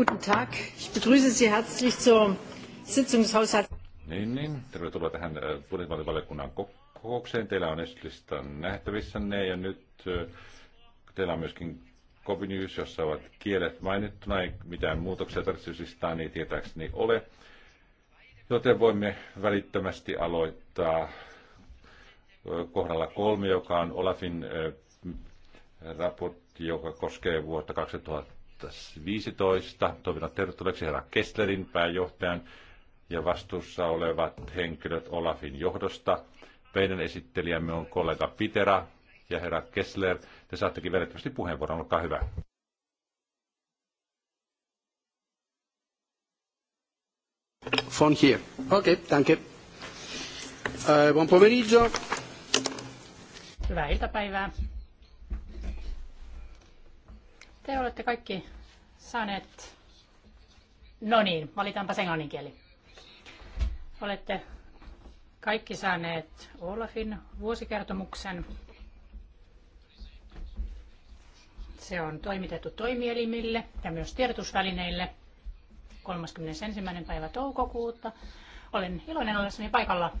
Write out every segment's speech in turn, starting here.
guten Tag. Ich begrüße Sie herzlich zur Sitzungshaushalt. Niin, niin. Tervetuloa tähän äh, budjettivaliokunnan kokoukseen. Teillä on esitystä nähtävissä ne ja nyt äh, teillä on myöskin Copy jossa ovat kielet mainittuna. Ei mitään muutoksia tarvitsisista, niin tietääkseni ole. Joten voimme välittömästi aloittaa äh, kohdalla kolme, joka on Olafin raportti, joka koskee vuotta 2000 2015. Toivotan tervetulleeksi herra Kesslerin pääjohtajan ja vastuussa olevat henkilöt Olafin johdosta. Meidän esittelijämme on kollega Pitera ja herra Kessler. Te saattekin välittömästi puheenvuoron, olkaa hyvä. Von here. Okei, okay, danke. Uh, eh, bon pomeriggio. Hyvää iltapäivää. Te olette kaikki saaneet... No niin, valitaanpa sen kieli. Olette kaikki saaneet Olafin vuosikertomuksen. Se on toimitettu toimielimille ja myös tiedotusvälineille 31. päivä toukokuuta. Olen iloinen ollessani paikalla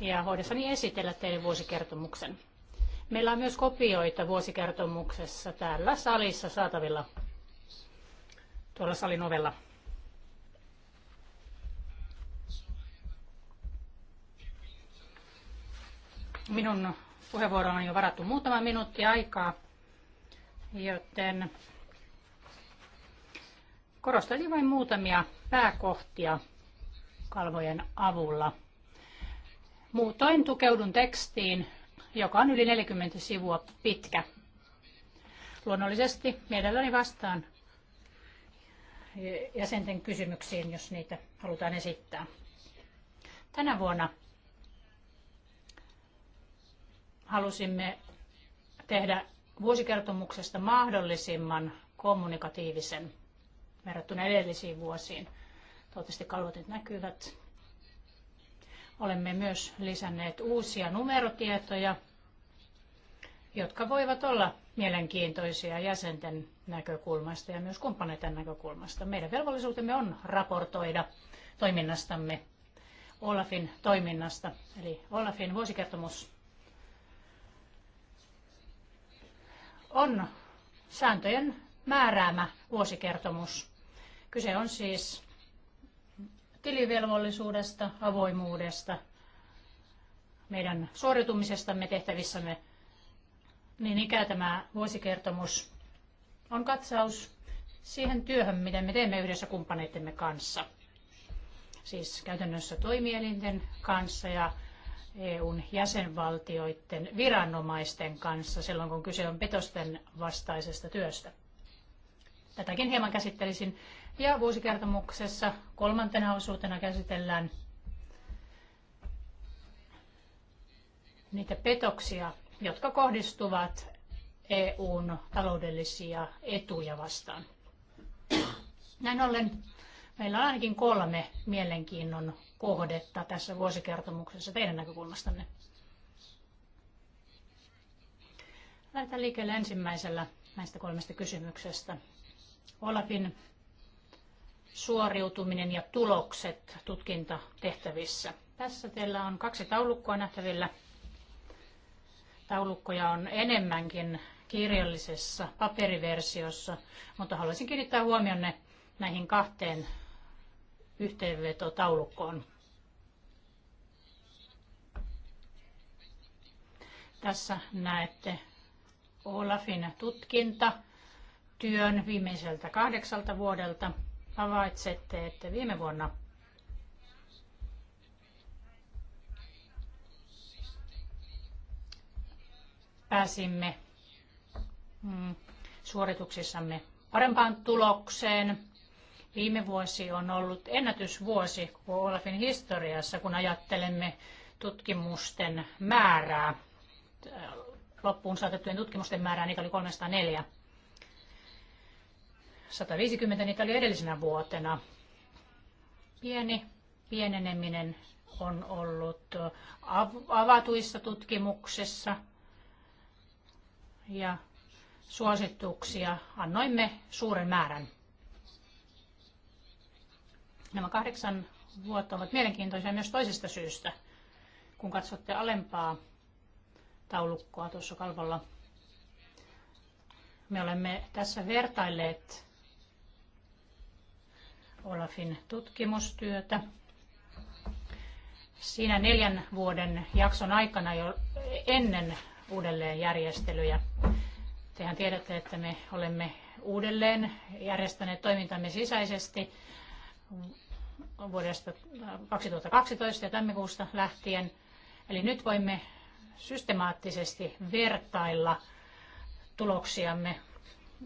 ja hoidessani esitellä teille vuosikertomuksen. Meillä on myös kopioita vuosikertomuksessa täällä salissa saatavilla tuolla salin ovella. Minun puheenvuoroon on jo varattu muutama minuutti aikaa, joten korostaisin vain muutamia pääkohtia kalvojen avulla. Muutoin tukeudun tekstiin, joka on yli 40 sivua pitkä. Luonnollisesti mielelläni vastaan jäsenten kysymyksiin, jos niitä halutaan esittää. Tänä vuonna halusimme tehdä vuosikertomuksesta mahdollisimman kommunikatiivisen verrattuna edellisiin vuosiin. Toivottavasti kalvot nyt näkyvät. Olemme myös lisänneet uusia numerotietoja, jotka voivat olla mielenkiintoisia jäsenten näkökulmasta ja myös kumppaneiden näkökulmasta. Meidän velvollisuutemme on raportoida toiminnastamme, Olafin toiminnasta, eli Olafin vuosikertomus on sääntöjen määräämä vuosikertomus. Kyse on siis tilivelvollisuudesta, avoimuudesta, meidän suoritumisestamme tehtävissämme. Niin ikä tämä vuosikertomus on katsaus siihen työhön, miten me teemme yhdessä kumppaneittemme kanssa. Siis käytännössä toimielinten kanssa ja EUn jäsenvaltioiden viranomaisten kanssa silloin, kun kyse on petosten vastaisesta työstä. Tätäkin hieman käsittelisin ja vuosikertomuksessa kolmantena osuutena käsitellään niitä petoksia, jotka kohdistuvat EUn taloudellisia etuja vastaan. Näin ollen meillä on ainakin kolme mielenkiinnon kohdetta tässä vuosikertomuksessa teidän näkökulmastanne. Lähdetään liikkeelle ensimmäisellä näistä kolmesta kysymyksestä. Olafin suoriutuminen ja tulokset tutkintatehtävissä. Tässä teillä on kaksi taulukkoa nähtävillä. Taulukkoja on enemmänkin kirjallisessa paperiversiossa, mutta haluaisin kiinnittää huomionne näihin kahteen yhteenvetotaulukkoon. Tässä näette Olafin tutkinta työn viimeiseltä kahdeksalta vuodelta – havaitsette, että viime vuonna pääsimme mm, suorituksissamme parempaan tulokseen. Viime vuosi on ollut ennätysvuosi Olafin historiassa, kun ajattelemme tutkimusten määrää, loppuun saatettujen tutkimusten määrää, niitä oli 304. 150 niitä oli edellisenä vuotena. Pieni pieneneminen on ollut avatuissa tutkimuksissa ja suosituksia annoimme suuren määrän. Nämä kahdeksan vuotta ovat mielenkiintoisia myös toisesta syystä. Kun katsotte alempaa taulukkoa tuossa kalvolla, me olemme tässä vertailleet Olafin tutkimustyötä. Siinä neljän vuoden jakson aikana jo ennen uudelleenjärjestelyjä. Tehän tiedätte, että me olemme uudelleen järjestäneet toimintamme sisäisesti vuodesta 2012 ja tammikuusta lähtien. Eli nyt voimme systemaattisesti vertailla tuloksiamme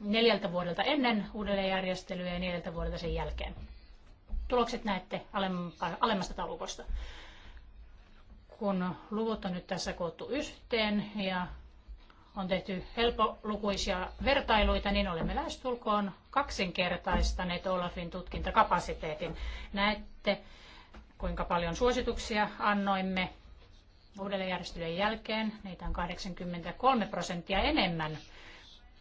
neljältä vuodelta ennen uudelleenjärjestelyä ja neljältä vuodelta sen jälkeen. Tulokset näette alemmasta taulukosta. Kun luvut on nyt tässä koottu yhteen ja on tehty helpolukuisia vertailuita, niin olemme lähestulkoon kaksinkertaistaneet Olafin tutkintakapasiteetin. Näette, kuinka paljon suosituksia annoimme uudelleenjärjestelyjen jälkeen. Niitä on 83 prosenttia enemmän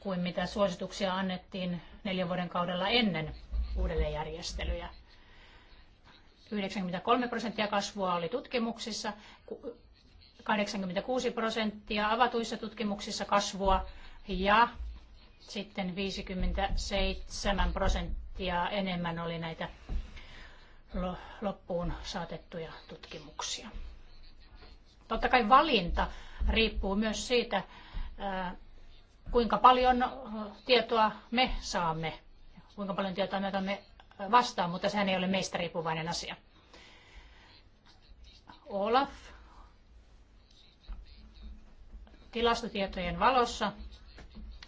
kuin mitä suosituksia annettiin neljän vuoden kaudella ennen uudelleenjärjestelyjä. 93 prosenttia kasvua oli tutkimuksissa, 86 prosenttia avatuissa tutkimuksissa kasvua ja sitten 57 prosenttia enemmän oli näitä loppuun saatettuja tutkimuksia. Totta kai valinta riippuu myös siitä, kuinka paljon äh, tietoa me saamme, kuinka paljon tietoa me otamme äh, vastaan, mutta sehän ei ole meistä riippuvainen asia. Olaf tilastotietojen valossa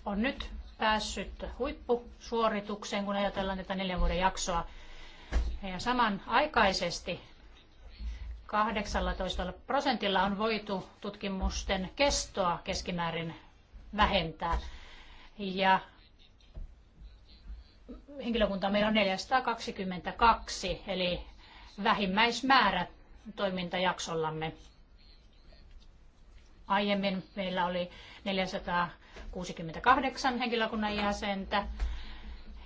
on nyt päässyt huippusuoritukseen, kun ajatellaan tätä neljän vuoden jaksoa. Ja samanaikaisesti 18 prosentilla on voitu tutkimusten kestoa keskimäärin vähentää. Ja henkilökunta meillä on 422, eli vähimmäismäärä toimintajaksollamme. Aiemmin meillä oli 468 henkilökunnan jäsentä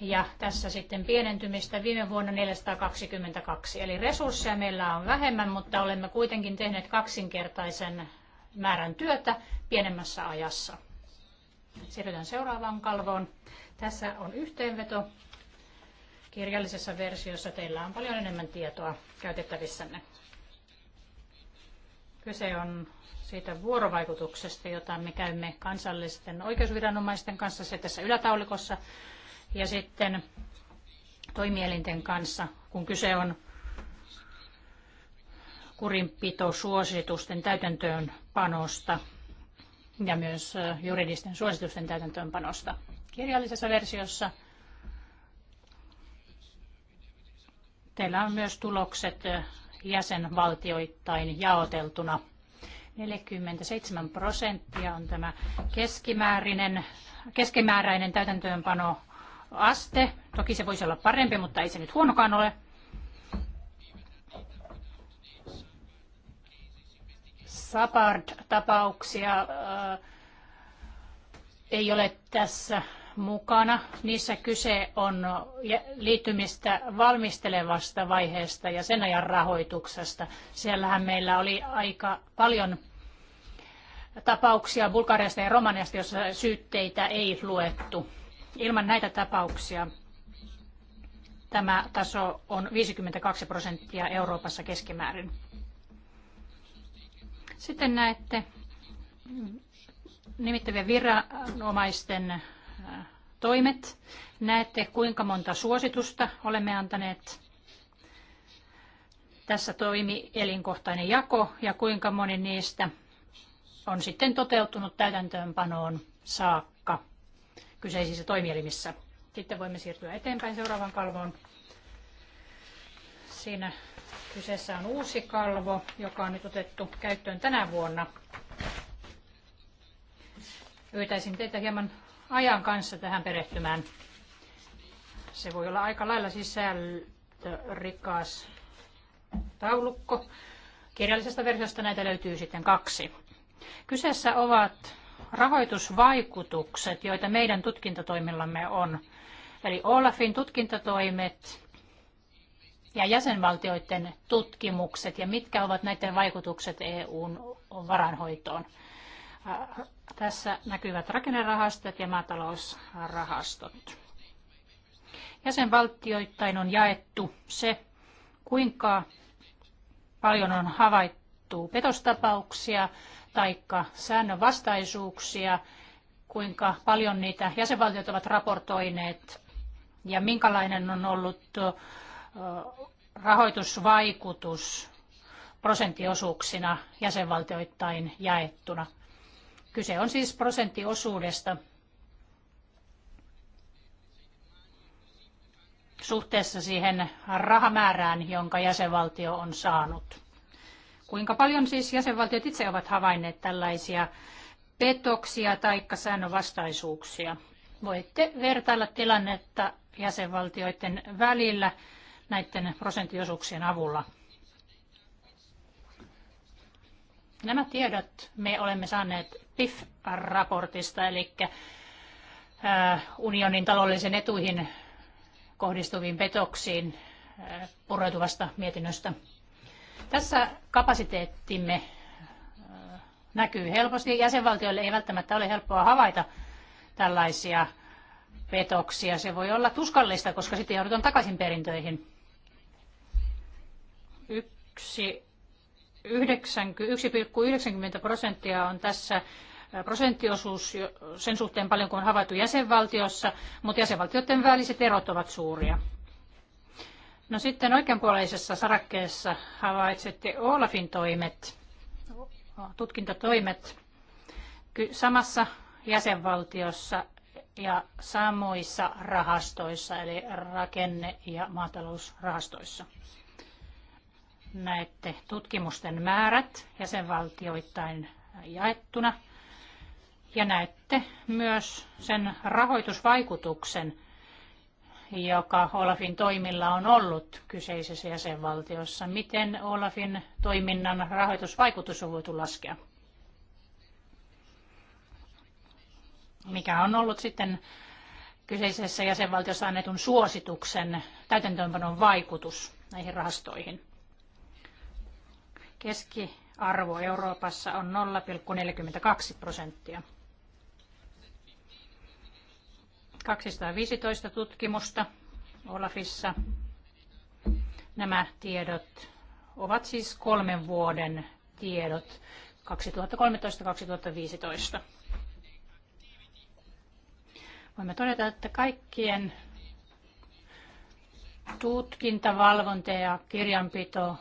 ja tässä sitten pienentymistä viime vuonna 422. Eli resursseja meillä on vähemmän, mutta olemme kuitenkin tehneet kaksinkertaisen määrän työtä pienemmässä ajassa. Siirrytään seuraavaan kalvoon. Tässä on yhteenveto. Kirjallisessa versiossa teillä on paljon enemmän tietoa käytettävissänne. Kyse on siitä vuorovaikutuksesta, jota me käymme kansallisten oikeusviranomaisten kanssa se tässä ylätaulikossa ja sitten toimielinten kanssa, kun kyse on suositusten täytäntöönpanosta ja myös juridisten suositusten täytäntöönpanosta. Kirjallisessa versiossa teillä on myös tulokset jäsenvaltioittain jaoteltuna. 47 prosenttia on tämä keskimääräinen, keskimääräinen täytäntöönpanoaste. Toki se voisi olla parempi, mutta ei se nyt huonokaan ole. Sapard-tapauksia ei ole tässä mukana. Niissä kyse on liittymistä valmistelevasta vaiheesta ja sen ajan rahoituksesta. Siellähän meillä oli aika paljon tapauksia Bulgariasta ja Romaniasta, joissa syytteitä ei luettu. Ilman näitä tapauksia tämä taso on 52 prosenttia Euroopassa keskimäärin. Sitten näette nimittävien viranomaisten äh, toimet. Näette, kuinka monta suositusta olemme antaneet. Tässä toimi elinkohtainen jako ja kuinka moni niistä on sitten toteutunut täytäntöönpanoon saakka kyseisissä toimielimissä. Sitten voimme siirtyä eteenpäin seuraavaan kalvoon. Siinä Kyseessä on uusi kalvo, joka on nyt otettu käyttöön tänä vuonna. Pyytäisin teitä hieman ajan kanssa tähän perehtymään. Se voi olla aika lailla sisältörikas taulukko. Kirjallisesta versiosta näitä löytyy sitten kaksi. Kyseessä ovat rahoitusvaikutukset, joita meidän tutkintatoimillamme on. Eli Olafin tutkintatoimet ja jäsenvaltioiden tutkimukset ja mitkä ovat näiden vaikutukset EUn varanhoitoon. Tässä näkyvät rakennerahastot ja maatalousrahastot. Jäsenvaltioittain on jaettu se, kuinka paljon on havaittu petostapauksia tai säännönvastaisuuksia, kuinka paljon niitä jäsenvaltiot ovat raportoineet ja minkälainen on ollut rahoitusvaikutus prosenttiosuuksina jäsenvaltioittain jaettuna. Kyse on siis prosenttiosuudesta suhteessa siihen rahamäärään, jonka jäsenvaltio on saanut. Kuinka paljon siis jäsenvaltiot itse ovat havainneet tällaisia petoksia tai säännönvastaisuuksia? Voitte vertailla tilannetta jäsenvaltioiden välillä näiden prosenttiosuuksien avulla. Nämä tiedot me olemme saaneet PIF-raportista, eli äh, unionin taloudellisen etuihin kohdistuviin petoksiin äh, pureutuvasta mietinnöstä. Tässä kapasiteettimme äh, näkyy helposti. Jäsenvaltioille ei välttämättä ole helppoa havaita tällaisia petoksia. Se voi olla tuskallista, koska sitten joudutaan takaisin perintöihin. Yksi 1,90 prosenttia on tässä prosenttiosuus sen suhteen paljon kuin on havaittu jäsenvaltiossa, mutta jäsenvaltioiden väliset erot ovat suuria. No sitten oikeanpuoleisessa sarakkeessa havaitsette Olafin toimet, tutkintatoimet samassa jäsenvaltiossa ja samoissa rahastoissa, eli rakenne- ja maatalousrahastoissa näette tutkimusten määrät jäsenvaltioittain jaettuna. Ja näette myös sen rahoitusvaikutuksen, joka Olafin toimilla on ollut kyseisessä jäsenvaltiossa. Miten Olafin toiminnan rahoitusvaikutus on voitu laskea? Mikä on ollut sitten kyseisessä jäsenvaltiossa annetun suosituksen täytäntöönpanon vaikutus näihin rahastoihin? Keskiarvo Euroopassa on 0,42 prosenttia. 215 tutkimusta Olafissa. Nämä tiedot ovat siis kolmen vuoden tiedot 2013-2015. Voimme todeta, että kaikkien tutkintavalvonta ja kirjanpito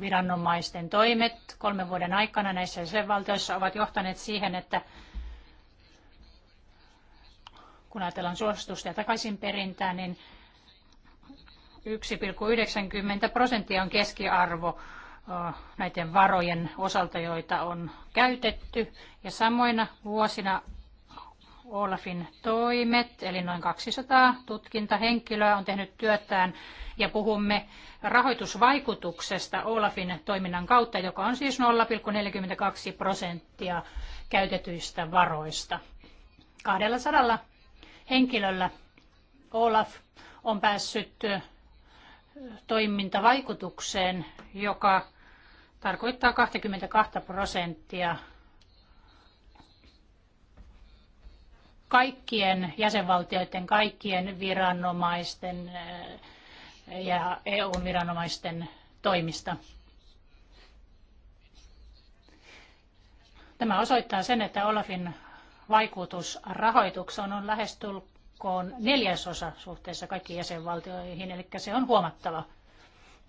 viranomaisten toimet kolmen vuoden aikana näissä jäsenvaltioissa ovat johtaneet siihen, että kun ajatellaan suositusta ja takaisinperintää, niin 1,90 prosenttia on keskiarvo näiden varojen osalta, joita on käytetty. Ja samoina vuosina Olafin toimet, eli noin 200 tutkintahenkilöä on tehnyt työtään ja puhumme rahoitusvaikutuksesta Olafin toiminnan kautta, joka on siis 0,42 prosenttia käytetyistä varoista. 200 henkilöllä Olaf on päässyt toimintavaikutukseen, joka tarkoittaa 22 prosenttia kaikkien jäsenvaltioiden, kaikkien viranomaisten eh, ja EU-viranomaisten toimista. Tämä osoittaa sen, että Olafin vaikutus rahoitukseen on lähestulkoon neljäsosa suhteessa kaikkiin jäsenvaltioihin, eli se on huomattava,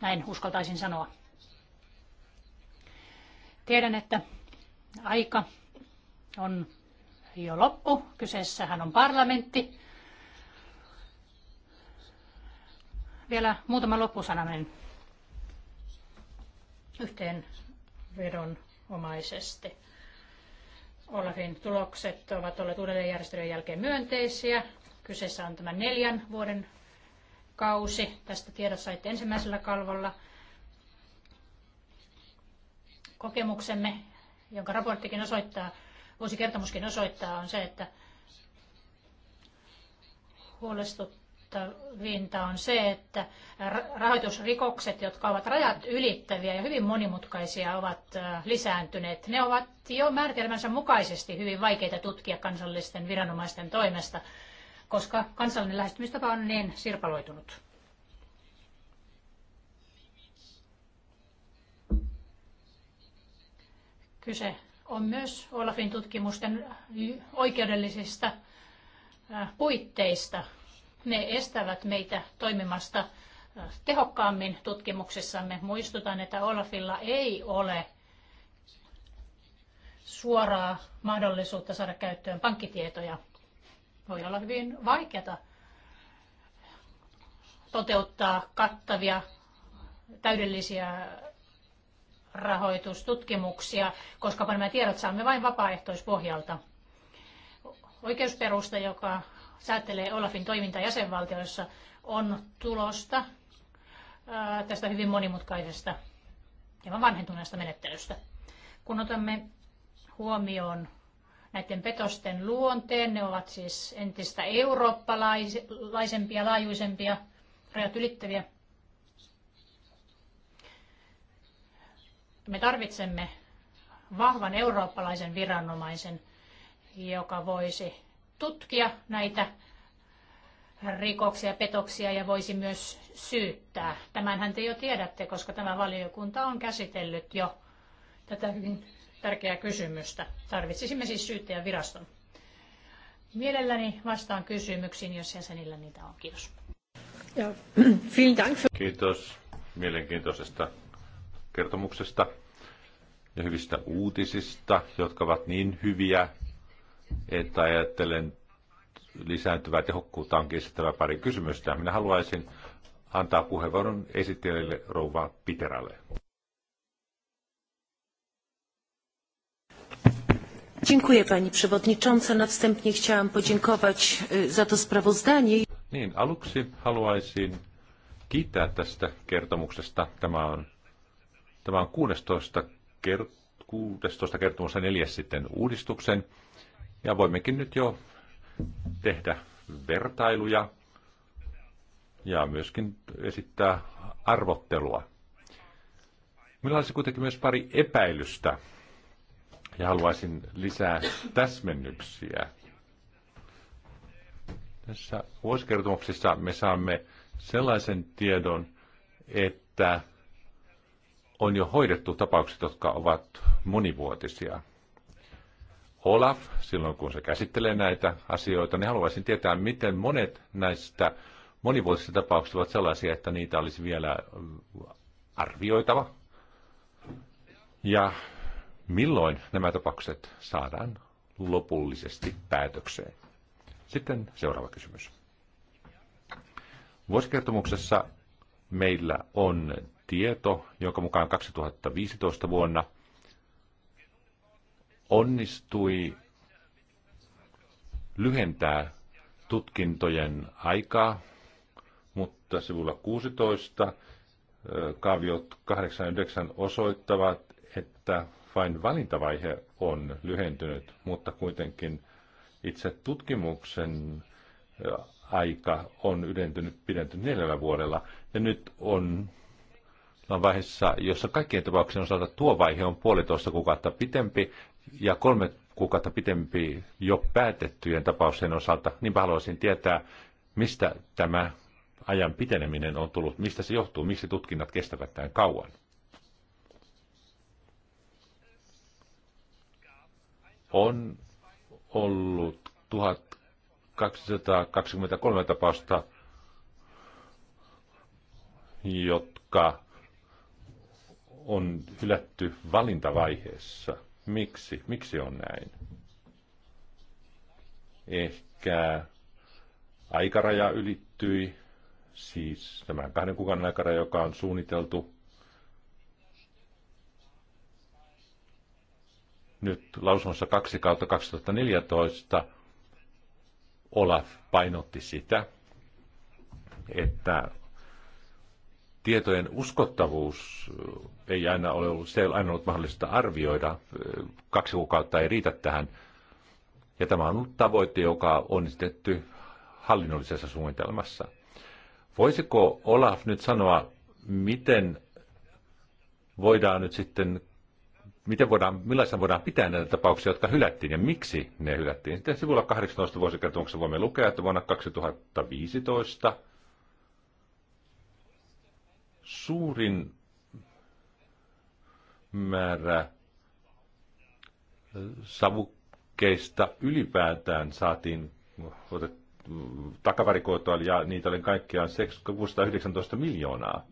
näin uskaltaisin sanoa. Tiedän, että aika on jo loppu. Kyseessähän on parlamentti. Vielä muutama loppusananen yhteen omaisesti. Olafin tulokset ovat olleet uudelleenjärjestelyjen jälkeen myönteisiä. Kyseessä on tämä neljän vuoden kausi. Tästä tiedot saitte ensimmäisellä kalvolla. Kokemuksemme, jonka raporttikin osoittaa, vuosikertomuskin osoittaa, on se, että huolestuttavinta on se, että rahoitusrikokset, jotka ovat rajat ylittäviä ja hyvin monimutkaisia, ovat lisääntyneet. Ne ovat jo määritelmänsä mukaisesti hyvin vaikeita tutkia kansallisten viranomaisten toimesta, koska kansallinen lähestymistapa on niin sirpaloitunut. Kyse on myös Olafin tutkimusten oikeudellisista puitteista. Ne estävät meitä toimimasta tehokkaammin tutkimuksissamme. Muistutan, että Olafilla ei ole suoraa mahdollisuutta saada käyttöön pankkitietoja. Voi olla hyvin vaikeata toteuttaa kattavia, täydellisiä rahoitustutkimuksia, koska nämä tiedot saamme vain vapaaehtoispohjalta. Oikeusperusta, joka säätelee Olafin toimintaa jäsenvaltioissa, on tulosta tästä hyvin monimutkaisesta ja vanhentuneesta menettelystä. Kun otamme huomioon näiden petosten luonteen, ne ovat siis entistä eurooppalaisempia, laajuisempia, rajat ylittäviä, Me tarvitsemme vahvan eurooppalaisen viranomaisen, joka voisi tutkia näitä rikoksia, petoksia ja voisi myös syyttää. Tämänhän te jo tiedätte, koska tämä valiokunta on käsitellyt jo tätä hyvin tärkeää kysymystä. Tarvitsisimme siis syyttäjän viraston. Mielelläni vastaan kysymyksiin, jos jäsenillä niitä on. Kiitos. Kiitos mielenkiintoisesta kertomuksesta ja hyvistä uutisista, jotka ovat niin hyviä, että ajattelen lisääntyvää tehokkuutta on kestävä pari kysymystä. Minä haluaisin antaa puheenvuoron esittelijälle rouva Piteralle. Dziękuję Pani Przewodnicząca. Na wstępnie chciałam podziękować za to sprawozdanie. Niin, aluksi haluaisin kiittää tästä kertomuksesta. Tämä on Tämä on 16, kert- 16 kertomusta neljäs sitten uudistuksen. Ja voimmekin nyt jo tehdä vertailuja ja myöskin esittää arvottelua. Meillä olisi kuitenkin myös pari epäilystä ja haluaisin lisää täsmennyksiä. Tässä vuosikertomuksessa me saamme sellaisen tiedon, että on jo hoidettu tapaukset, jotka ovat monivuotisia. Olaf, silloin kun se käsittelee näitä asioita, niin haluaisin tietää, miten monet näistä monivuotisista tapauksista ovat sellaisia, että niitä olisi vielä äh, arvioitava. Ja milloin nämä tapaukset saadaan lopullisesti päätökseen. Sitten seuraava kysymys. Vuosikertomuksessa meillä on tieto, jonka mukaan 2015 vuonna onnistui lyhentää tutkintojen aikaa, mutta sivulla 16 kaaviot 89 osoittavat, että vain valintavaihe on lyhentynyt, mutta kuitenkin itse tutkimuksen aika on ydentynyt, pidentynyt neljällä vuodella. Ja nyt on on vaiheessa, jossa kaikkien tapauksien osalta tuo vaihe on puolitoista kuukautta pitempi ja kolme kuukautta pitempi jo päätettyjen tapausten osalta. Niinpä haluaisin tietää, mistä tämä ajan piteneminen on tullut, mistä se johtuu, miksi tutkinnat kestävät tämän kauan. On ollut 1223 tapausta, jotka on hylätty valintavaiheessa. Miksi? Miksi on näin? Ehkä aikaraja ylittyi, siis tämän kahden kuukauden aikaraja, joka on suunniteltu. Nyt lausunnossa 2 kautta 2014 Olaf painotti sitä, että tietojen uskottavuus ei aina ole ollut, se ei aina ollut mahdollista arvioida. Kaksi kuukautta ei riitä tähän. Ja tämä on ollut tavoite, joka on esitetty hallinnollisessa suunnitelmassa. Voisiko Olaf nyt sanoa, miten voidaan nyt sitten, miten voidaan, millaisena voidaan pitää näitä tapauksia, jotka hylättiin ja miksi ne hylättiin? Sitten sivulla 18 vuosikertomuksessa voimme lukea, että vuonna 2015 Suurin määrä savukkeista ylipäätään saatiin takavarikoitua ja niitä oli kaikkiaan 619 miljoonaa.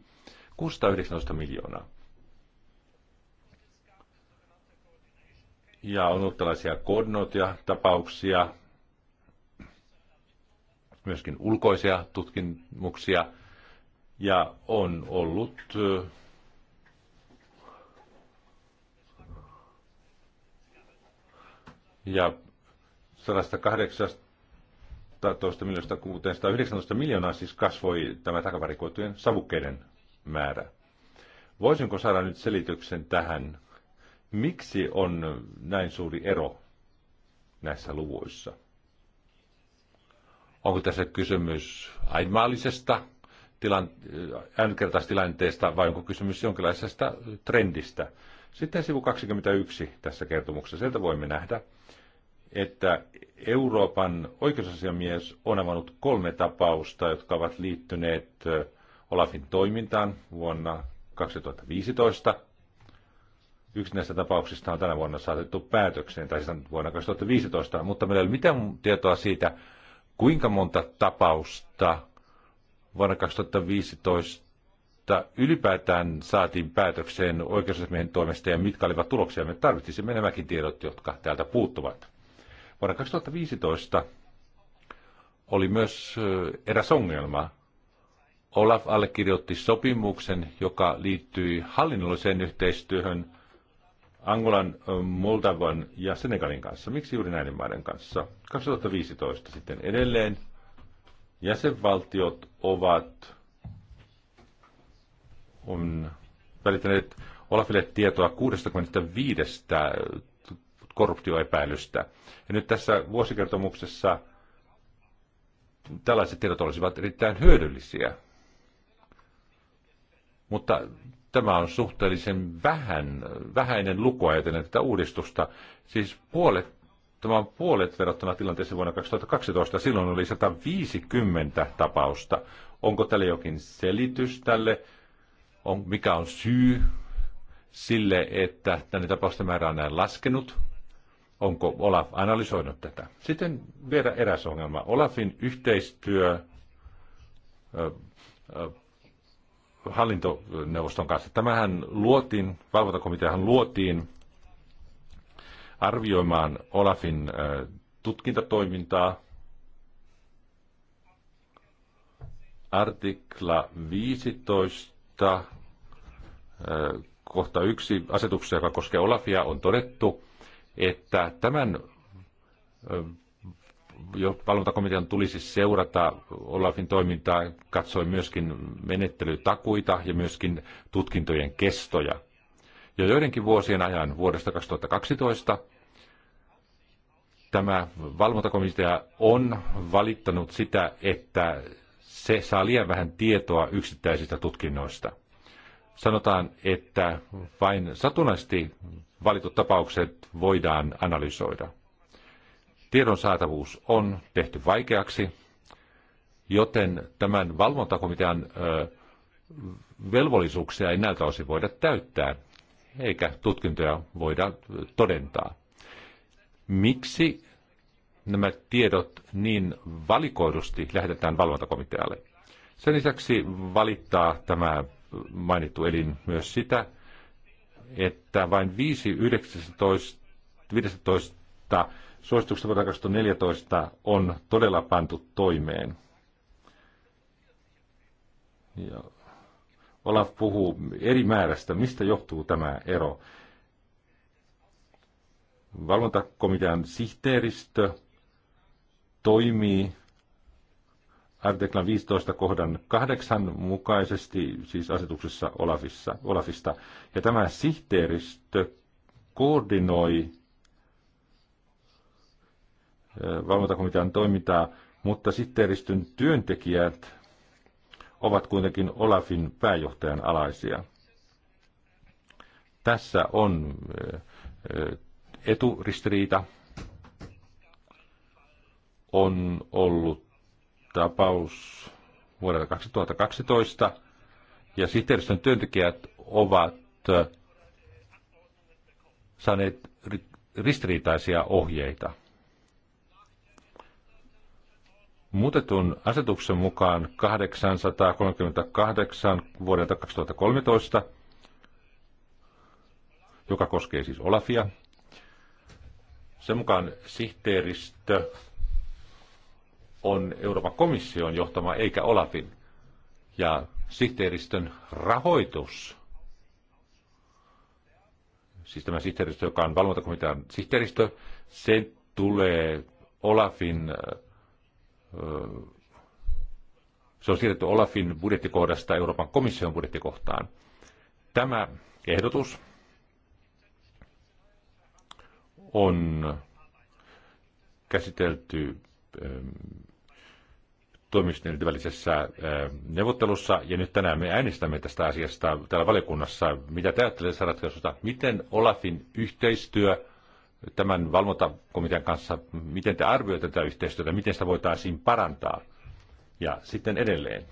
619 miljoonaa. Ja on ollut tällaisia koordinoituja tapauksia, myöskin ulkoisia tutkimuksia – ja on ollut ja 118 miljoonasta 619 miljoonaa siis kasvoi tämä takavarikoitujen savukkeiden määrä. Voisinko saada nyt selityksen tähän, miksi on näin suuri ero näissä luvuissa? Onko tässä kysymys aimaallisesta tilan, vai onko kysymys jonkinlaisesta trendistä. Sitten sivu 21 tässä kertomuksessa. Sieltä voimme nähdä, että Euroopan oikeusasiamies on avannut kolme tapausta, jotka ovat liittyneet Olafin toimintaan vuonna 2015. Yksi näistä tapauksista on tänä vuonna saatettu päätökseen, tai siis vuonna 2015, mutta meillä ei ole mitään tietoa siitä, kuinka monta tapausta vuonna 2015 ylipäätään saatiin päätökseen oikeusasiamiehen toimesta ja mitkä olivat tuloksia. Me tarvitsisimme nämäkin tiedot, jotka täältä puuttuvat. Vuonna 2015 oli myös eräs ongelma. Olaf allekirjoitti sopimuksen, joka liittyi hallinnolliseen yhteistyöhön Angolan, Moldavan ja Senegalin kanssa. Miksi juuri näiden maiden kanssa? 2015 sitten edelleen jäsenvaltiot ovat on välittäneet Olafille tietoa 65 korruptioepäilystä. Ja nyt tässä vuosikertomuksessa tällaiset tiedot olisivat erittäin hyödyllisiä. Mutta tämä on suhteellisen vähän, vähäinen luku ajatellen tätä uudistusta. Siis puolet Tämä on puolet verrattuna tilanteeseen vuonna 2012. Silloin oli 150 tapausta. Onko tälle jokin selitys tälle? On, mikä on syy sille, että tänne tapausten määrä on näin laskenut? Onko Olaf analysoinut tätä? Sitten vielä eräs ongelma. Olafin yhteistyö ö, ö, hallintoneuvoston kanssa. Tämähän luotiin, valvontakomiteahan luotiin arvioimaan Olafin äh, tutkintatoimintaa. Artikla 15, äh, kohta yksi asetuksessa, joka koskee Olafia, on todettu, että tämän äh, jo valvontakomitean tulisi seurata Olafin toimintaa, katsoi myöskin menettelytakuita ja myöskin tutkintojen kestoja. Jo joidenkin vuosien ajan vuodesta 2012 Tämä valvontakomitea on valittanut sitä, että se saa liian vähän tietoa yksittäisistä tutkinnoista. Sanotaan, että vain satunnaisesti valitut tapaukset voidaan analysoida. Tiedon saatavuus on tehty vaikeaksi, joten tämän valvontakomitean velvollisuuksia ei näiltä osin voida täyttää, eikä tutkintoja voida todentaa. Miksi nämä tiedot niin valikoidusti lähetetään valvontakomitealle? Sen lisäksi valittaa tämä mainittu elin myös sitä, että vain 5 19, 15 suosituksesta vuonna 2014 on todella pantu toimeen. Ja Olaf puhuu eri määrästä. Mistä johtuu tämä ero? Valvontakomitean sihteeristö toimii artiklan 15 kohdan 8 mukaisesti, siis asetuksessa Olafissa, Olafista. Ja tämä sihteeristö koordinoi valvontakomitean toimintaa, mutta sihteeristön työntekijät ovat kuitenkin Olafin pääjohtajan alaisia. Tässä on eturistiriita on ollut tapaus vuodelta 2012, ja sihteeristön työntekijät ovat saaneet ristiriitaisia ohjeita. Muutetun asetuksen mukaan 838 vuodelta 2013, joka koskee siis Olafia, sen mukaan sihteeristö on Euroopan komission johtama eikä Olafin. Ja sihteeristön rahoitus, siis tämä sihteeristö, joka on valvontakomitean sihteeristö, se tulee Olafin, se on siirretty Olafin budjettikohdasta Euroopan komission budjettikohtaan. Tämä ehdotus on käsitelty ähm, toimistojen välisessä ähm, neuvottelussa, ja nyt tänään me äänestämme tästä asiasta täällä valiokunnassa. Mitä te ajattelette tästä ratkaisusta? Miten Olafin yhteistyö tämän valvontakomitean kanssa, miten te arvioitte tätä yhteistyötä, miten sitä voitaisiin parantaa? Ja sitten edelleen.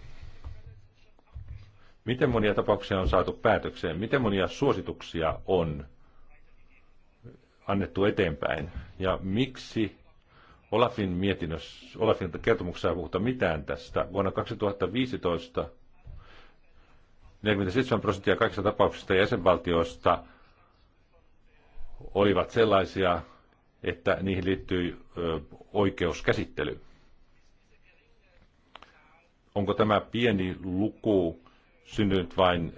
Miten monia tapauksia on saatu päätökseen? Miten monia suosituksia on annettu eteenpäin. Ja miksi Olafin mietinnössä, Olafin kertomuksessa ei puhuta mitään tästä. Vuonna 2015 47 prosenttia kaikista tapauksista jäsenvaltioista olivat sellaisia, että niihin liittyi oikeuskäsittely. Onko tämä pieni luku synnynyt vain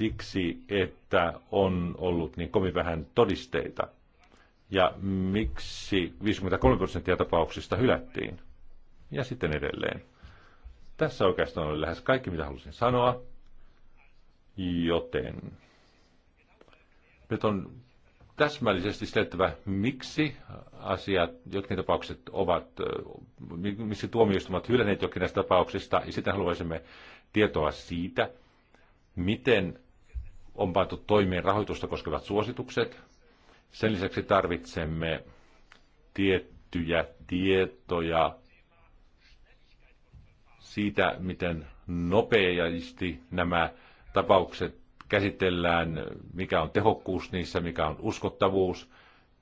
siksi, että on ollut niin kovin vähän todisteita? Ja miksi 53 prosenttia tapauksista hylättiin? Ja sitten edelleen. Tässä oikeastaan oli lähes kaikki, mitä halusin sanoa, joten nyt on täsmällisesti selittävä, miksi asiat, jotkin tapaukset ovat, miksi tuomioistumat hylänneet jokin näistä tapauksista, ja sitten haluaisimme tietoa siitä, miten on pantu toimeen rahoitusta koskevat suositukset. Sen lisäksi tarvitsemme tiettyjä tietoja siitä, miten nopeasti nämä tapaukset käsitellään, mikä on tehokkuus niissä, mikä on uskottavuus.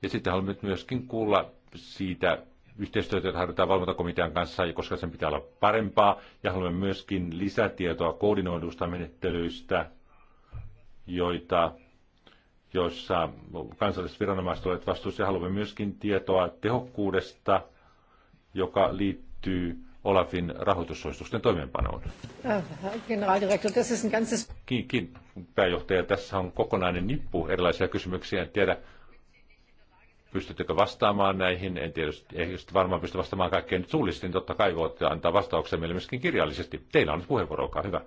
Ja sitten haluamme myöskin kuulla siitä yhteistyötä, jota harjoitetaan valvontakomitean kanssa, koska sen pitää olla parempaa. Ja haluamme myöskin lisätietoa koordinoidusta menettelyistä, joita, joissa kansalliset viranomaiset ovat vastuussa. Haluamme myöskin tietoa tehokkuudesta, joka liittyy Olafin rahoitussuositusten toimeenpanoon. Äh, Kiinkin pääjohtaja, tässä on kokonainen nippu erilaisia kysymyksiä. En tiedä, pystyttekö vastaamaan näihin. En tiedä, jos varmaan pysty vastaamaan kaikkeen suullisesti, niin totta kai voitte antaa vastauksia meille myöskin kirjallisesti. Teillä on nyt puheenvuoro, olkaa hyvä.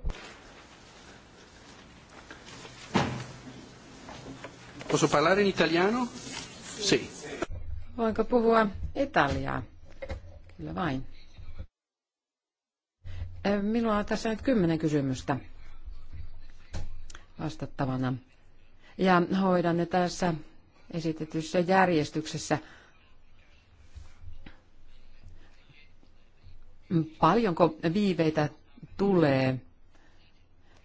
Posso parlare in italiano? Sì. Voinko puhua italiaa? Kyllä vain. Eh, Minulla on tässä nyt kymmenen kysymystä vastattavana. Ja hoidan ne tässä esitetyssä järjestyksessä. Paljonko viiveitä tulee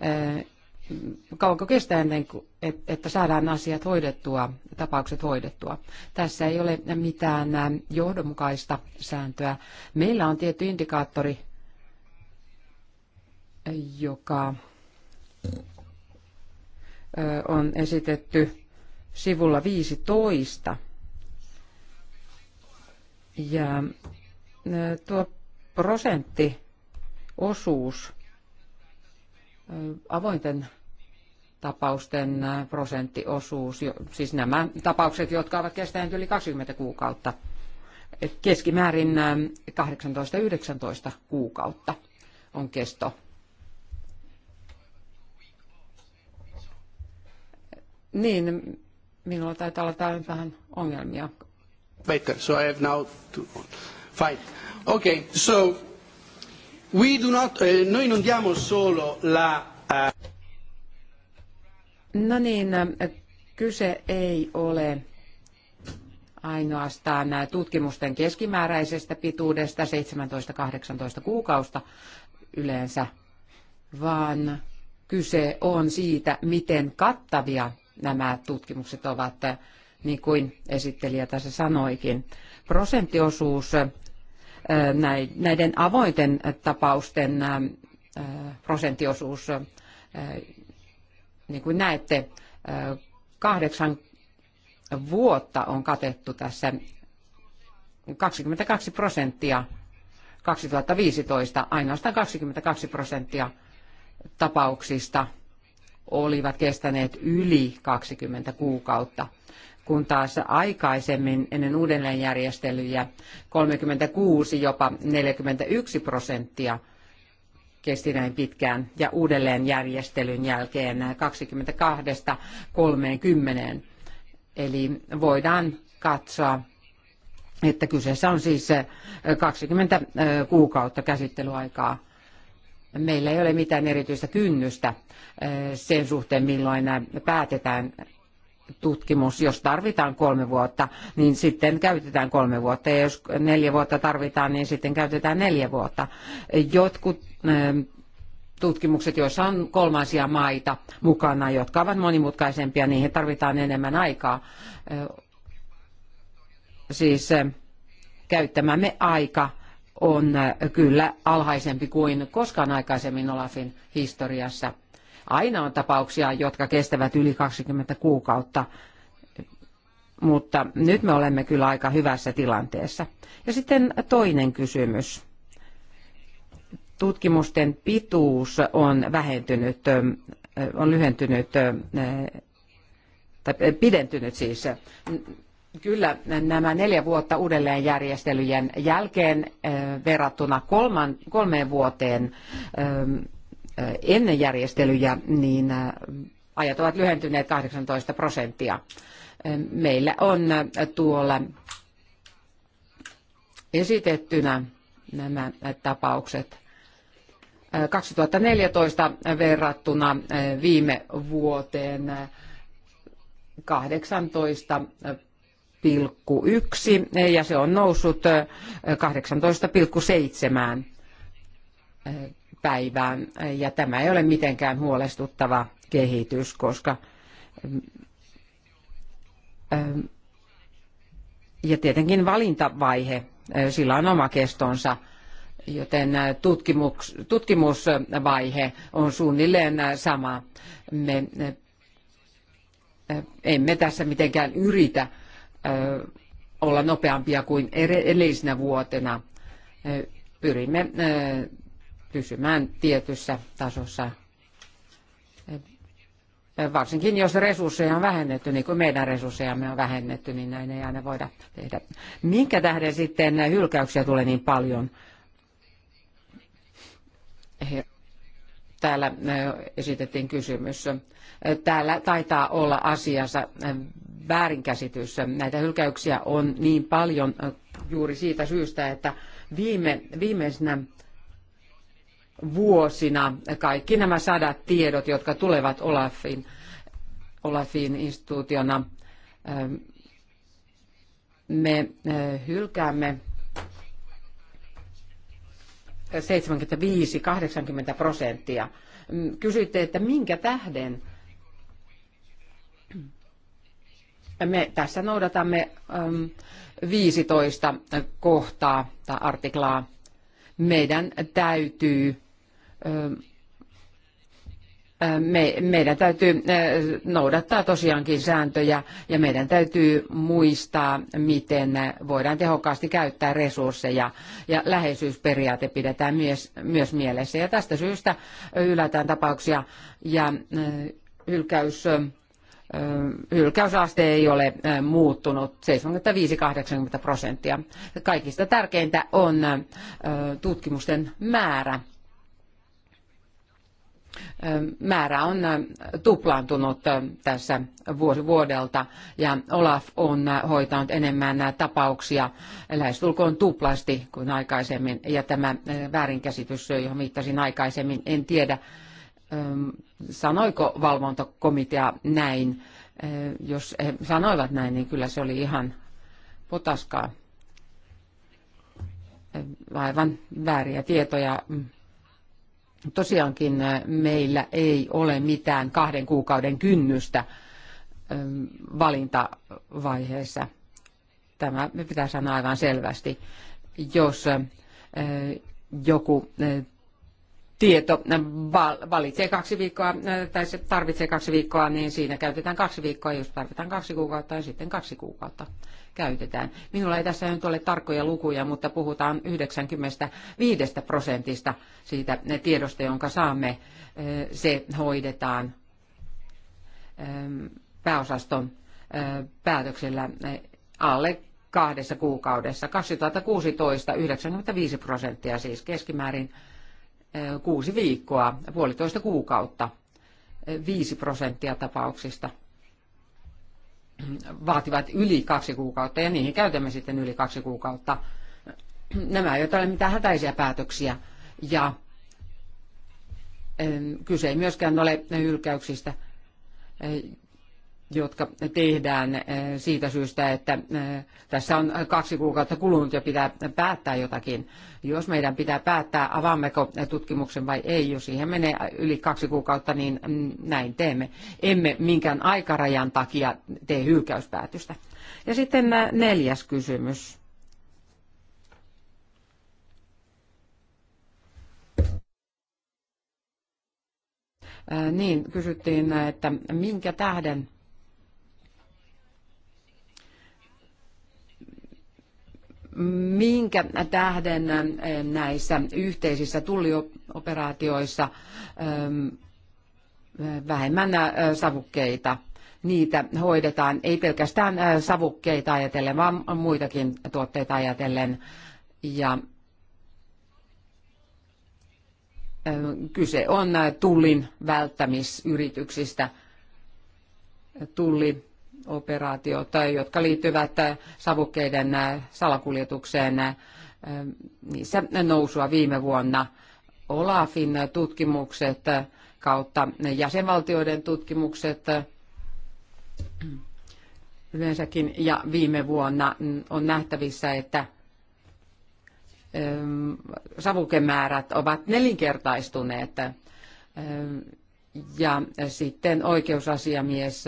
eh, kauanko kestää ennen kuin, että saadaan asiat hoidettua, tapaukset hoidettua. Tässä ei ole mitään johdonmukaista sääntöä. Meillä on tietty indikaattori, joka on esitetty sivulla 15. Ja tuo prosenttiosuus avointen tapausten äh, prosenttiosuus, siis nämä tapaukset, jotka ovat kestäneet yli 20 kuukautta, keskimäärin 18-19 äh, kuukautta on kesto. Niin, minulla taitaa olla täällä vähän ongelmia. Better, so I have now to... Okay, so Not, eh, noi non diamo solo la... Uh... No niin, eh, kyse ei ole ainoastaan eh, tutkimusten keskimääräisestä pituudesta 17-18 kuukausta yleensä, vaan kyse on siitä, miten kattavia nämä tutkimukset ovat, niin kuin esittelijä tässä sanoikin. Prosenttiosuus näiden avointen tapausten prosenttiosuus, niin kuin näette, kahdeksan vuotta on katettu tässä 22 prosenttia 2015, ainoastaan 22 prosenttia tapauksista olivat kestäneet yli 20 kuukautta kun taas aikaisemmin ennen uudelleenjärjestelyjä 36 jopa 41 prosenttia kesti näin pitkään ja uudelleenjärjestelyn jälkeen 22-30. Eli voidaan katsoa, että kyseessä on siis 20 kuukautta käsittelyaikaa. Meillä ei ole mitään erityistä kynnystä sen suhteen, milloin päätetään tutkimus, jos tarvitaan kolme vuotta, niin sitten käytetään kolme vuotta, ja jos neljä vuotta tarvitaan, niin sitten käytetään neljä vuotta. Jotkut tutkimukset, joissa on kolmansia maita mukana, jotka ovat monimutkaisempia, niihin tarvitaan enemmän aikaa. Siis käyttämämme aika on kyllä alhaisempi kuin koskaan aikaisemmin Olafin historiassa – Aina on tapauksia, jotka kestävät yli 20 kuukautta, mutta nyt me olemme kyllä aika hyvässä tilanteessa. Ja sitten toinen kysymys. Tutkimusten pituus on vähentynyt, on lyhentynyt tai pidentynyt siis Kyllä, nämä neljä vuotta uudelleenjärjestelyjen jälkeen verrattuna kolman, kolmeen vuoteen ennen järjestelyjä, niin ajat ovat lyhentyneet 18 prosenttia. Meillä on tuolla esitettynä nämä tapaukset 2014 verrattuna viime vuoteen 18 18,1 ja se on noussut 18,7 päivään. Ja tämä ei ole mitenkään huolestuttava kehitys, koska ähm, ja tietenkin valintavaihe, äh, sillä on oma kestonsa, joten äh, tutkimus, tutkimusvaihe on suunnilleen äh, sama. Me emme tässä mitenkään yritä olla nopeampia kuin edellisenä vuotena. Pyrimme pysymään tietyssä tasossa, eh, varsinkin jos resursseja on vähennetty, niin kuin meidän resurssejamme on vähennetty, niin näin ei aina voida tehdä. Minkä tähden sitten hylkäyksiä tulee niin paljon? Täällä eh, esitettiin kysymys. Eh, täällä taitaa olla asiansa väärinkäsitys. Näitä hylkäyksiä on niin paljon juuri siitä syystä, että viime, viimeisenä vuosina kaikki nämä sadat tiedot, jotka tulevat Olafin, Olafin instituutiona. Ähm, me äh, hylkäämme 75-80 prosenttia. Mm, Kysyitte, että minkä tähden me tässä noudatamme 15 ähm, kohtaa tai artiklaa. Meidän täytyy me, meidän täytyy noudattaa tosiaankin sääntöjä ja meidän täytyy muistaa, miten voidaan tehokkaasti käyttää resursseja ja läheisyysperiaate pidetään myös, myös mielessä. Ja tästä syystä ylätään tapauksia ja hylkäys, hylkäysaste ei ole muuttunut 75-80 prosenttia. Kaikista tärkeintä on tutkimusten määrä määrä on tuplaantunut tässä vuodelta ja Olaf on hoitanut enemmän tapauksia lähestulkoon tuplasti kuin aikaisemmin ja tämä väärinkäsitys, johon viittasin aikaisemmin, en tiedä sanoiko valvontakomitea näin. Jos he sanoivat näin, niin kyllä se oli ihan potaskaa aivan vääriä tietoja mm, Tosiaankin äh, meillä ei ole mitään kahden kuukauden kynnystä ähm, valintavaiheessa. Tämä me pitää sanoa aivan selvästi. Jos äh, joku äh, tieto valitsee kaksi viikkoa, äh, tai se tarvitsee kaksi viikkoa, niin siinä käytetään kaksi viikkoa, jos tarvitaan kaksi kuukautta, niin sitten kaksi kuukautta käytetään. Minulla ei tässä nyt ole tarkkoja lukuja, mutta puhutaan 95 prosentista siitä tiedosta, jonka saamme, äh, se hoidetaan ähm, pääosaston äh, päätöksellä alle kahdessa kuukaudessa. 2016 95 prosenttia siis keskimäärin kuusi viikkoa, puolitoista kuukautta, viisi prosenttia tapauksista vaativat yli kaksi kuukautta ja niihin käytämme sitten yli kaksi kuukautta. Nämä eivät ole mitään hätäisiä päätöksiä ja kyse ei myöskään ole hylkäyksistä, jotka tehdään eh, siitä syystä, että eh, tässä on kaksi kuukautta kulunut ja pitää päättää jotakin. Jos meidän pitää päättää, avaammeko tutkimuksen vai ei, jos siihen menee yli kaksi kuukautta, niin mm, näin teemme. Emme minkään aikarajan takia tee hylkäyspäätöstä. Ja sitten eh, neljäs kysymys. Niin, kysyttiin, että minkä tähden minkä tähden näissä yhteisissä tullioperaatioissa vähemmän savukkeita niitä hoidetaan, ei pelkästään savukkeita ajatellen, vaan muitakin tuotteita ajatellen. Ja kyse on tullin välttämisyrityksistä. Tulli operaatiot, jotka liittyvät savukkeiden salakuljetukseen. Eh, niissä nousua viime vuonna Olafin tutkimukset kautta jäsenvaltioiden tutkimukset yleensäkin ja viime vuonna on nähtävissä, että eh, savukemäärät ovat nelinkertaistuneet. Eh, ja sitten oikeusasiamies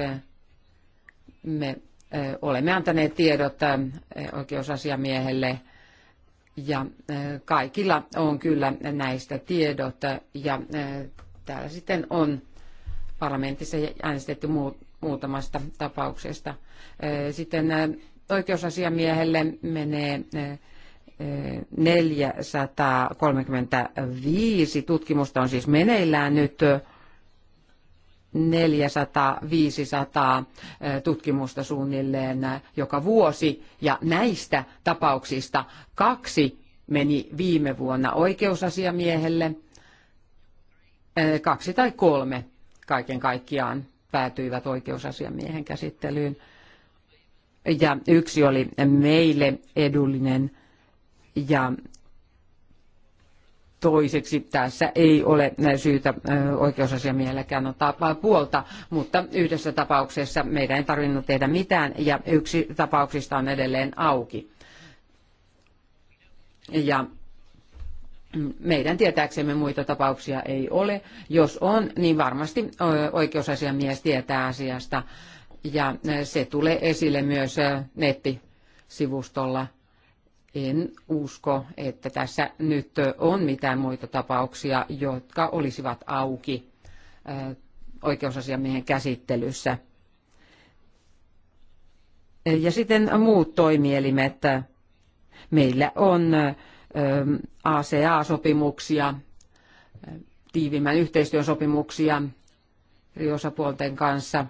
me olemme antaneet tiedot oikeusasiamiehelle ja kaikilla on kyllä näistä tiedot ja täällä sitten on parlamentissa äänestetty muutamasta tapauksesta. Sitten oikeusasiamiehelle menee 435 tutkimusta on siis meneillään nyt 400-500 tutkimusta suunnilleen joka vuosi, ja näistä tapauksista kaksi meni viime vuonna oikeusasiamiehelle, kaksi tai kolme kaiken kaikkiaan päätyivät oikeusasiamiehen käsittelyyn. Ja yksi oli meille edullinen ja Toiseksi tässä ei ole syytä oikeusasiamiehelläkään ottaa puolta, mutta yhdessä tapauksessa meidän ei tarvinnut tehdä mitään ja yksi tapauksista on edelleen auki. Ja meidän tietääksemme muita tapauksia ei ole. Jos on, niin varmasti oikeusasiamies tietää asiasta ja se tulee esille myös nettisivustolla – en usko, että tässä nyt on mitään muita tapauksia, jotka olisivat auki oikeusasiamiehen käsittelyssä. Ja sitten muut toimielimet. Meillä on ACA-sopimuksia, tiivimmän yhteistyön sopimuksia eri osapuolten kanssa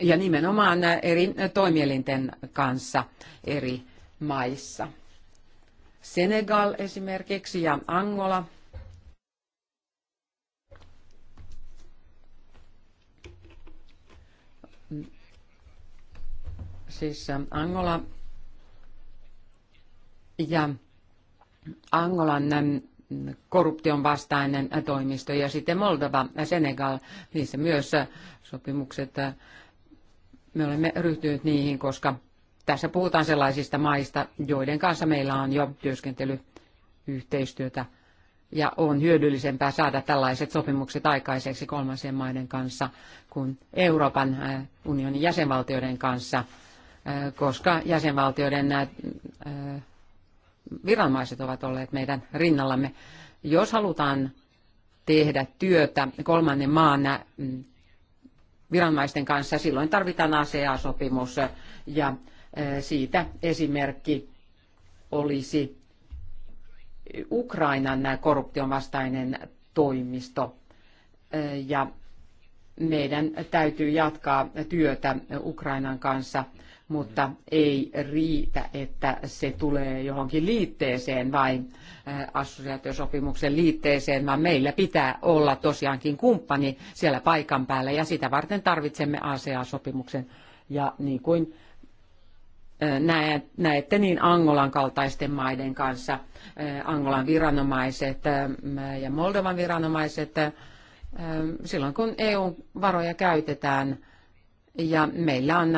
ja nimenomaan eri toimielinten kanssa eri maissa. Senegal esimerkiksi ja Angola. Siis äh, Angola ja Angolan ähm, korruption vastainen äh, toimisto ja sitten Moldova ja Senegal, niissä myös äh, sopimukset, me olemme ryhtyneet niihin, koska tässä puhutaan sellaisista maista, joiden kanssa meillä on jo työskentelyyhteistyötä ja on hyödyllisempää saada tällaiset sopimukset aikaiseksi kolmansien maiden kanssa kuin Euroopan äh, unionin jäsenvaltioiden kanssa, äh, koska jäsenvaltioiden äh, viranomaiset ovat olleet meidän rinnallamme. Jos halutaan tehdä työtä kolmannen maan viranomaisten kanssa, silloin tarvitaan asea sopimus ja siitä esimerkki olisi Ukrainan korruption vastainen toimisto. Ja meidän täytyy jatkaa työtä Ukrainan kanssa, mutta ei riitä, että se tulee johonkin liitteeseen vain assosiaatiosopimuksen liitteeseen, vaan meillä pitää olla tosiaankin kumppani siellä paikan päällä ja sitä varten tarvitsemme ASEA-sopimuksen. Ja niin kuin näette niin Angolan kaltaisten maiden kanssa, Angolan viranomaiset ja Moldovan viranomaiset, silloin kun EU-varoja käytetään ja meillä on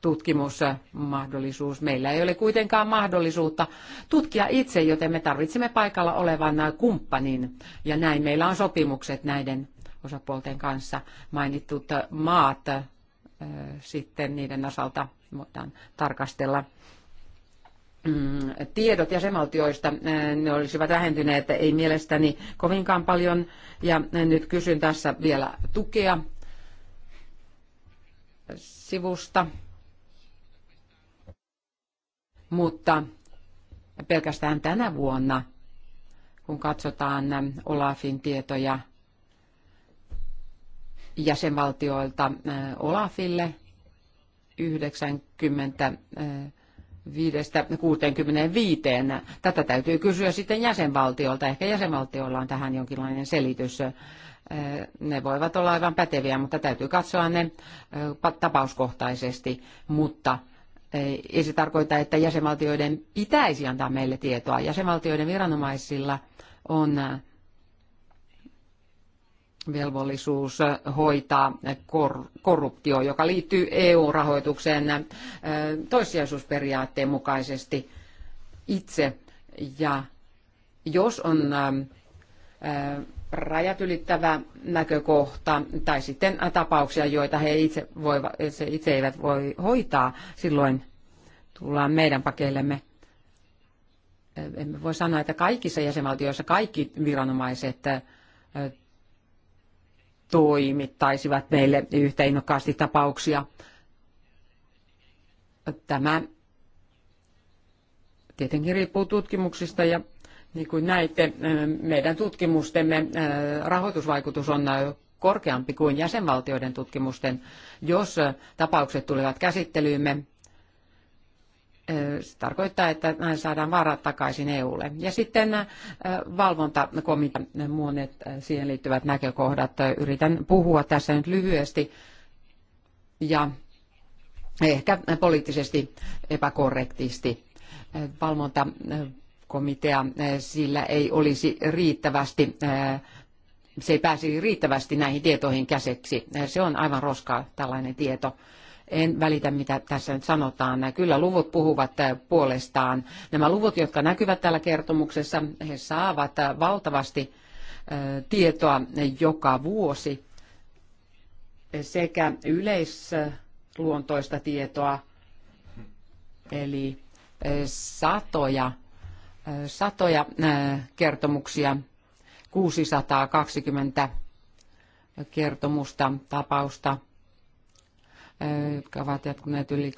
tutkimusmahdollisuus. Meillä ei ole kuitenkaan mahdollisuutta tutkia itse, joten me tarvitsemme paikalla olevan kumppanin. Ja näin meillä on sopimukset näiden osapuolten kanssa mainittut maat sitten niiden osalta voidaan tarkastella mm, tiedot jäsenvaltioista, ne olisivat vähentyneet, ei mielestäni kovinkaan paljon. Ja nyt kysyn tässä vielä tukea sivusta. Mutta pelkästään tänä vuonna, kun katsotaan Olafin tietoja jäsenvaltioilta Olafille 90 5-65. Tätä täytyy kysyä sitten jäsenvaltiolta. Ehkä jäsenvaltiolla on tähän jonkinlainen selitys. Ne voivat olla aivan päteviä, mutta täytyy katsoa ne tapauskohtaisesti. Mutta ei se tarkoita, että jäsenvaltioiden pitäisi antaa meille tietoa. Jäsenvaltioiden viranomaisilla on velvollisuus hoitaa korruptio, joka liittyy EU-rahoitukseen äh, toissijaisuusperiaatteen mukaisesti itse. Ja jos on äh, äh, rajat ylittävä näkökohta tai sitten tapauksia, joita he itse, voiva, itse eivät voi hoitaa, silloin tullaan meidän pakeillemme. Emme voi sanoa, että kaikissa jäsenvaltioissa kaikki viranomaiset toimittaisivat meille yhtä tapauksia. Tämä tietenkin riippuu tutkimuksista ja niin kuin näitte, meidän tutkimustemme rahoitusvaikutus on korkeampi kuin jäsenvaltioiden tutkimusten. Jos tapaukset tulevat käsittelyymme, se tarkoittaa, että näin saadaan varat takaisin EUlle. Ja sitten valvontakomitean monet siihen liittyvät näkökohdat. Yritän puhua tässä nyt lyhyesti ja ehkä poliittisesti epäkorrektisti. Valvontakomitea, sillä ei olisi riittävästi se ei pääsi riittävästi näihin tietoihin käsiksi. Se on aivan roskaa tällainen tieto. En välitä, mitä tässä nyt sanotaan. Kyllä luvut puhuvat eh, puolestaan. Nämä luvut, jotka näkyvät täällä kertomuksessa, he saavat eh, valtavasti eh, tietoa joka vuosi sekä yleisluontoista tietoa, eli satoja, satoja kertomuksia, 620 kertomusta, tapausta, jotka ovat jatkuneet yli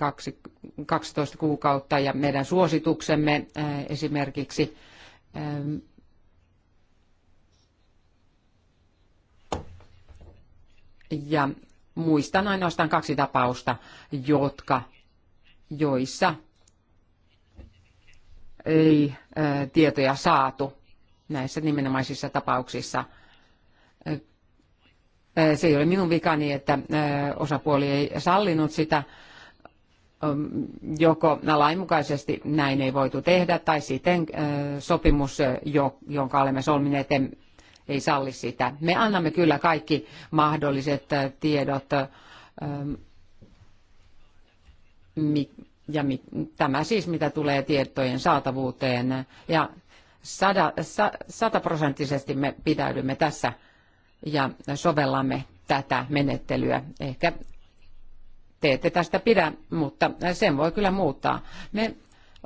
12 kuukautta ja meidän suosituksemme esimerkiksi ja muistan ainoastaan kaksi tapausta, jotka, joissa ei tietoja saatu näissä nimenomaisissa tapauksissa se ei ole minun vikani, että osapuoli ei sallinut sitä joko lainmukaisesti näin ei voitu tehdä, tai sitten sopimus, jonka olemme solmineet, ei salli sitä. Me annamme kyllä kaikki mahdolliset tiedot, ja tämä siis mitä tulee tietojen saatavuuteen, ja sataprosenttisesti me pitäydymme tässä ja sovellamme tätä menettelyä. Ehkä te ette tästä pidä, mutta sen voi kyllä muuttaa. Me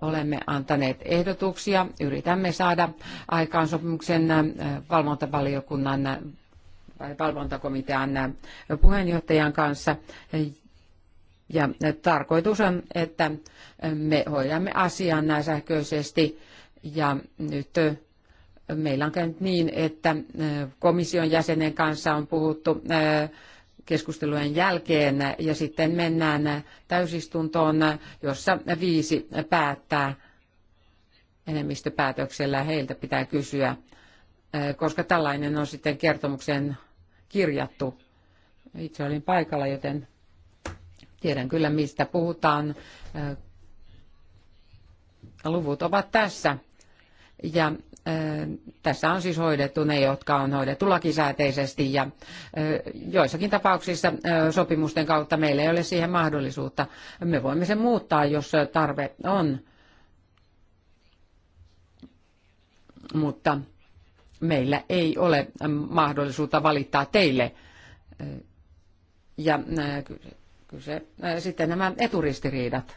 olemme antaneet ehdotuksia. Yritämme saada aikaan sopimuksen äh, valvontavaliokunnan äh, valvontakomitean äh, puheenjohtajan kanssa. Ja tarkoitus on, että me hoidamme asian sähköisesti ja nyt meillä on käynyt niin, että komission jäsenen kanssa on puhuttu keskustelujen jälkeen ja sitten mennään täysistuntoon, jossa viisi päättää enemmistöpäätöksellä. Heiltä pitää kysyä, koska tällainen on sitten kertomuksen kirjattu. Itse olin paikalla, joten tiedän kyllä mistä puhutaan. Luvut ovat tässä. Ja tässä on siis hoidettu ne, jotka on hoidettu lakisääteisesti ja joissakin tapauksissa sopimusten kautta meillä ei ole siihen mahdollisuutta. Me voimme sen muuttaa, jos tarve on. Mutta meillä ei ole mahdollisuutta valittaa teille. Ja kyse, sitten nämä eturistiriidat.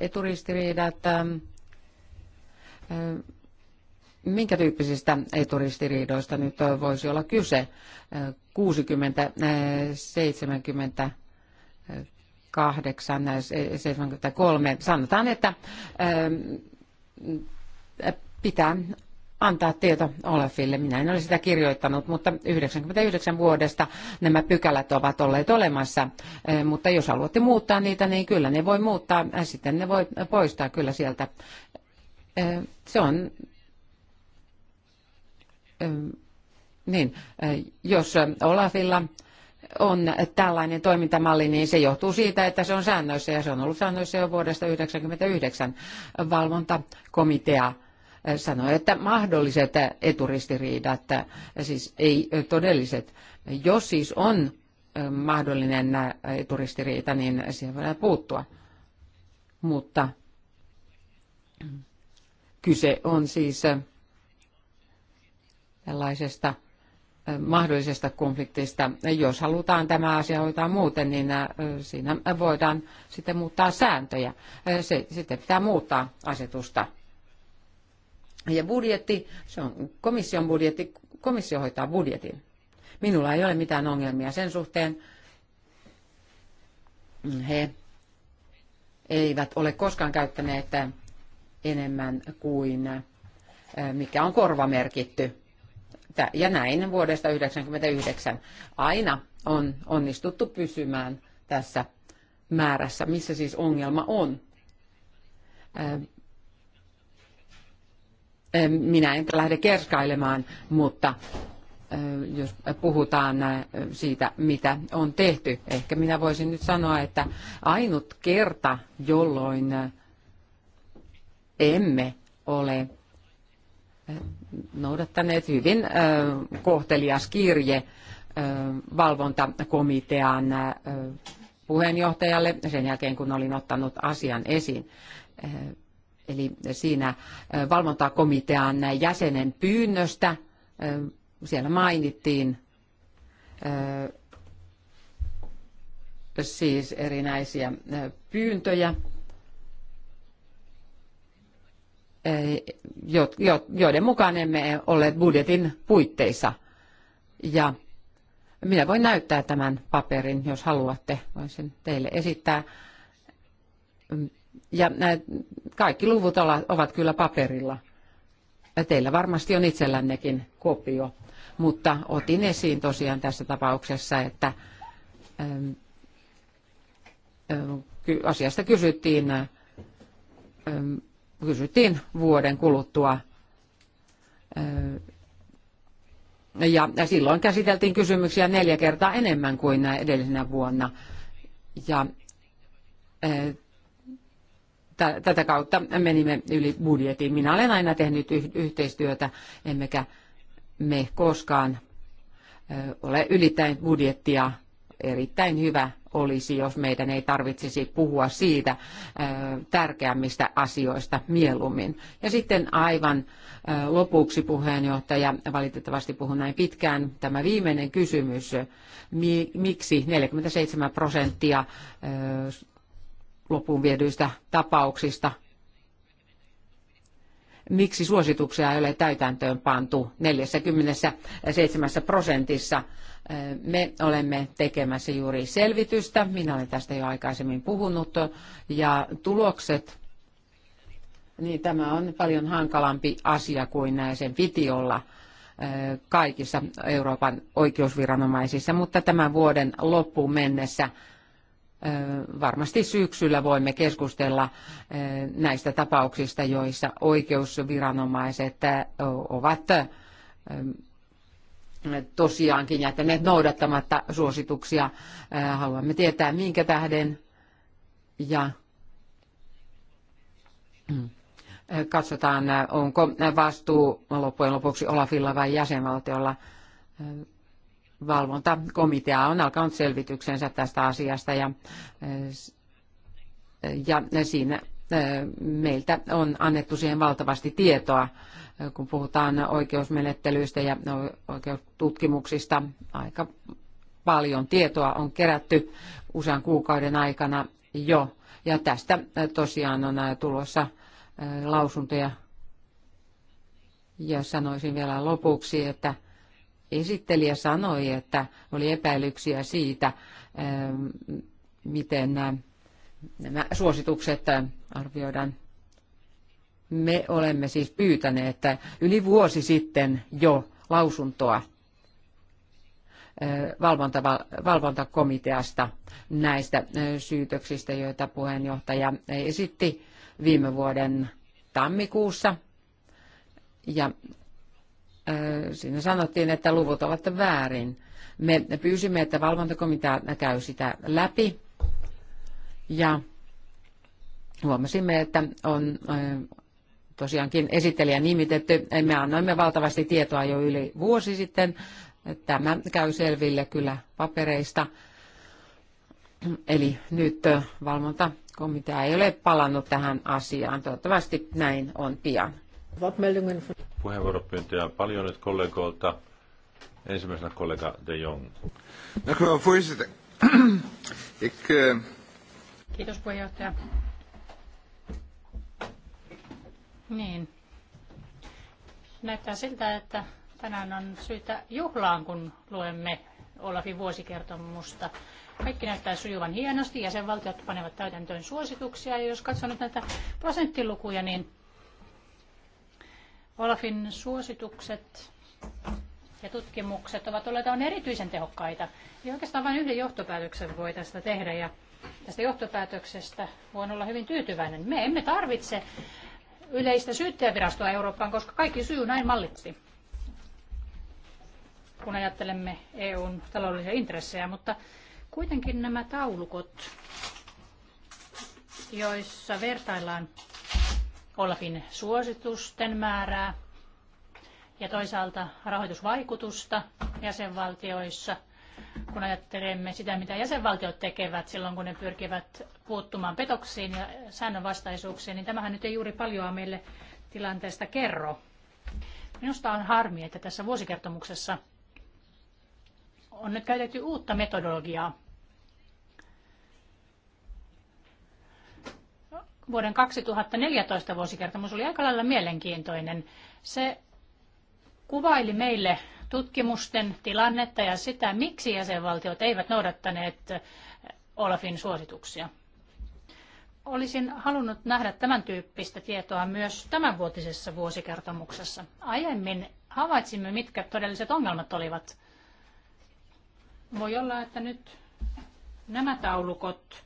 Eturistiriidat Minkä tyyppisistä eturistiriidoista nyt voisi olla kyse? 60, 70, 8, 73. Sanotaan, että pitää antaa tieto Olafille. Minä en ole sitä kirjoittanut, mutta 99 vuodesta nämä pykälät ovat olleet olemassa. Mutta jos haluatte muuttaa niitä, niin kyllä ne voi muuttaa. Sitten ne voi poistaa kyllä sieltä. Se on, niin, jos Olafilla on tällainen toimintamalli, niin se johtuu siitä, että se on säännöissä ja se on ollut säännöissä jo vuodesta 1999. Valvontakomitea sanoi, että mahdolliset eturistiriidat, siis ei todelliset, jos siis on mahdollinen eturistiriita, niin siihen voidaan puuttua. Mutta Kyse on siis äh, tällaisesta äh, mahdollisesta konfliktista. Jos halutaan tämä asia hoitaa muuten, niin äh, siinä voidaan sitten muuttaa sääntöjä. Se, sitten pitää muuttaa asetusta. Ja budjetti, se on komission budjetti, komissio hoitaa budjetin. Minulla ei ole mitään ongelmia sen suhteen. He eivät ole koskaan käyttäneet enemmän kuin mikä on korvamerkitty. Ja näin vuodesta 1999 aina on onnistuttu pysymään tässä määrässä, missä siis ongelma on. Minä en lähde kerskailemaan, mutta jos puhutaan siitä, mitä on tehty, ehkä minä voisin nyt sanoa, että ainut kerta, jolloin emme ole noudattaneet hyvin kohtelias kirje valvontakomitean puheenjohtajalle sen jälkeen, kun olin ottanut asian esiin. Eli siinä valvontakomitean jäsenen pyynnöstä siellä mainittiin siis erinäisiä pyyntöjä Eh, joiden mukaan emme ole budjetin puitteissa. Ja minä voin näyttää tämän paperin, jos haluatte. Voin sen teille esittää. Ja eh, kaikki luvut ovat kyllä paperilla. Teillä varmasti on itsellännekin kopio. Mutta otin esiin tosiaan tässä tapauksessa, että eh, asiasta kysyttiin kysyttiin vuoden kuluttua. Ja silloin käsiteltiin kysymyksiä neljä kertaa enemmän kuin edellisenä vuonna. Ja tätä kautta menimme yli budjetin. Minä olen aina tehnyt yhteistyötä, emmekä me koskaan ole ylittänyt budjettia erittäin hyvä olisi, jos meidän ei tarvitsisi puhua siitä tärkeämmistä asioista mieluummin. Ja sitten aivan lopuksi puheenjohtaja, valitettavasti puhun näin pitkään, tämä viimeinen kysymys, miksi 47 prosenttia loppuun viedyistä tapauksista miksi suosituksia ei ole täytäntöön pantu 47 prosentissa me olemme tekemässä juuri selvitystä, minä olen tästä jo aikaisemmin puhunut, ja tulokset, niin tämä on paljon hankalampi asia kuin näin sen piti olla kaikissa Euroopan oikeusviranomaisissa, mutta tämän vuoden loppuun mennessä varmasti syksyllä voimme keskustella näistä tapauksista, joissa oikeusviranomaiset ovat tosiaankin jättäneet noudattamatta suosituksia. Haluamme tietää minkä tähden ja mm, katsotaan, onko vastuu loppujen lopuksi Olafilla vai jäsenvaltiolla. Valvontakomitea on alkanut selvityksensä tästä asiasta ja, ja siinä meiltä on annettu siihen valtavasti tietoa kun puhutaan oikeusmenettelyistä ja oikeustutkimuksista. Aika paljon tietoa on kerätty usean kuukauden aikana jo. Ja tästä tosiaan on tulossa lausuntoja. Ja sanoisin vielä lopuksi, että esittelijä sanoi, että oli epäilyksiä siitä, miten nämä suositukset arvioidaan me olemme siis pyytäneet yli vuosi sitten jo lausuntoa valvontakomiteasta näistä syytöksistä, joita puheenjohtaja esitti viime vuoden tammikuussa. Ja siinä sanottiin, että luvut ovat väärin. Me pyysimme, että valvontakomitea käy sitä läpi ja huomasimme, että on tosiaankin esittelijä nimitetty. Me annoimme valtavasti tietoa jo yli vuosi sitten. Tämä käy selville kyllä papereista. Eli nyt valvontakomitea ei ole palannut tähän asiaan. Toivottavasti näin on pian. Puheenvuoropyyntöjä paljon nyt kollegoilta. Ensimmäisenä kollega De Jong. Eh, Kiitos puheenjohtaja. Niin. Näyttää siltä, että tänään on syytä juhlaan, kun luemme Olafin vuosikertomusta. Kaikki näyttää sujuvan hienosti, jäsenvaltiot panevat täytäntöön suosituksia. Ja jos katson nyt näitä prosenttilukuja, niin Olafin suositukset ja tutkimukset ovat olleet on erityisen tehokkaita. Ja oikeastaan vain yhden johtopäätöksen voi tästä tehdä. Ja tästä johtopäätöksestä voin olla hyvin tyytyväinen. Me emme tarvitse yleistä syyttäjävirastoa Eurooppaan, koska kaikki syyy näin mallitsi, kun ajattelemme EUn taloudellisia intressejä. Mutta kuitenkin nämä taulukot, joissa vertaillaan Olafin suositusten määrää ja toisaalta rahoitusvaikutusta jäsenvaltioissa kun ajattelemme sitä, mitä jäsenvaltiot tekevät silloin, kun ne pyrkivät puuttumaan petoksiin ja säännönvastaisuuksiin, niin tämähän nyt ei juuri paljoa meille tilanteesta kerro. Minusta on harmi, että tässä vuosikertomuksessa on nyt käytetty uutta metodologiaa. Vuoden 2014 vuosikertomus oli aika lailla mielenkiintoinen. Se kuvaili meille tutkimusten tilannetta ja sitä, miksi jäsenvaltiot eivät noudattaneet Olafin suosituksia. Olisin halunnut nähdä tämän tyyppistä tietoa myös tämänvuotisessa vuosikertomuksessa. Aiemmin havaitsimme, mitkä todelliset ongelmat olivat. Voi olla, että nyt nämä taulukot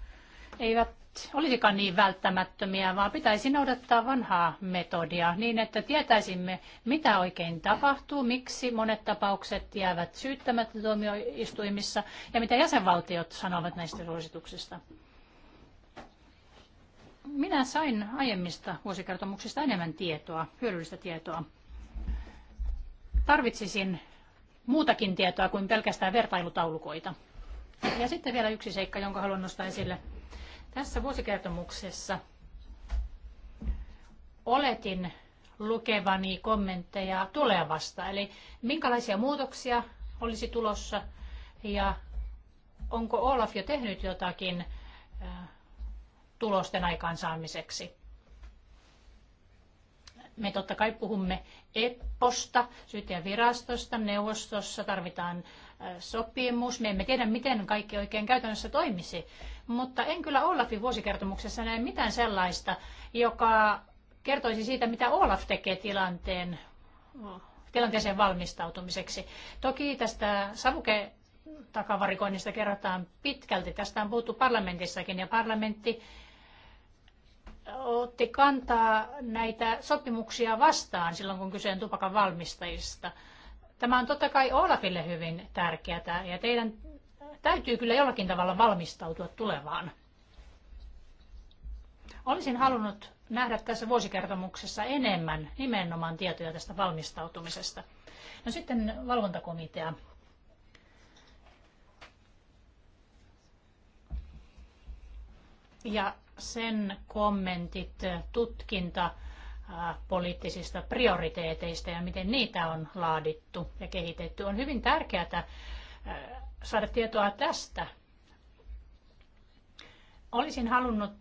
eivät olisikaan niin välttämättömiä, vaan pitäisi noudattaa vanhaa metodia niin, että tietäisimme, mitä oikein tapahtuu, miksi monet tapaukset jäävät syyttämättä tuomioistuimissa ja mitä jäsenvaltiot sanovat näistä suosituksista. Minä sain aiemmista vuosikertomuksista enemmän tietoa, hyödyllistä tietoa. Tarvitsisin muutakin tietoa kuin pelkästään vertailutaulukoita. Ja sitten vielä yksi seikka, jonka haluan nostaa esille – tässä vuosikertomuksessa oletin lukevani kommentteja tulevasta, eli minkälaisia muutoksia olisi tulossa ja onko Olaf jo tehnyt jotakin äh, tulosten aikaansaamiseksi. Me totta kai puhumme EPPOsta, syyttäjävirastosta, neuvostossa tarvitaan sopimus. Me emme tiedä, miten kaikki oikein käytännössä toimisi, mutta en kyllä Olafin vuosikertomuksessa näe mitään sellaista, joka kertoisi siitä, mitä Olaf tekee tilanteen, tilanteeseen valmistautumiseksi. Toki tästä savuke takavarikoinnista kerrotaan pitkälti. Tästä on puhuttu parlamentissakin ja parlamentti otti kantaa näitä sopimuksia vastaan silloin, kun kyse on tupakan valmistajista – Tämä on totta kai Olafille hyvin tärkeää ja teidän täytyy kyllä jollakin tavalla valmistautua tulevaan. Olisin halunnut nähdä tässä vuosikertomuksessa enemmän nimenomaan tietoja tästä valmistautumisesta. No sitten valvontakomitea. Ja sen kommentit, tutkinta Äh, poliittisista prioriteeteista ja miten niitä on laadittu ja kehitetty. On hyvin tärkeää äh, saada tietoa tästä. Olisin halunnut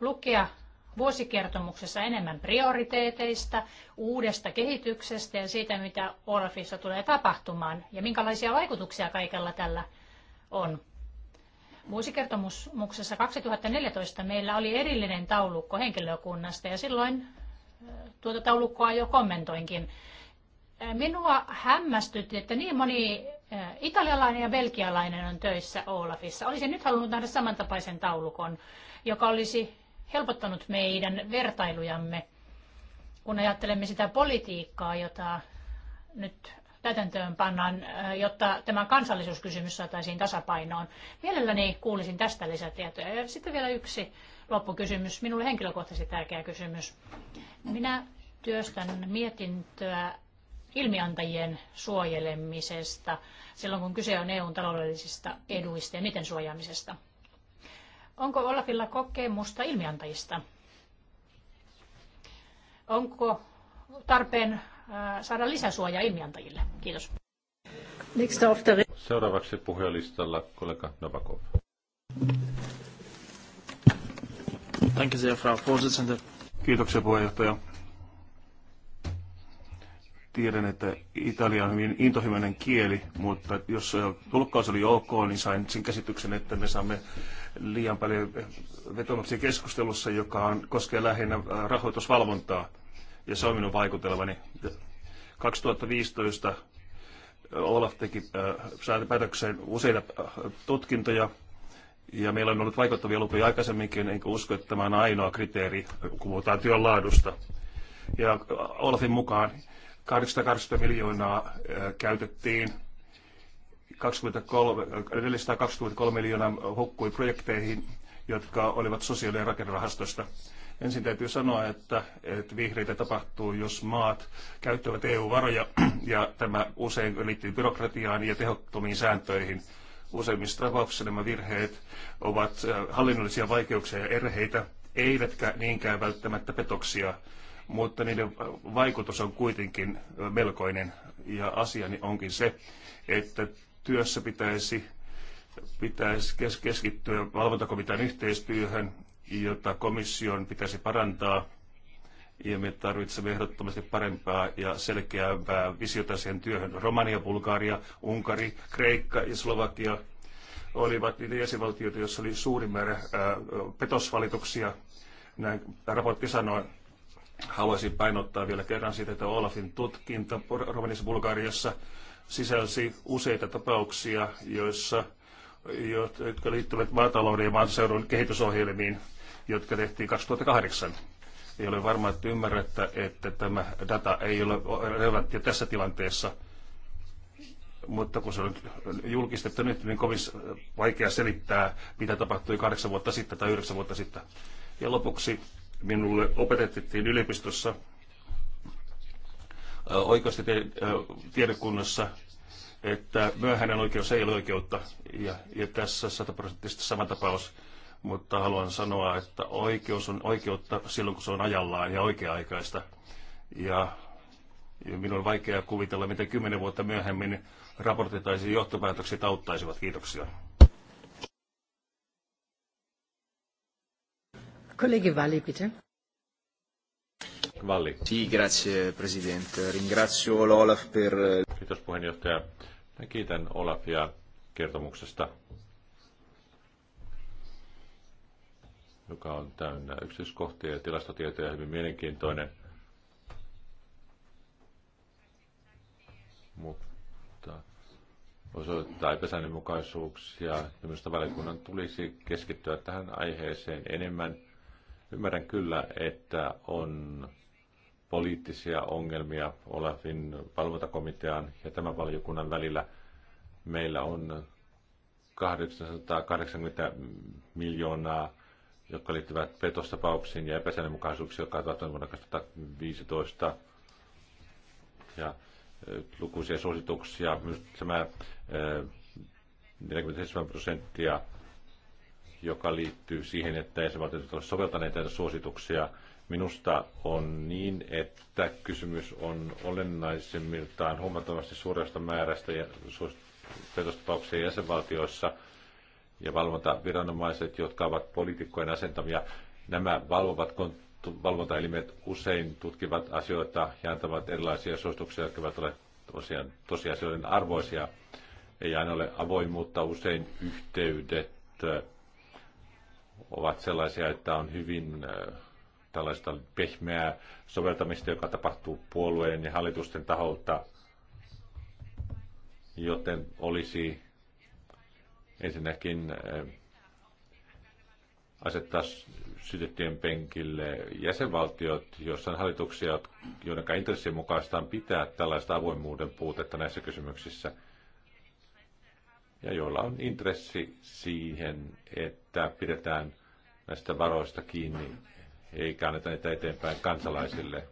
lukea vuosikertomuksessa enemmän prioriteeteista, uudesta kehityksestä ja siitä, mitä Olafissa tulee tapahtumaan ja minkälaisia vaikutuksia kaikella tällä on. Vuosikertomuksessa 2014 meillä oli erillinen taulukko henkilökunnasta ja silloin tuota taulukkoa jo kommentoinkin. Minua hämmästytti, että niin moni italialainen ja belgialainen on töissä Olafissa. Olisin nyt halunnut nähdä samantapaisen taulukon, joka olisi helpottanut meidän vertailujamme, kun ajattelemme sitä politiikkaa, jota nyt täytäntöön pannaan, jotta tämä kansallisuuskysymys saataisiin tasapainoon. Mielelläni kuulisin tästä lisätietoja. Ja sitten vielä yksi loppukysymys, minulle henkilökohtaisesti tärkeä kysymys. Minä työstän mietintöä ilmiantajien suojelemisesta silloin, kun kyse on EUn taloudellisista eduista ja niiden suojaamisesta. Onko Olafilla kokemusta ilmiantajista? Onko tarpeen saada lisäsuojaa ilmiantajille? Kiitos. Seuraavaksi puhujalistalla kollega Novakov. Danke sehr, Frau Vorsitzende. Kiitoksia puheenjohtaja. Tiedän, että Italia on hyvin intohimoinen kieli, mutta jos tulkkaus oli ok, niin sain sen käsityksen, että me saamme liian paljon vetomuksia keskustelussa, joka on, koskee lähinnä rahoitusvalvontaa. Ja se on minun vaikutelmani. 2015 Olaf teki äh, päätökseen useita äh, tutkintoja ja meillä on ollut vaikuttavia lukuja aikaisemminkin, enkä usko, että tämä on ainoa kriteeri, kun puhutaan työn laadusta. Ja Olafin mukaan 880 miljoonaa käytettiin 23, 423 miljoonaa hukkui projekteihin, jotka olivat sosiaali- ja rakennerahastosta. Ensin täytyy sanoa, että, että vihreitä tapahtuu, jos maat käyttävät EU-varoja, ja tämä usein liittyy byrokratiaan ja tehottomiin sääntöihin. Useimmissa tapauksissa nämä virheet ovat äh, hallinnollisia vaikeuksia ja erheitä, eivätkä niinkään välttämättä petoksia, mutta niiden äh, vaikutus on kuitenkin äh, melkoinen. Ja asiani onkin se, että työssä pitäisi, pitäisi keskittyä valvontakomitean yhteistyöhön, jota komission pitäisi parantaa – ja me tarvitsemme ehdottomasti parempaa ja selkeämpää visiota siihen työhön. Romania, Bulgaria, Unkari, Kreikka ja Slovakia olivat niitä jäsenvaltioita, joissa oli suuri määrä petosvalituksia. Näin raportti sanoi, haluaisin painottaa vielä kerran siitä, että Olafin tutkinta Romaniassa Bulgariassa sisälsi useita tapauksia, joissa, jotka liittyvät maatalouden ja maaseudun kehitysohjelmiin, jotka tehtiin 2008. Ei ole varma, että ymmärrätte, että tämä data ei ole relevanttia tässä tilanteessa. Mutta kun se on julkistettu nyt, niin kovin vaikea selittää, mitä tapahtui kahdeksan vuotta sitten tai yhdeksän vuotta sitten. Ja lopuksi minulle opetettiin yliopistossa oikeasti tiedekunnassa, että myöhäinen oikeus ei ole oikeutta. Ja, ja tässä sataprosenttisesti sama tapaus mutta haluan sanoa, että oikeus on oikeutta silloin, kun se on ajallaan ja oikea-aikaista. Ja minun on vaikea kuvitella, miten kymmenen vuotta myöhemmin raportitaisiin johtopäätökset auttaisivat. Kiitoksia. Kollegi Valli, bitte. Valli. Sì, grazie Presidente. Ringrazio l'Olaf per... Eh, Kiitos puheenjohtaja. kiitän Olafia kertomuksesta. joka on täynnä yksityiskohtia ja tilastotietoja, hyvin mielenkiintoinen. Mutta osoittaa epäsäännönmukaisuuksia ja minusta valiokunnan tulisi keskittyä tähän aiheeseen enemmän. Ymmärrän kyllä, että on poliittisia ongelmia Olafin valvontakomitean ja tämän valiokunnan välillä. Meillä on 880 miljoonaa jotka liittyvät petostapauksiin ja epäsäännönmukaisuuksiin, jotka ovat vuonna 2015. Ja lukuisia suosituksia. Myös tämä 47 prosenttia, joka liittyy siihen, että jäsenvaltiot ovat soveltaneet näitä suosituksia, minusta on niin, että kysymys on olennaisimmiltaan huomattavasti suuresta määrästä ja petostapauksia jäsenvaltioissa – ja valvontaviranomaiset, jotka ovat poliitikkojen asentamia. Nämä valvovat valvontaelimet usein tutkivat asioita ja antavat erilaisia suosituksia, jotka ovat ole tosiaan, tosiasioiden arvoisia. Ei aina ole avoimuutta, usein yhteydet ovat sellaisia, että on hyvin tällaista pehmeää soveltamista, joka tapahtuu puolueen ja hallitusten taholta, joten olisi ensinnäkin äh, asettaa sytettyjen penkille jäsenvaltiot, joissa on hallituksia, joiden intressien mukaistaan pitää tällaista avoimuuden puutetta näissä kysymyksissä, ja joilla on intressi siihen, että pidetään näistä varoista kiinni, eikä anneta niitä eteenpäin kansalaisille.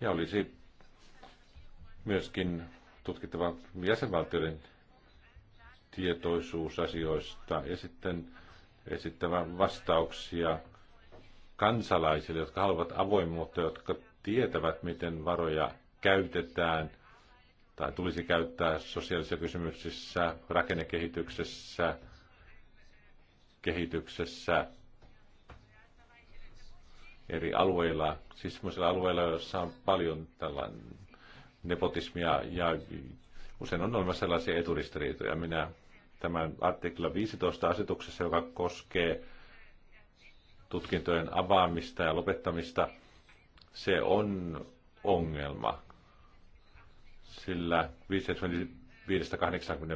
Ja olisi myöskin tutkittava jäsenvaltioiden tietoisuus asioista ja sitten esittämään vastauksia kansalaisille, jotka haluavat avoimuutta, jotka tietävät, miten varoja käytetään tai tulisi käyttää sosiaalisissa kysymyksissä, rakennekehityksessä, kehityksessä eri alueilla, siis sellaisilla alueilla, joissa on paljon tällainen nepotismia ja usein on olemassa sellaisia eturistiriitoja. Minä tämän artikla 15 asetuksessa, joka koskee tutkintojen avaamista ja lopettamista, se on ongelma. Sillä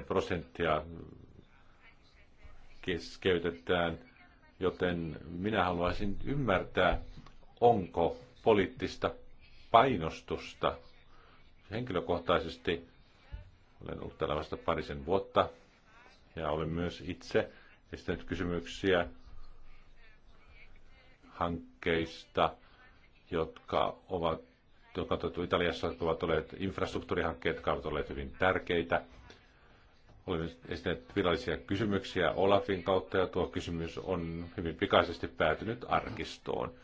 5-80 prosenttia keskeytetään, joten minä haluaisin ymmärtää, onko poliittista painostusta. Henkilökohtaisesti olen ollut täällä vasta parisen vuotta ja olen myös itse esittänyt kysymyksiä hankkeista, jotka ovat jotka on otettu Italiassa, jotka ovat olleet infrastruktuurihankkeet, jotka ovat olleet hyvin tärkeitä. Olemme esittäneet virallisia kysymyksiä Olafin kautta ja tuo kysymys on hyvin pikaisesti päätynyt arkistoon.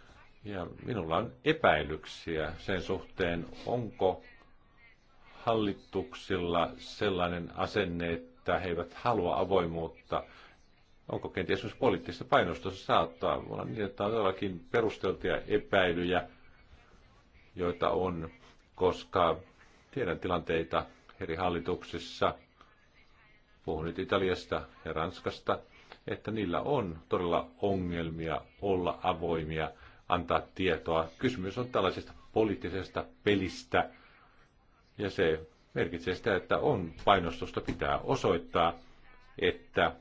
Ja minulla on epäilyksiä sen suhteen, onko hallituksilla sellainen asenne, että he eivät halua avoimuutta. Onko kenties myös poliittista painostusta saattaa olla niin, että on todellakin perusteltuja epäilyjä, joita on, koska tiedän tilanteita eri hallituksissa, puhun nyt Italiasta ja Ranskasta, että niillä on todella ongelmia olla avoimia, antaa tietoa. Kysymys on tällaisesta poliittisesta pelistä, ja se merkitsee sitä, että on painostusta pitää osoittaa, että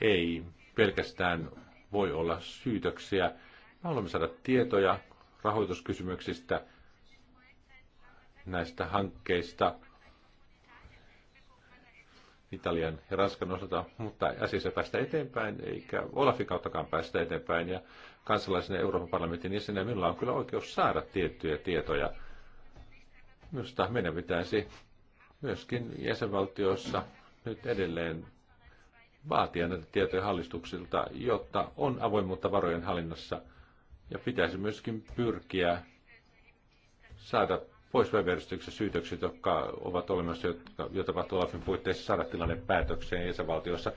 ei pelkästään voi olla syytöksiä. Me haluamme saada tietoja rahoituskysymyksistä, näistä hankkeista Italian ja Ranskan osalta, mutta asiassa päästä eteenpäin, eikä Olafin kauttakaan päästä eteenpäin. Ja kansalaisen Euroopan parlamentin jäsenen minulla on kyllä oikeus saada tiettyjä tietoja – Minusta meidän pitäisi myöskin jäsenvaltioissa nyt edelleen vaatia näitä tietoja hallituksilta, jotta on avoimuutta varojen hallinnassa ja pitäisi myöskin pyrkiä saada pois väiväristyksessä syytökset, jotka ovat olemassa, jotka, joita ovat Olafin puitteissa saada tilanne päätökseen jäsenvaltiossa.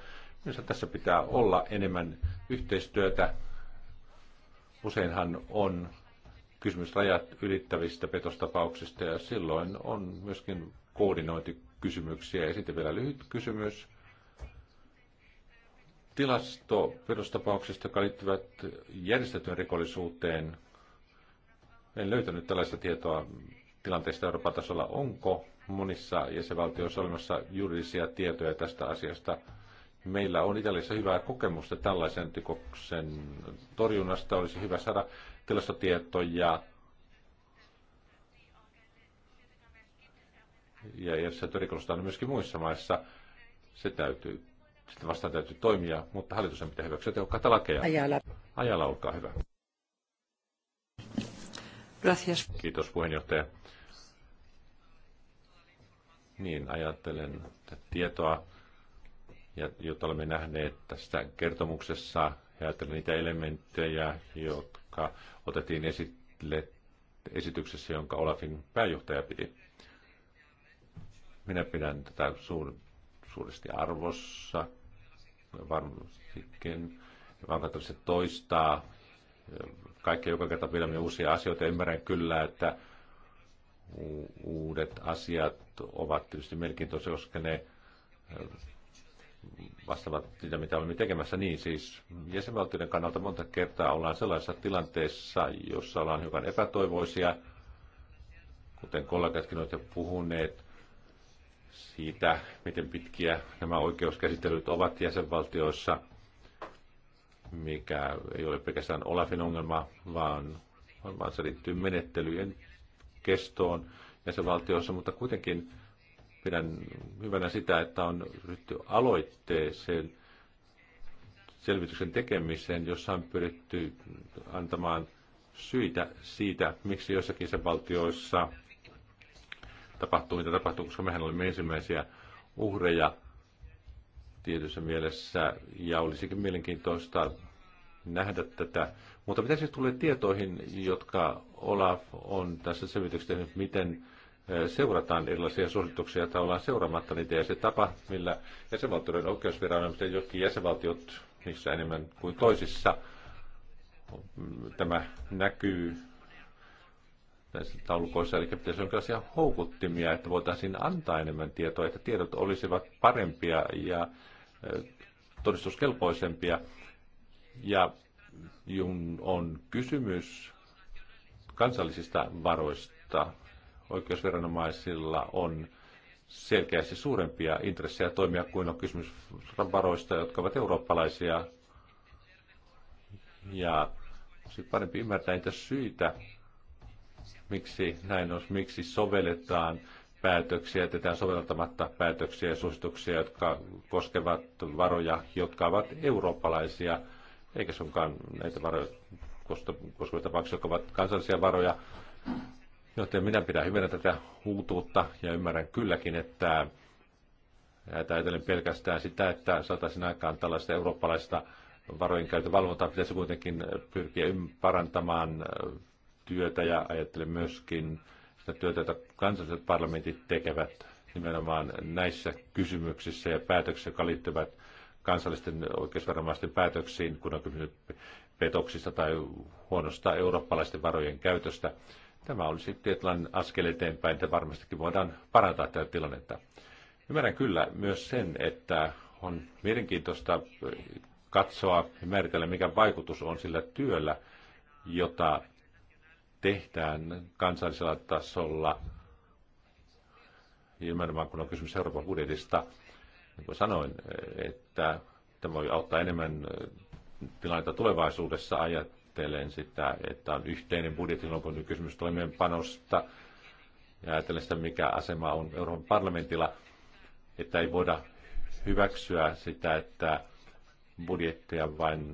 Minusta tässä pitää olla enemmän yhteistyötä. Useinhan on kysymys rajat ylittävistä petostapauksista ja silloin on myöskin koordinointikysymyksiä. Ja sitten vielä lyhyt kysymys. Tilasto petostapauksista, jotka liittyvät järjestettyyn rikollisuuteen. En löytänyt tällaista tietoa tilanteesta Euroopan tasolla. Onko monissa jäsenvaltioissa olemassa juridisia tietoja tästä asiasta? Meillä on Italiassa hyvää kokemusta tällaisen rikoksen torjunnasta. Olisi hyvä saada tilastotietoja ja se rikollista on myöskin muissa maissa. Se täytyy, sitä vastaan täytyy toimia, mutta hallitus on pitää hyväksyä tehokkaita lakeja. Ajala. Ajala, olkaa hyvä. Gracias. Kiitos puheenjohtaja. Niin, ajattelen että tietoa, jota olemme nähneet tässä kertomuksessa, ajattelen niitä elementtejä, jotka joka otettiin esille esityksessä, jonka Olafin pääjohtaja piti. Minä pidän tätä suur, suuresti arvossa, varmastikin, vaan se toistaa kaikkea joka kerta pidämme uusia asioita. Ymmärrän kyllä, että uudet asiat ovat tietysti mielenkiintoisia, koska ne vastaavat sitä, mitä olemme tekemässä. Niin siis jäsenvaltioiden kannalta monta kertaa ollaan sellaisessa tilanteessa, jossa ollaan hyvän epätoivoisia, kuten kollegatkin olette puhuneet, siitä, miten pitkiä nämä oikeuskäsittelyt ovat jäsenvaltioissa, mikä ei ole pelkästään Olafin ongelma, vaan, vaan se liittyy menettelyjen kestoon jäsenvaltioissa, mutta kuitenkin Pidän hyvänä sitä, että on ryhty aloitteeseen selvityksen tekemiseen, jossa on pyritty antamaan syitä siitä, miksi jossakin sen valtioissa tapahtuu, mitä tapahtuu, koska mehän olemme ensimmäisiä uhreja tietyssä mielessä, ja olisikin mielenkiintoista nähdä tätä. Mutta mitä siis tulee tietoihin, jotka Olaf on tässä selvityksessä tehnyt, miten seurataan erilaisia suosituksia tai ollaan seuraamatta niitä ja se tapa, millä jäsenvaltioiden oikeusviranomaiset jotkin jäsenvaltiot niissä enemmän kuin toisissa, tämä näkyy näissä taulukoissa, eli pitäisi sellaisia houkuttimia, että voitaisiin antaa enemmän tietoa, että tiedot olisivat parempia ja todistuskelpoisempia. Ja on kysymys kansallisista varoista, oikeusviranomaisilla on selkeästi suurempia intressejä toimia kuin on kysymys varoista, jotka ovat eurooppalaisia. Ja olisi parempi ymmärtää niitä syitä, miksi näin on, miksi sovelletaan päätöksiä, jätetään soveltamatta päätöksiä ja suosituksia, jotka koskevat varoja, jotka ovat eurooppalaisia, eikä sunkaan näitä varoja koska tapauksia, jotka ovat kansallisia varoja. Joten minä pidän hyvänä tätä uutuutta ja ymmärrän kylläkin, että ajatellen pelkästään sitä, että saataisiin aikaan tällaista eurooppalaista varojen käytövalvontaa, pitäisi kuitenkin pyrkiä parantamaan työtä ja ajattelen myöskin sitä työtä, jota kansalliset parlamentit tekevät nimenomaan näissä kysymyksissä ja päätöksissä, jotka liittyvät kansallisten oikeusvaramaisten päätöksiin, kun on kysynyt petoksista tai huonosta eurooppalaisten varojen käytöstä. Tämä olisi tietynlainen askel eteenpäin, että varmastikin voidaan parantaa tätä tilannetta. Ymmärrän kyllä myös sen, että on mielenkiintoista katsoa ja määritellä, mikä vaikutus on sillä työllä, jota tehdään kansallisella tasolla, nimenomaan kun on kysymys Euroopan budjetista, niin kuin sanoin, että tämä voi auttaa enemmän tilannetta tulevaisuudessa ajat ajattelen sitä, että on yhteinen budjetti, silloin kun kysymys toimeenpanosta, ja ajattelen sitä, mikä asema on Euroopan parlamentilla, että ei voida hyväksyä sitä, että budjettia vain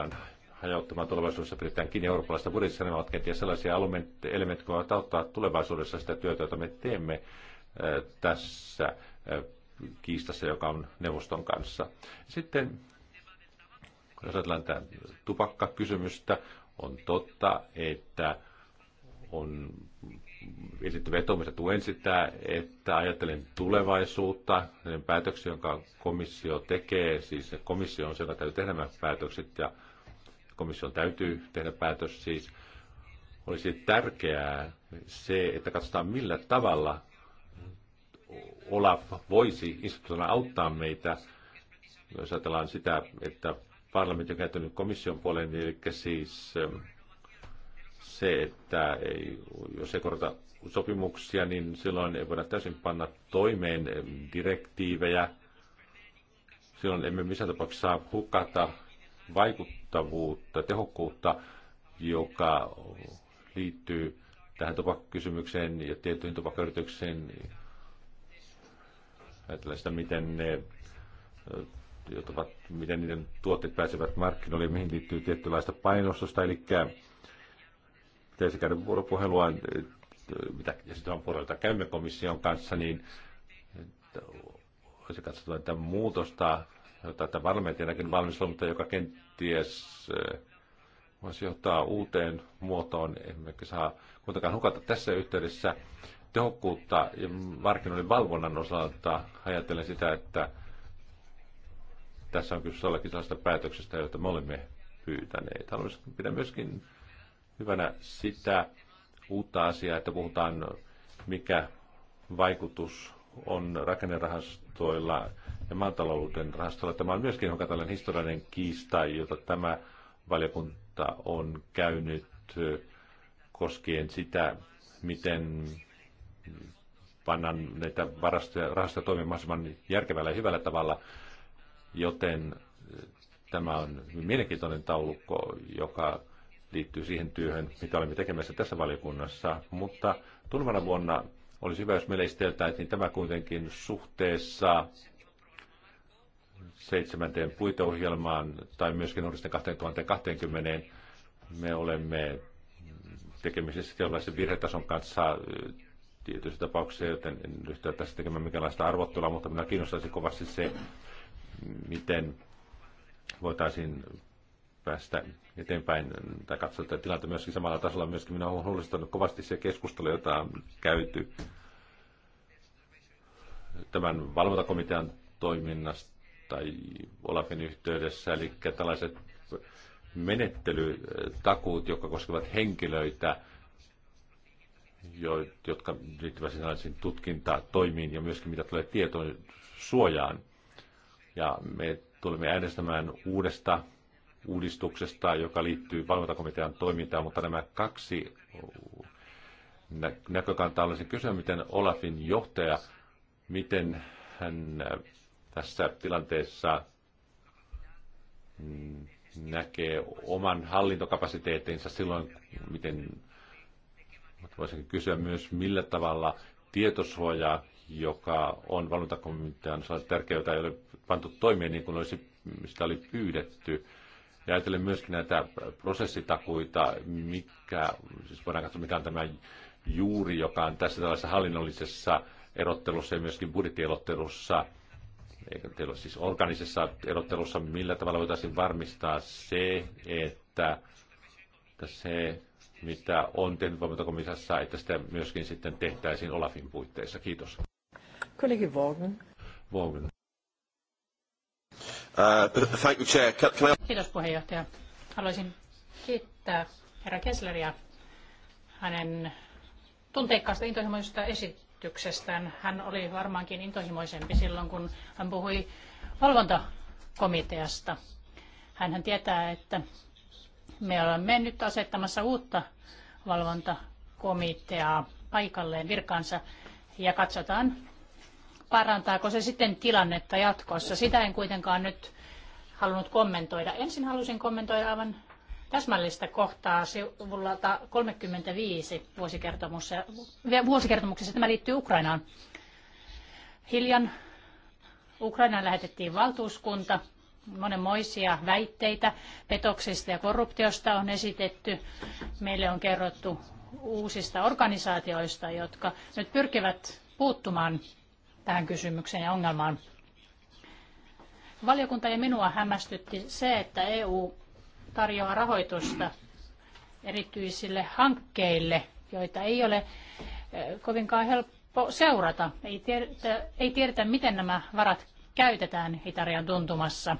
äh, hajauttamaan tulevaisuudessa pidetään kiinni eurooppalaista budjetissa. Nämä ovat kenties sellaisia elementtejä, jotka voivat auttaa tulevaisuudessa sitä työtä, jota me teemme äh, tässä äh, kiistassa, joka on neuvoston kanssa. Sitten kun ajatellaan tätä tupakkakysymystä, on totta, että on esitetty vetomista, tuen sitä, että ajattelen tulevaisuutta, sen päätöksiä, jonka komissio tekee, siis komissio on se, joka täytyy tehdä nämä päätökset ja komission täytyy tehdä päätös siis, olisi tärkeää se, että katsotaan millä tavalla Olaf voisi instituutiona auttaa meitä, jos ajatellaan sitä, että parlamentti on kääntynyt komission puoleen, eli siis ähm, se, että ei, jos ei korota sopimuksia, niin silloin ei voida täysin panna toimeen direktiivejä. Silloin emme missään tapauksessa hukata vaikuttavuutta, tehokkuutta, joka liittyy tähän tupakkakysymykseen ja tiettyihin tupakkayrityksiin. Ajatellaan sitä, miten ne ovat, miten niiden tuotteet pääsevät markkinoille, mihin liittyy tiettylaista painostusta, eli pitäisi käydä vuoropuhelua, mitä ja sitä on puolelta käymme komission kanssa, niin olisi katsottu, että muutosta, jota tämä parlamentti ainakin valmis mutta joka kenties eh, voisi johtaa uuteen muotoon, emmekä saa kuitenkaan hukata tässä yhteydessä tehokkuutta ja markkinoiden valvonnan osalta ajatellen sitä, että tässä on kyse jollakin sellaista päätöksestä, jota me olemme pyytäneet. Haluaisin pitää myöskin hyvänä sitä uutta asiaa, että puhutaan, mikä vaikutus on rakennerahastoilla ja maatalouden rahastoilla. Tämä on myöskin joka tällainen historiallinen kiista, jota tämä valiokunta on käynyt eh, koskien sitä, miten pannaan näitä varastoja, rahastoja toimimaan mahdollisimman järkevällä ja hyvällä tavalla – Joten eh, tämä on mielenkiintoinen taulukko, joka liittyy siihen työhön, mitä olemme tekemässä tässä valiokunnassa. Mutta tulevana vuonna olisi hyvä, jos meille niin tämä kuitenkin suhteessa seitsemänteen puiteohjelmaan tai myöskin uudisten 2020 me olemme tekemisissä jollaisen virhetason kanssa eh, tietyissä tapauksissa, joten en ryhtyä tässä tekemään mikälaista arvottelua, mutta minä kiinnostaisin kovasti se, miten voitaisiin päästä eteenpäin tai katsoa tätä tilannetta myöskin samalla tasolla. Myöskin minä olen huolestunut kovasti se keskustelu, jota on käyty tämän valvontakomitean toiminnasta tai Olafin yhteydessä, eli tällaiset menettelytakuut, jotka koskevat henkilöitä, jotka liittyvät tutkintaan, tutkintatoimiin ja myöskin mitä tulee tietoon suojaan ja me tulemme äänestämään uudesta uudistuksesta, joka liittyy valvontakomitean toimintaan, mutta nämä kaksi näkökantaa olisi kysyä, miten Olafin johtaja, miten hän tässä tilanteessa mm, näkee oman hallintokapasiteettinsa silloin, miten voisin kysyä myös, millä tavalla tietosuojaa joka on valvontakomitean tärkeä, jota ei ole pantu toimeen niin kuin olisi, sitä oli pyydetty. Ja ajatellen myöskin näitä prosessitakuita, mikä, siis voidaan katsoa mikä on tämä juuri, joka on tässä tällaisessa hallinnollisessa erottelussa ja myöskin budjettielottelussa, eikä teillä siis organisessa erottelussa, millä tavalla voitaisiin varmistaa se, että, että se, mitä on tehnyt valvontakomissassa, että sitä myöskin sitten tehtäisiin Olafin puitteissa. Kiitos. Kollege Vaughan. Vaughan. Uh, thank you, Chair. Can, can I... Kiitos puheenjohtaja. Haluaisin kiittää herra Kessleriä hänen tunteikkaasta intohimoisesta esityksestään. Hän oli varmaankin intohimoisempi silloin, kun hän puhui valvontakomiteasta. Hänhän tietää, että me olemme nyt asettamassa uutta valvontakomiteaa paikalleen virkansa ja katsotaan, parantaako se sitten tilannetta jatkossa. Sitä en kuitenkaan nyt halunnut kommentoida. Ensin halusin kommentoida aivan täsmällistä kohtaa sivulla 35 vuosikertomuksessa. vuosikertomuksessa. Tämä liittyy Ukrainaan. Hiljan Ukrainaan lähetettiin valtuuskunta. Monenmoisia väitteitä petoksista ja korruptiosta on esitetty. Meille on kerrottu uusista organisaatioista, jotka nyt pyrkivät puuttumaan tähän kysymykseen ja ongelmaan. Valiokunta ja minua hämmästytti se, että EU tarjoaa rahoitusta erityisille hankkeille, joita ei ole eh, kovinkaan helppo seurata. Ei tiedetä, ei tiedetä miten nämä varat käytetään Itarian tuntumassa.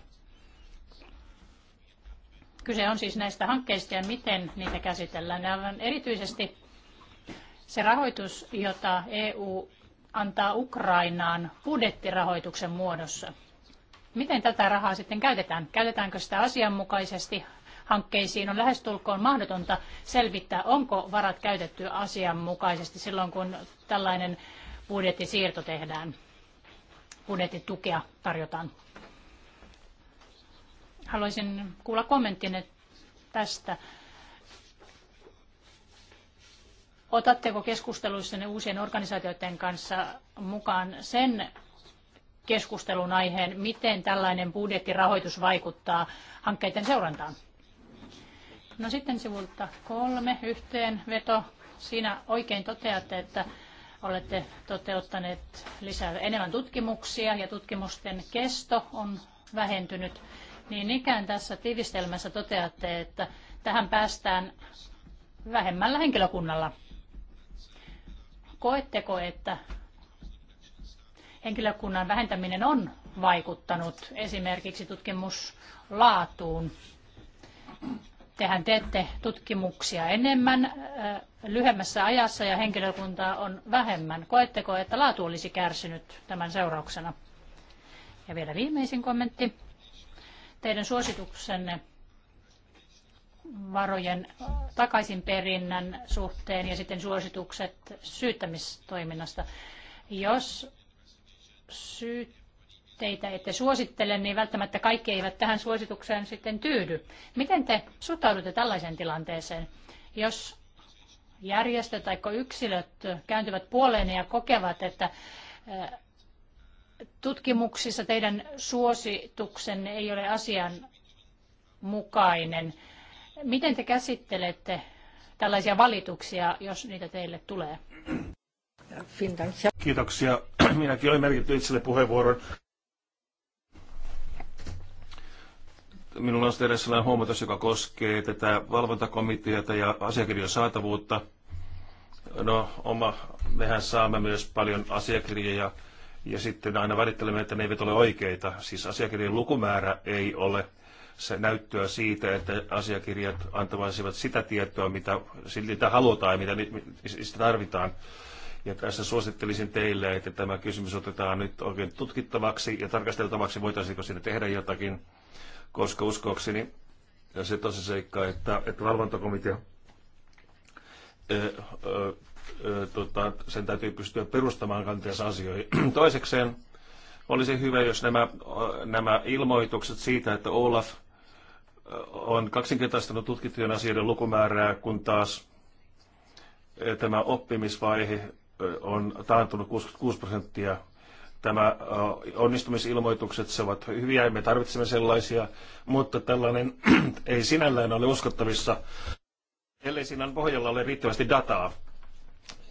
Kyse on siis näistä hankkeista ja miten niitä käsitellään. Ja erityisesti se rahoitus, jota EU antaa Ukrainaan budjettirahoituksen muodossa. Miten tätä rahaa sitten käytetään? Käytetäänkö sitä asianmukaisesti hankkeisiin? On lähestulkoon mahdotonta selvittää, onko varat käytetty asianmukaisesti silloin, kun tällainen budjettisiirto tehdään, budjettitukea tarjotaan. Haluaisin kuulla kommenttinne tästä. Otatteko keskusteluissanne uusien organisaatioiden kanssa mukaan sen keskustelun aiheen, miten tällainen budjettirahoitus vaikuttaa hankkeiden seurantaan? No sitten sivulta kolme, yhteenveto. Siinä oikein toteatte, että olette toteuttaneet lisää enemmän tutkimuksia ja tutkimusten kesto on vähentynyt. Niin ikään tässä tiivistelmässä toteatte, että tähän päästään vähemmällä henkilökunnalla. Koetteko, että henkilökunnan vähentäminen on vaikuttanut esimerkiksi tutkimuslaatuun? Tehän teette tutkimuksia enemmän äh, lyhyemmässä ajassa ja henkilökuntaa on vähemmän. Koetteko, että laatu olisi kärsinyt tämän seurauksena? Ja vielä viimeisin kommentti. Teidän suosituksenne varojen takaisinperinnän suhteen ja sitten suositukset syyttämistoiminnasta. Jos syytteitä ette suosittele, niin välttämättä kaikki eivät tähän suositukseen sitten tyydy. Miten te suhtaudutte tällaiseen tilanteeseen, jos järjestöt tai yksilöt kääntyvät puoleen ja kokevat, että eh, tutkimuksissa teidän suosituksenne ei ole asian mukainen? Miten te käsittelette tällaisia valituksia, jos niitä teille tulee? Kiitoksia. Minäkin olen merkitty itselle puheenvuoron. Minulla on sitten sellainen huomatus, joka koskee tätä valvontakomiteata ja asiakirjojen saatavuutta. No, oma, mehän saamme myös paljon asiakirjoja ja sitten aina valittelemme, että ne eivät ole oikeita. Siis asiakirjojen lukumäärä ei ole se näyttöä siitä, että asiakirjat antavaisivat sitä tietoa, mitä mitä halutaan ja mitä niistä tarvitaan. Ja tässä suosittelisin teille, että tämä kysymys otetaan nyt oikein tutkittavaksi ja tarkasteltavaksi, voitaisiinko siinä tehdä jotakin, koska uskoakseni ja se tosiseikka, että, että valvontakomitea tota, sen täytyy pystyä perustamaan kanteessa asioihin. Toisekseen olisi hyvä, jos nämä, nämä ilmoitukset siitä, että Olaf on kaksinkertaistanut tutkittujen asioiden lukumäärää, kun taas eh, tämä oppimisvaihe eh, on taantunut 66 prosenttia. Tämä eh, onnistumisilmoitukset, se ovat hyviä ja me tarvitsemme sellaisia, mutta tällainen ei sinällään ole uskottavissa, ellei siinä pohjalla ole riittävästi dataa.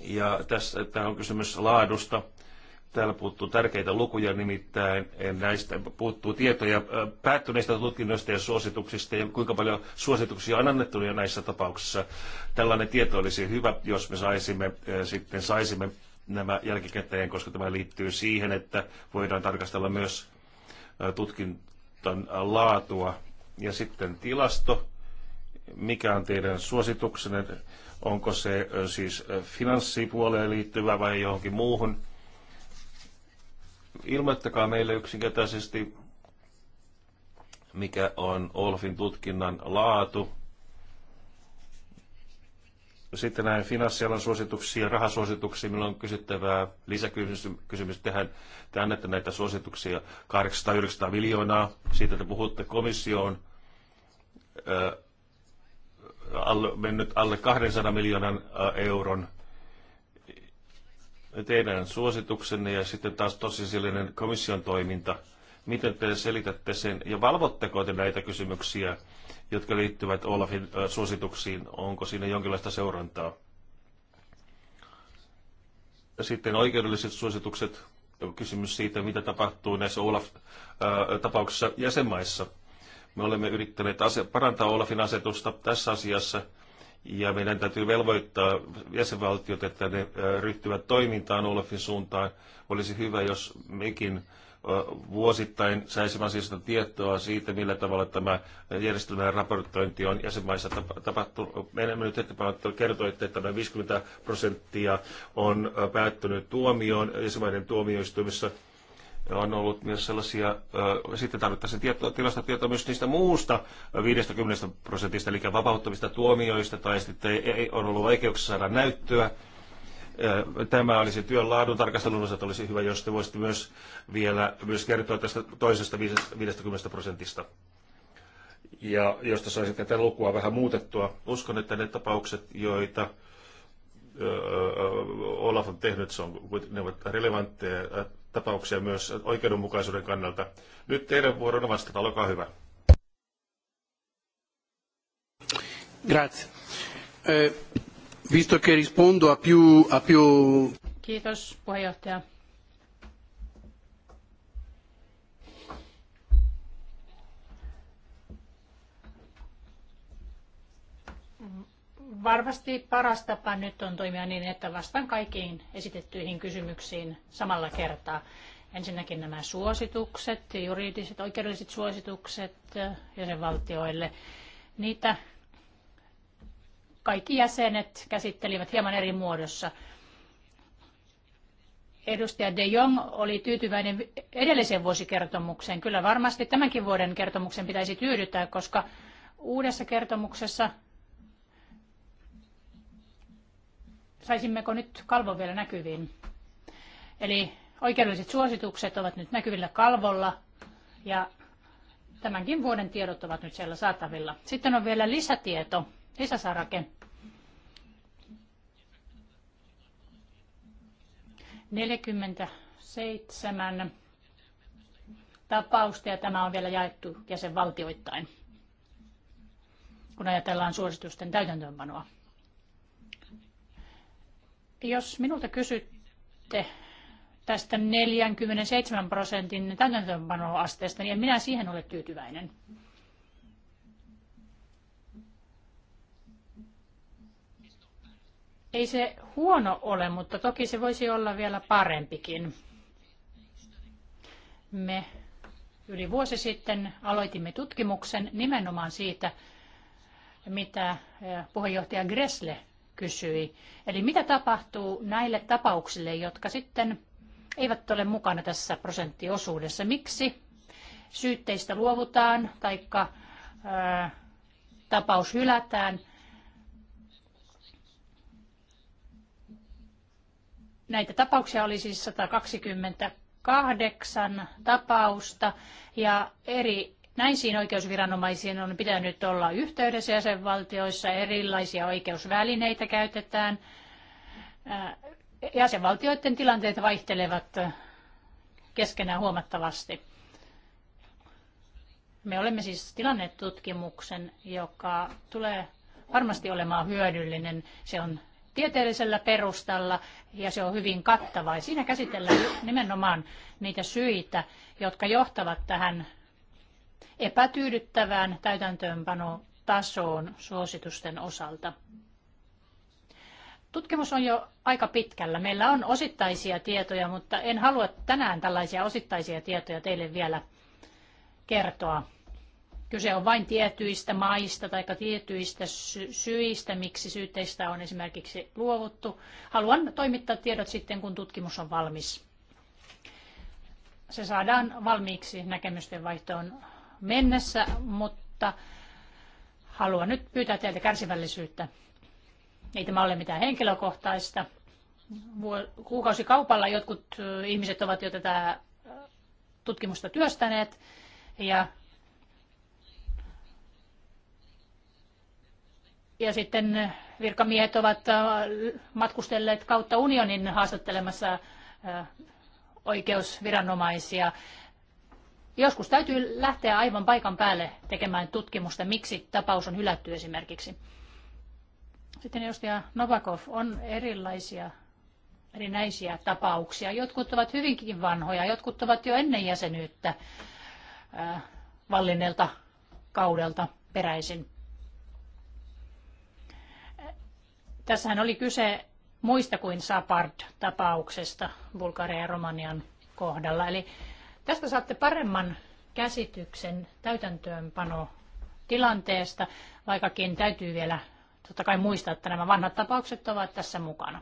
Ja tässä tämä on kysymys laadusta Täällä puuttuu tärkeitä lukuja, nimittäin näistä puuttuu tietoja päättyneistä tutkinnoista ja suosituksista ja kuinka paljon suosituksia on annettu jo niin näissä tapauksissa. Tällainen tieto olisi hyvä, jos me saisimme, sitten saisimme nämä jälkikäteen, koska tämä liittyy siihen, että voidaan tarkastella myös tutkinton laatua. Ja sitten tilasto, mikä on teidän suosituksenne, onko se siis finanssipuoleen liittyvä vai johonkin muuhun. Ilmoittakaa meille yksinkertaisesti, mikä on Olfin tutkinnan laatu. Sitten näin finanssialan suosituksia, rahasuosituksia, milloin on kysyttävää lisäkysymys tähän. Te annatte näitä suosituksia 800-900 miljoonaa. Siitä te puhutte komissioon alle, mennyt alle 200 miljoonan euron teidän suosituksenne ja sitten taas tosiasiallinen komission toiminta. Miten te selitätte sen ja valvotteko te näitä kysymyksiä, jotka liittyvät Olafin suosituksiin? Onko siinä jonkinlaista seurantaa? Sitten oikeudelliset suositukset. Kysymys siitä, mitä tapahtuu näissä Olaf-tapauksissa jäsenmaissa. Me olemme yrittäneet parantaa Olafin asetusta tässä asiassa – ja meidän täytyy velvoittaa jäsenvaltiot, että ne ryhtyvät toimintaan Olafin suuntaan. Olisi hyvä, jos mekin vuosittain saisimme asiasta tietoa siitä, millä tavalla tämä järjestelmän raportointi on jäsenmaissa tapahtunut. nyt eteenpäin, että kertoitte, että noin 50 prosenttia on päättynyt tuomioon jäsenmaiden tuomioistuimissa – on ollut myös sellaisia, sitten tarvittaisiin tietoa, tilastotietoa myös niistä muusta 50 prosentista, eli vapauttavista tuomioista, tai sitten ei, on ollut oikeuksia saada näyttöä. Tämä olisi työn laadun tarkastelun osalta olisi hyvä, jos te voisitte myös vielä myös kertoa tästä toisesta 50 prosentista. Ja jos te saisitte tätä lukua vähän muutettua, uskon, että ne tapaukset, joita Olaf on tehnyt, se on, ne ovat relevantteja tapauksia myös oikeudenmukaisuuden kannalta. Nyt teidän vuoron vastata, olkaa hyvä. Grazie. Eh, visto che rispondo a più, a più... Kiitos puheenjohtaja. Varmasti paras tapa nyt on toimia niin, että vastaan kaikkiin esitettyihin kysymyksiin samalla kertaa. Ensinnäkin nämä suositukset, juridiset, oikeudelliset suositukset jäsenvaltioille. Niitä kaikki jäsenet käsittelivät hieman eri muodossa. Edustaja De Jong oli tyytyväinen edelliseen vuosikertomukseen. Kyllä varmasti tämänkin vuoden kertomuksen pitäisi tyydyttää, koska uudessa kertomuksessa saisimmeko nyt kalvon vielä näkyviin. Eli oikeudelliset suositukset ovat nyt näkyvillä kalvolla ja tämänkin vuoden tiedot ovat nyt siellä saatavilla. Sitten on vielä lisätieto, lisäsarake. 47 tapausta ja tämä on vielä jaettu jäsenvaltioittain, kun ajatellaan suositusten täytäntöönpanoa. Jos minulta kysytte tästä 47 prosentin täytäntöönpanoasteesta, niin en minä siihen ole tyytyväinen. Ei se huono ole, mutta toki se voisi olla vielä parempikin. Me yli vuosi sitten aloitimme tutkimuksen nimenomaan siitä, mitä eh, puheenjohtaja Gressle kysyi. Eli mitä tapahtuu näille tapauksille, jotka sitten eivät ole mukana tässä prosenttiosuudessa? Miksi syytteistä luovutaan tai tapaus hylätään? Näitä tapauksia oli siis 128 tapausta ja eri Näisiin oikeusviranomaisiin on pitänyt olla yhteydessä jäsenvaltioissa, erilaisia oikeusvälineitä käytetään. Jäsenvaltioiden tilanteet vaihtelevat keskenään huomattavasti. Me olemme siis tilannetutkimuksen, joka tulee varmasti olemaan hyödyllinen. Se on tieteellisellä perustalla ja se on hyvin kattava. Ja siinä käsitellään nimenomaan niitä syitä, jotka johtavat tähän epätyydyttävään täytäntöönpanotasoon suositusten osalta. Tutkimus on jo aika pitkällä. Meillä on osittaisia tietoja, mutta en halua tänään tällaisia osittaisia tietoja teille vielä kertoa. Kyse on vain tietyistä maista tai tietyistä syistä, miksi syytteistä on esimerkiksi luovuttu. Haluan toimittaa tiedot sitten, kun tutkimus on valmis. Se saadaan valmiiksi näkemysten vaihtoon mennessä, mutta haluan nyt pyytää teiltä kärsivällisyyttä. Ei tämä ole mitään henkilökohtaista. Kuukausikaupalla jotkut ihmiset ovat jo tätä tutkimusta työstäneet ja ja sitten virkamiehet ovat matkustelleet kautta unionin haastattelemassa oikeusviranomaisia. Joskus täytyy lähteä aivan paikan päälle tekemään tutkimusta, miksi tapaus on hylätty esimerkiksi. Sitten edustaja Novakov on erilaisia erinäisiä tapauksia. Jotkut ovat hyvinkin vanhoja, jotkut ovat jo ennen jäsenyyttä äh, vallinnelta kaudelta peräisin. Tässähän oli kyse muista kuin Sapard-tapauksesta Bulgarian ja Romanian kohdalla. Eli Tästä saatte paremman käsityksen täytäntöönpano tilanteesta, vaikkakin täytyy vielä totta kai muistaa, että nämä vanhat tapaukset ovat tässä mukana.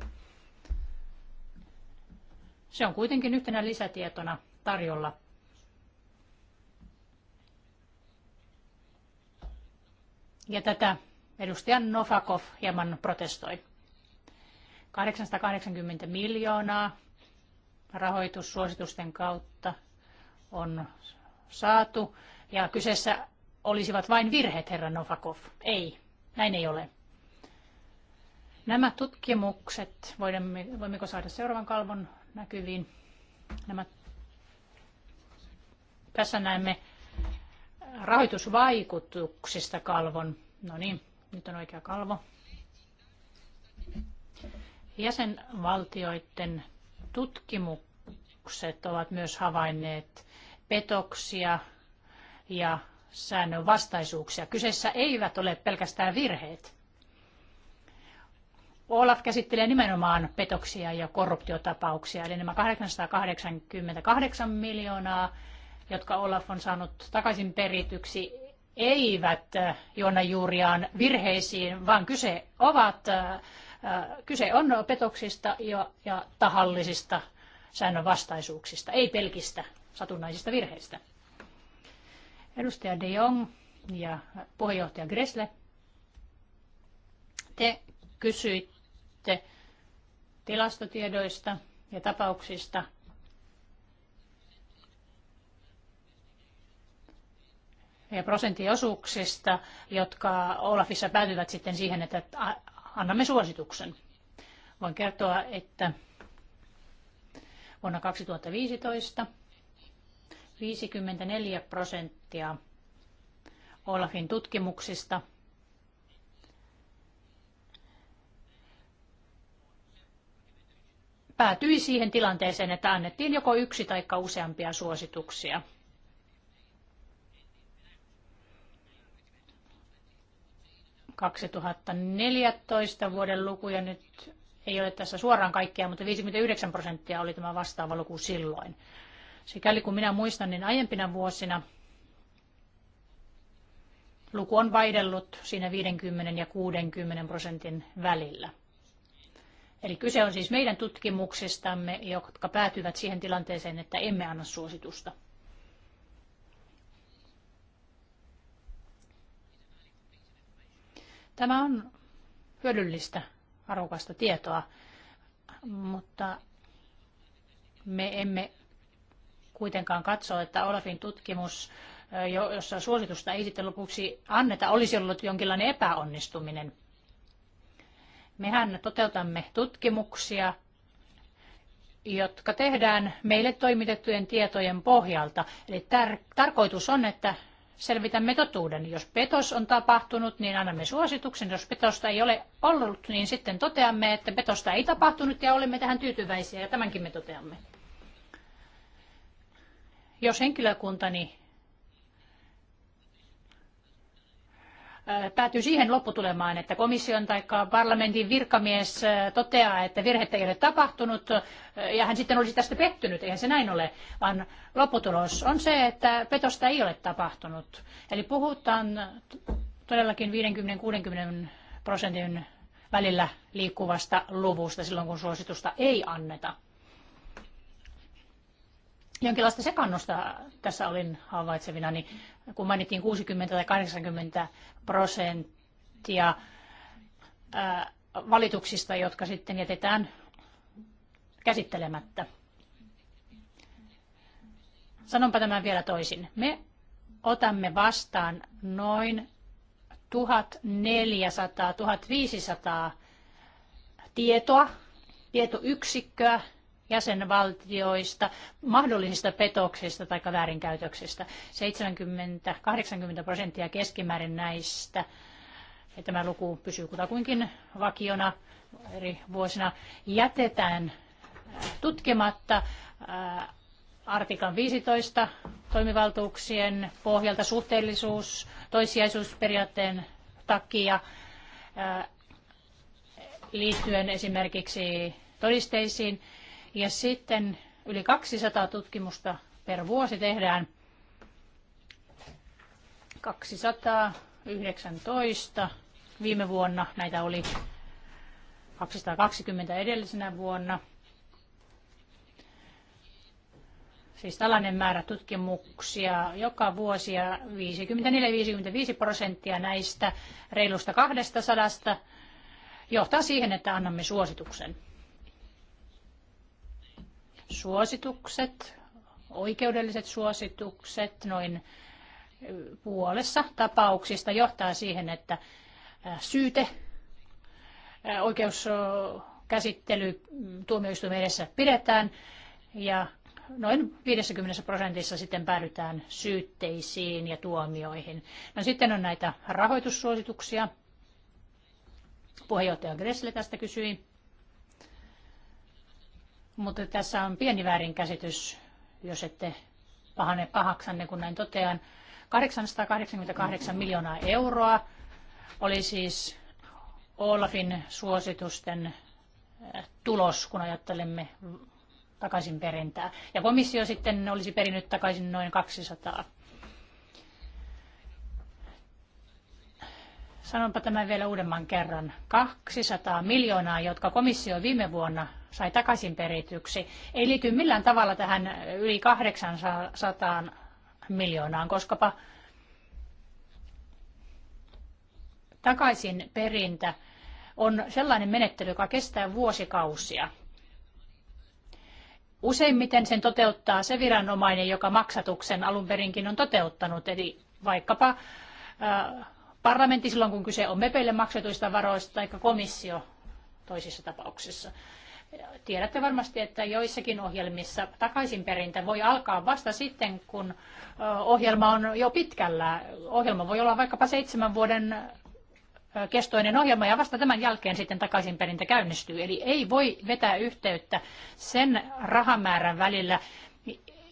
Se on kuitenkin yhtenä lisätietona tarjolla. Ja tätä edustaja Novakov hieman protestoi. 880 miljoonaa rahoitussuositusten kautta on saatu ja kyseessä olisivat vain virheet, herra Novakov. Ei, näin ei ole. Nämä tutkimukset, voimmeko saada seuraavan kalvon näkyviin? Nämä, tässä näemme rahoitusvaikutuksista kalvon. No niin, nyt on oikea kalvo. Jäsenvaltioiden tutkimukset ovat myös havainneet petoksia ja säännön vastaisuuksia. Kyseessä eivät ole pelkästään virheet. Olaf käsittelee nimenomaan petoksia ja korruptiotapauksia, eli nämä 888 miljoonaa, jotka Olaf on saanut takaisin perityksi, eivät juona juuriaan virheisiin, vaan kyse, ovat, äh, kyse on petoksista ja, ja tahallisista säännönvastaisuuksista, ei pelkistä satunnaisista virheistä. Edustaja De Jong ja puheenjohtaja Gresle, te kysyitte tilastotiedoista ja tapauksista. ja prosenttiosuuksista, jotka Olafissa päätyvät sitten siihen, että annamme suosituksen. Voin kertoa, että vuonna 2015 54 prosenttia Olafin tutkimuksista päätyi siihen tilanteeseen, että annettiin joko yksi tai useampia suosituksia. ...2014 vuoden lukuja nyt ei ole tässä suoraan kaikkea, mutta 59 prosenttia oli tämä vastaava luku silloin. Sikäli kun minä muistan, niin aiempina vuosina luku on vaihdellut siinä 50 ja 60 prosentin välillä. Eli kyse on siis meidän tutkimuksistamme, jotka päätyvät siihen tilanteeseen, että emme anna suositusta. Tämä on hyödyllistä, arvokasta tietoa, mutta me emme kuitenkaan katsoo, että Olafin tutkimus, jossa suositusta ei sitten lopuksi anneta, olisi ollut jonkinlainen epäonnistuminen. Mehän toteutamme tutkimuksia, jotka tehdään meille toimitettujen tietojen pohjalta. Eli tar- tarkoitus on, että selvitämme totuuden. Jos petos on tapahtunut, niin annamme suosituksen. Jos petosta ei ole ollut, niin sitten toteamme, että petosta ei tapahtunut ja olemme tähän tyytyväisiä ja tämänkin me toteamme. Jos henkilökuntani päätyy siihen lopputulemaan, että komission tai parlamentin virkamies toteaa, että virhettä ei ole tapahtunut ja hän sitten olisi tästä pettynyt. Eihän se näin ole, vaan lopputulos on se, että petosta ei ole tapahtunut. Eli puhutaan todellakin 50-60 prosentin välillä liikkuvasta luvusta silloin, kun suositusta ei anneta jonkinlaista sekannusta tässä olin havaitsevina, niin kun mainittiin 60 tai 80 prosenttia valituksista, jotka sitten jätetään käsittelemättä. Sanonpa tämän vielä toisin. Me otamme vastaan noin 1400-1500 tietoa, tietoyksikköä jäsenvaltioista mahdollisista petoksista tai väärinkäytöksistä. 70-80 prosenttia keskimäärin näistä. Ja tämä luku pysyy kutakuinkin vakiona eri vuosina. Jätetään äh, tutkimatta äh, artiklan 15 toimivaltuuksien pohjalta suhteellisuus, toissijaisuusperiaatteen takia äh, liittyen esimerkiksi todisteisiin. Ja sitten yli 200 tutkimusta per vuosi tehdään. 219 viime vuonna, näitä oli 220 edellisenä vuonna. Siis tällainen määrä tutkimuksia joka vuosi ja 54-55 prosenttia näistä reilusta 200 johtaa siihen, että annamme suosituksen suositukset, oikeudelliset suositukset noin puolessa tapauksista johtaa siihen, että syyte oikeuskäsittely mm, tuomioistuimen edessä pidetään ja noin 50 prosentissa sitten päädytään syytteisiin ja tuomioihin. No sitten on näitä rahoitussuosituksia. Puheenjohtaja Gressle tästä kysyi. Mutta tässä on pieni väärinkäsitys, jos ette pahane pahaksanne, kun näin totean. 888 miljoonaa euroa oli siis Olafin suositusten eh, tulos, kun ajattelemme takaisin perintää. Ja komissio sitten olisi perinnyt takaisin noin 200. Sanonpa tämän vielä uudemman kerran. 200 miljoonaa, jotka komissio viime vuonna sai takaisin perityksi, ei liity millään tavalla tähän yli 800 miljoonaan, koskapa takaisin perintä on sellainen menettely, joka kestää vuosikausia. Useimmiten sen toteuttaa se viranomainen, joka maksatuksen alun perinkin on toteuttanut, eli vaikkapa parlamentti silloin, kun kyse on mepeille maksetuista varoista, tai komissio toisissa tapauksissa. Tiedätte varmasti, että joissakin ohjelmissa takaisinperintä voi alkaa vasta sitten, kun ohjelma on jo pitkällä. Ohjelma voi olla vaikkapa seitsemän vuoden kestoinen ohjelma ja vasta tämän jälkeen sitten takaisinperintä käynnistyy. Eli ei voi vetää yhteyttä sen rahamäärän välillä,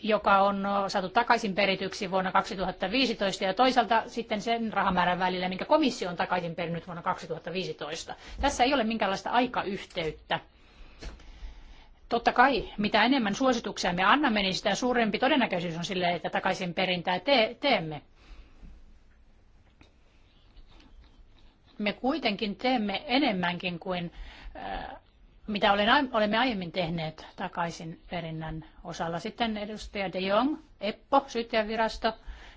joka on saatu takaisin perityksi vuonna 2015 ja toisaalta sitten sen rahamäärän välillä, minkä komissio on takaisin perinyt vuonna 2015. Tässä ei ole minkäänlaista aikayhteyttä. Totta kai, mitä enemmän suosituksia me annamme, niin sitä suurempi todennäköisyys on sille, että takaisin perintää te- teemme. Me kuitenkin teemme enemmänkin kuin äh, mitä olemme aiemmin tehneet takaisin perinnän osalla. Sitten edustaja De Jong, EPPO, syyttäjävirasto,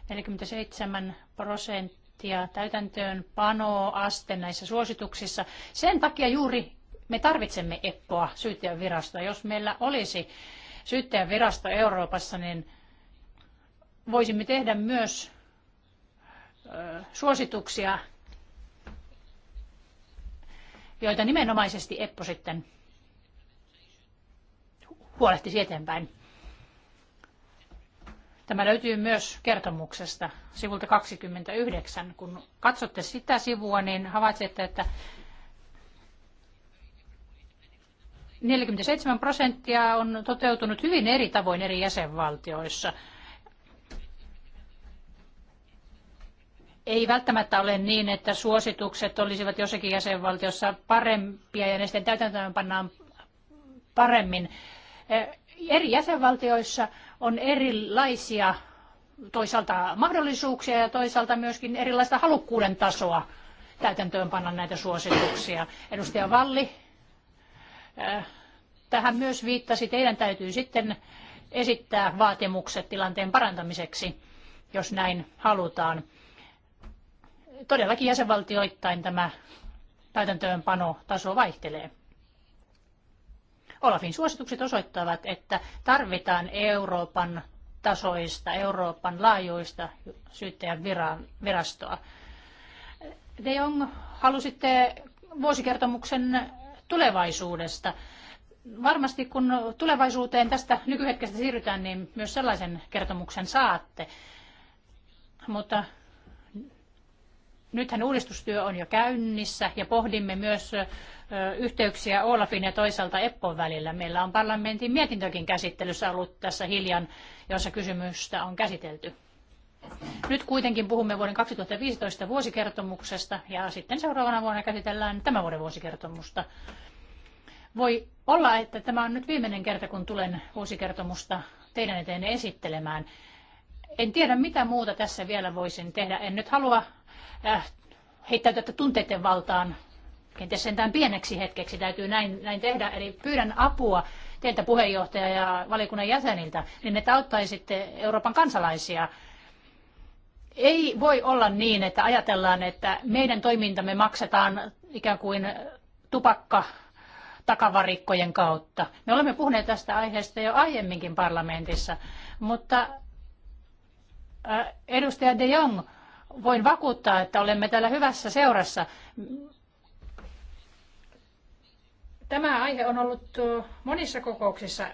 47 prosenttia täytäntöön panoaste näissä suosituksissa. Sen takia juuri me tarvitsemme EPPOa, syyttäjänvirastoa. virastoa. Jos meillä olisi syyttäjänvirasto Euroopassa, niin voisimme tehdä myös suosituksia, joita nimenomaisesti EPPO sitten huolehtisi eteenpäin. Tämä löytyy myös kertomuksesta sivulta 29. Kun katsotte sitä sivua, niin havaitsette, että 47 prosenttia on toteutunut hyvin eri tavoin eri jäsenvaltioissa. Ei välttämättä ole niin, että suositukset olisivat jossakin jäsenvaltiossa parempia ja ne sitten täytäntöön pannaan paremmin. Eh, eri jäsenvaltioissa on erilaisia toisaalta mahdollisuuksia ja toisaalta myöskin erilaista halukkuuden tasoa täytäntöönpanna näitä suosituksia. Edustaja Valli eh, tähän myös viittasi, teidän täytyy sitten esittää vaatimukset tilanteen parantamiseksi, jos näin halutaan. Todellakin jäsenvaltioittain tämä taso vaihtelee. Olafin suositukset osoittavat, että tarvitaan Euroopan tasoista, Euroopan laajuista syyttäjän virastoa. De Jong, halusitte vuosikertomuksen tulevaisuudesta varmasti kun tulevaisuuteen tästä nykyhetkestä siirrytään, niin myös sellaisen kertomuksen saatte. Mutta nythän uudistustyö on jo käynnissä ja pohdimme myös yhteyksiä Olafin ja toisaalta Eppon välillä. Meillä on parlamentin mietintökin käsittelyssä ollut tässä hiljan, jossa kysymystä on käsitelty. Nyt kuitenkin puhumme vuoden 2015 vuosikertomuksesta ja sitten seuraavana vuonna käsitellään tämän vuoden vuosikertomusta. Voi olla, että tämä on nyt viimeinen kerta, kun tulen vuosikertomusta teidän eteen esittelemään. En tiedä, mitä muuta tässä vielä voisin tehdä. En nyt halua äh, tätä tunteiden valtaan. Kenties sentään pieneksi hetkeksi täytyy näin, näin tehdä. Eli pyydän apua teiltä puheenjohtaja ja valiokunnan jäseniltä, niin että auttaisitte Euroopan kansalaisia ei voi olla niin, että ajatellaan, että meidän toimintamme maksetaan ikään kuin tupakka takavarikkojen kautta. Me olemme puhuneet tästä aiheesta jo aiemminkin parlamentissa, mutta äh, edustaja De Jong, voin vakuuttaa, että olemme täällä hyvässä seurassa. Tämä aihe on ollut äh, monissa kokouksissa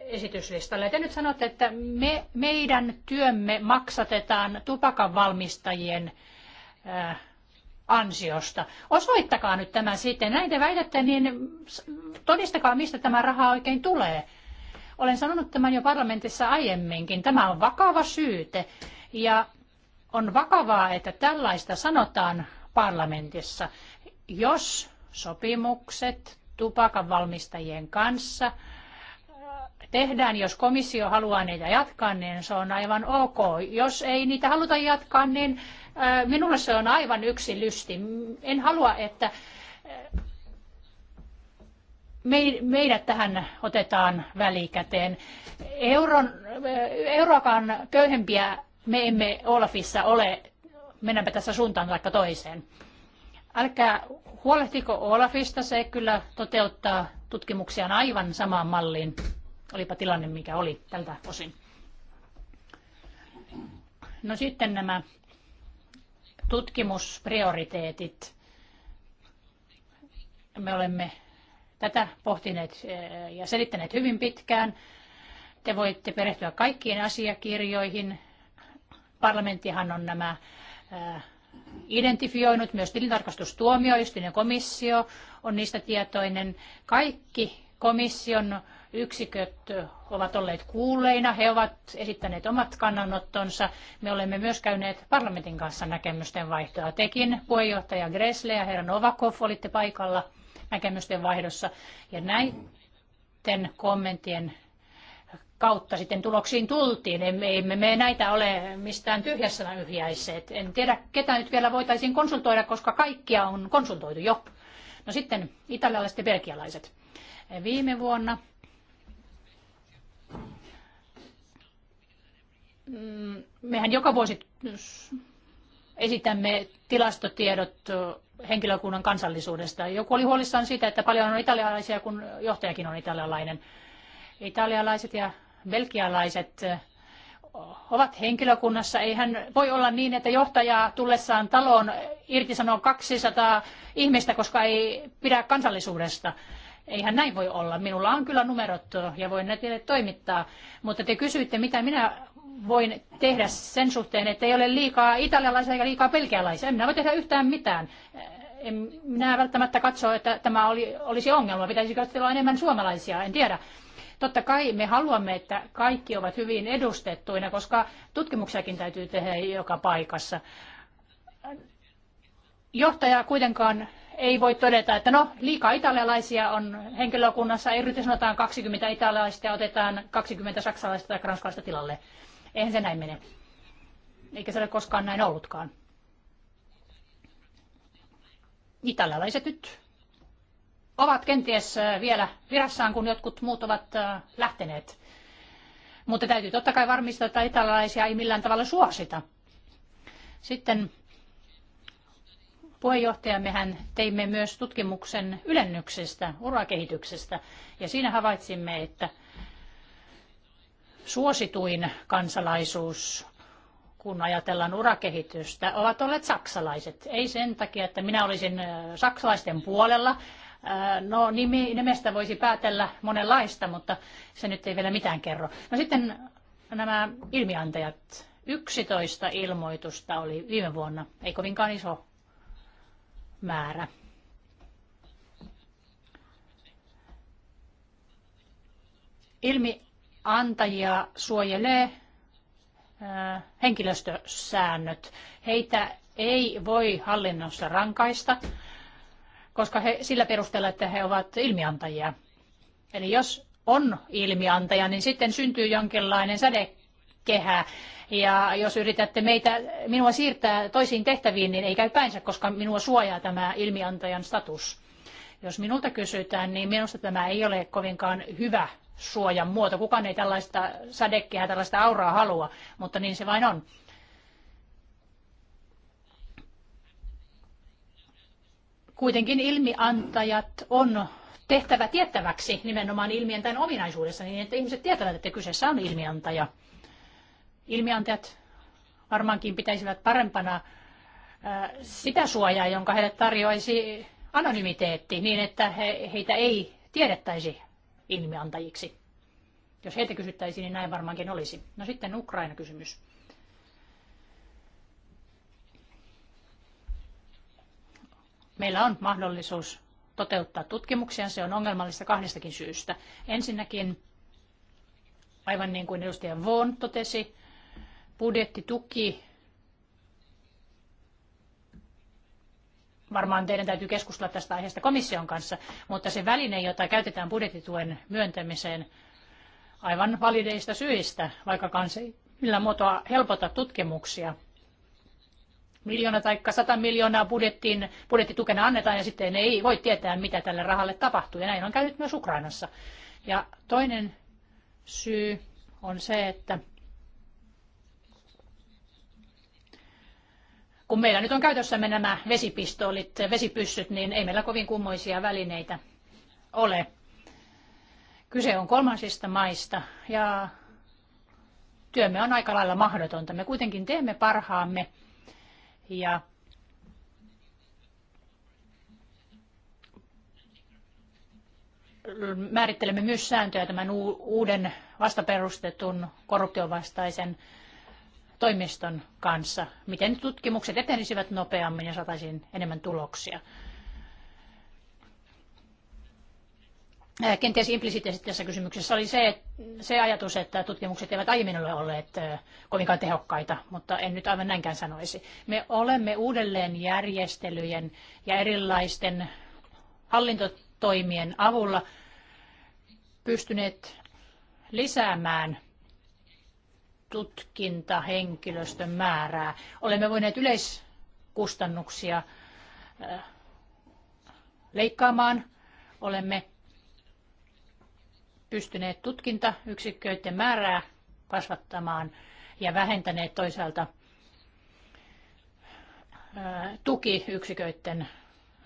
esityslistalla. Ja te nyt sanotte, että me, meidän työmme maksatetaan tupakan valmistajien äh, ansiosta. Osoittakaa nyt tämä sitten. Näin te väitätte, niin todistakaa, mistä tämä raha oikein tulee. Olen sanonut tämän jo parlamentissa aiemminkin. Tämä on vakava syyte ja on vakavaa, että tällaista sanotaan parlamentissa. Jos sopimukset tupakan valmistajien kanssa – tehdään. Jos komissio haluaa niitä jatkaa, niin se on aivan ok. Jos ei niitä haluta jatkaa, niin minulle se on aivan yksi lysti. En halua, että meidät tähän otetaan välikäteen. Euron, euroakaan köyhempiä me emme Olafissa ole. Mennäänpä tässä suuntaan vaikka toiseen. Älkää huolehtiko Olafista, se kyllä toteuttaa tutkimuksiaan aivan samaan malliin. Olipa tilanne mikä oli tältä osin. No sitten nämä tutkimusprioriteetit. Me olemme tätä pohtineet eh, ja selittäneet hyvin pitkään. Te voitte perehtyä kaikkiin asiakirjoihin. Parlamenttihan on nämä eh, identifioinut, myös tilintarkastustuomioistuin ja komissio on niistä tietoinen. Kaikki komission yksiköt ovat olleet kuulleina, he ovat esittäneet omat kannanottonsa. Me olemme myös käyneet parlamentin kanssa näkemysten vaihtoa. Tekin puheenjohtaja Gressle ja herra Novakov olitte paikalla näkemysten vaihdossa. Ja näiden kommenttien kautta sitten tuloksiin tultiin. Emme me näitä ole mistään tyhjässä yhjäiseet. En tiedä, ketä nyt vielä voitaisiin konsultoida, koska kaikkia on konsultoitu jo. No sitten italialaiset ja belgialaiset. Viime vuonna Mm, mehän joka vuosi esitämme tilastotiedot henkilökunnan kansallisuudesta. Joku oli huolissaan siitä, että paljon on italialaisia, kun johtajakin on italialainen. Italialaiset ja belgialaiset ovat henkilökunnassa. Eihän voi olla niin, että johtaja tullessaan taloon irtisanoo 200 ihmistä, koska ei pidä kansallisuudesta. Eihän näin voi olla. Minulla on kyllä numerot ja voin ne teille toimittaa. Mutta te kysyitte, mitä minä voin tehdä sen suhteen, että ei ole liikaa italialaisia eikä liikaa pelkialaisia. En minä voi tehdä yhtään mitään. En minä välttämättä katso, että tämä oli, olisi ongelma. Pitäisi katsoa enemmän suomalaisia, en tiedä. Totta kai me haluamme, että kaikki ovat hyvin edustettuina, koska tutkimuksiakin täytyy tehdä joka paikassa. Johtaja kuitenkaan ei voi todeta, että no liikaa italialaisia on henkilökunnassa, ei sanotaan 20 italialaista ja otetaan 20 saksalaista tai ranskalaista tilalle. Eihän se näin mene. Eikä se ole koskaan näin ollutkaan. Italialaiset nyt ovat kenties äh, vielä virassaan, kun jotkut muut ovat äh, lähteneet. Mutta täytyy totta kai varmistaa, että italialaisia ei millään tavalla suosita. Sitten puheenjohtajammehän teimme myös tutkimuksen ylennyksestä, urakehityksestä, ja siinä havaitsimme, että suosituin kansalaisuus, kun ajatellaan urakehitystä, ovat olleet saksalaiset. Ei sen takia, että minä olisin saksalaisten puolella. No nimestä voisi päätellä monenlaista, mutta se nyt ei vielä mitään kerro. No sitten nämä ilmiantajat. 11 ilmoitusta oli viime vuonna, ei kovinkaan iso määrä. Ilmi antajia suojelee äh, henkilöstösäännöt. Heitä ei voi hallinnossa rankaista, koska he sillä perusteella, että he ovat ilmiantajia. Eli jos on ilmiantaja, niin sitten syntyy jonkinlainen sädekehä. Ja jos yritätte meitä, minua siirtää toisiin tehtäviin, niin ei käy päinsä, koska minua suojaa tämä ilmiantajan status. Jos minulta kysytään, niin minusta tämä ei ole kovinkaan hyvä suojan muoto. Kukaan ei tällaista sädekkiä, tällaista auraa halua, mutta niin se vain on. Kuitenkin ilmiantajat on tehtävä tiettäväksi nimenomaan ilmiöntäjän ominaisuudessa, niin että ihmiset tietävät, että kyseessä on ilmiantaja. Ilmiantajat varmaankin pitäisivät parempana äh, sitä suojaa, jonka heille tarjoaisi anonymiteetti, niin että he, heitä ei tiedettäisi ilmiantajiksi. Jos heitä kysyttäisiin, niin näin varmaankin olisi. No sitten Ukraina-kysymys. Meillä on mahdollisuus toteuttaa tutkimuksia. Se on ongelmallista kahdestakin syystä. Ensinnäkin, aivan niin kuin edustaja Vaughan totesi, budjettituki varmaan teidän täytyy keskustella tästä aiheesta komission kanssa, mutta se väline, jota käytetään budjettituen myöntämiseen aivan valideista syistä, vaikka se millä muotoa helpota tutkimuksia, miljoona tai sata miljoonaa budjettiin, budjettitukena annetaan ja sitten ei voi tietää, mitä tälle rahalle tapahtuu. Ja näin on käynyt myös Ukrainassa. Ja toinen syy on se, että kun meillä nyt on käytössämme nämä vesipistoolit, vesipyssyt, niin ei meillä kovin kummoisia välineitä ole. Kyse on kolmansista maista ja työmme on aika lailla mahdotonta. Me kuitenkin teemme parhaamme ja määrittelemme myös sääntöjä tämän uuden vastaperustetun korruptionvastaisen vastaisen toimiston kanssa, miten tutkimukset etenisivät nopeammin ja saataisiin enemmän tuloksia. Äh, kenties implisiittisesti tässä kysymyksessä oli se, se ajatus, että tutkimukset eivät aiemmin ole olleet äh, kovinkaan tehokkaita, mutta en nyt aivan näinkään sanoisi. Me olemme uudelleen järjestelyjen ja erilaisten hallintotoimien avulla pystyneet lisäämään tutkintahenkilöstön määrää. Olemme voineet yleiskustannuksia äh, leikkaamaan. Olemme pystyneet tutkintayksiköiden määrää kasvattamaan ja vähentäneet toisaalta äh, tukiyksiköiden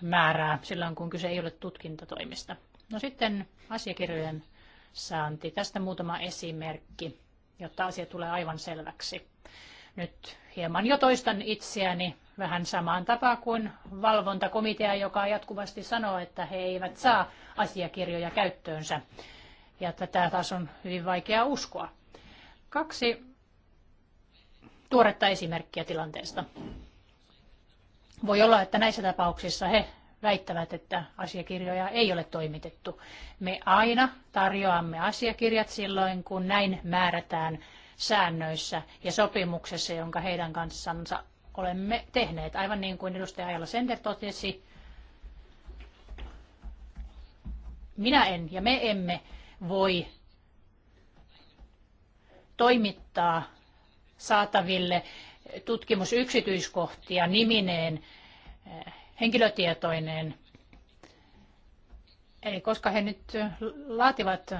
määrää silloin, kun kyse ei ole tutkintatoimista. No sitten asiakirjojen saanti. Tästä muutama esimerkki jotta asia tulee aivan selväksi. Nyt hieman jo toistan itseäni vähän samaan tapaan kuin valvontakomitea, joka jatkuvasti sanoo, että he eivät saa asiakirjoja käyttöönsä. Ja tätä taas on hyvin vaikea uskoa. Kaksi tuoretta esimerkkiä tilanteesta. Voi olla, että näissä tapauksissa he väittävät, että asiakirjoja ei ole toimitettu. Me aina tarjoamme asiakirjat silloin, kun näin määrätään säännöissä ja sopimuksessa, jonka heidän kanssansa olemme tehneet. Aivan niin kuin edustaja Ajala Sender totesi, minä en ja me emme voi toimittaa saataville tutkimusyksityiskohtia nimineen henkilötietoineen. Eli koska he nyt laativat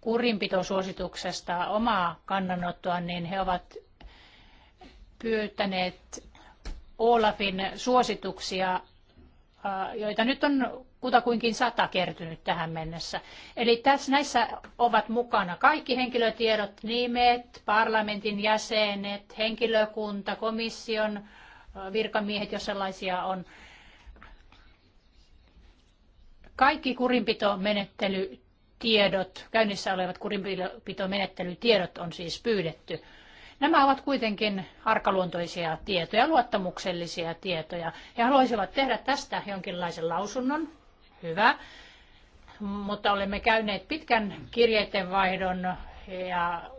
kurinpitosuosituksesta omaa kannanottoa, niin he ovat pyytäneet Olafin suosituksia, joita nyt on kutakuinkin sata kertynyt tähän mennessä. Eli tässä näissä ovat mukana kaikki henkilötiedot, nimet, parlamentin jäsenet, henkilökunta, komission virkamiehet, jos sellaisia on. Kaikki kurinpitomenettelytiedot, käynnissä olevat kurinpitomenettelytiedot on siis pyydetty. Nämä ovat kuitenkin arkaluontoisia tietoja, luottamuksellisia tietoja. He haluaisivat tehdä tästä jonkinlaisen lausunnon. Hyvä. Mutta olemme käyneet pitkän kirjeiden vaihdon ja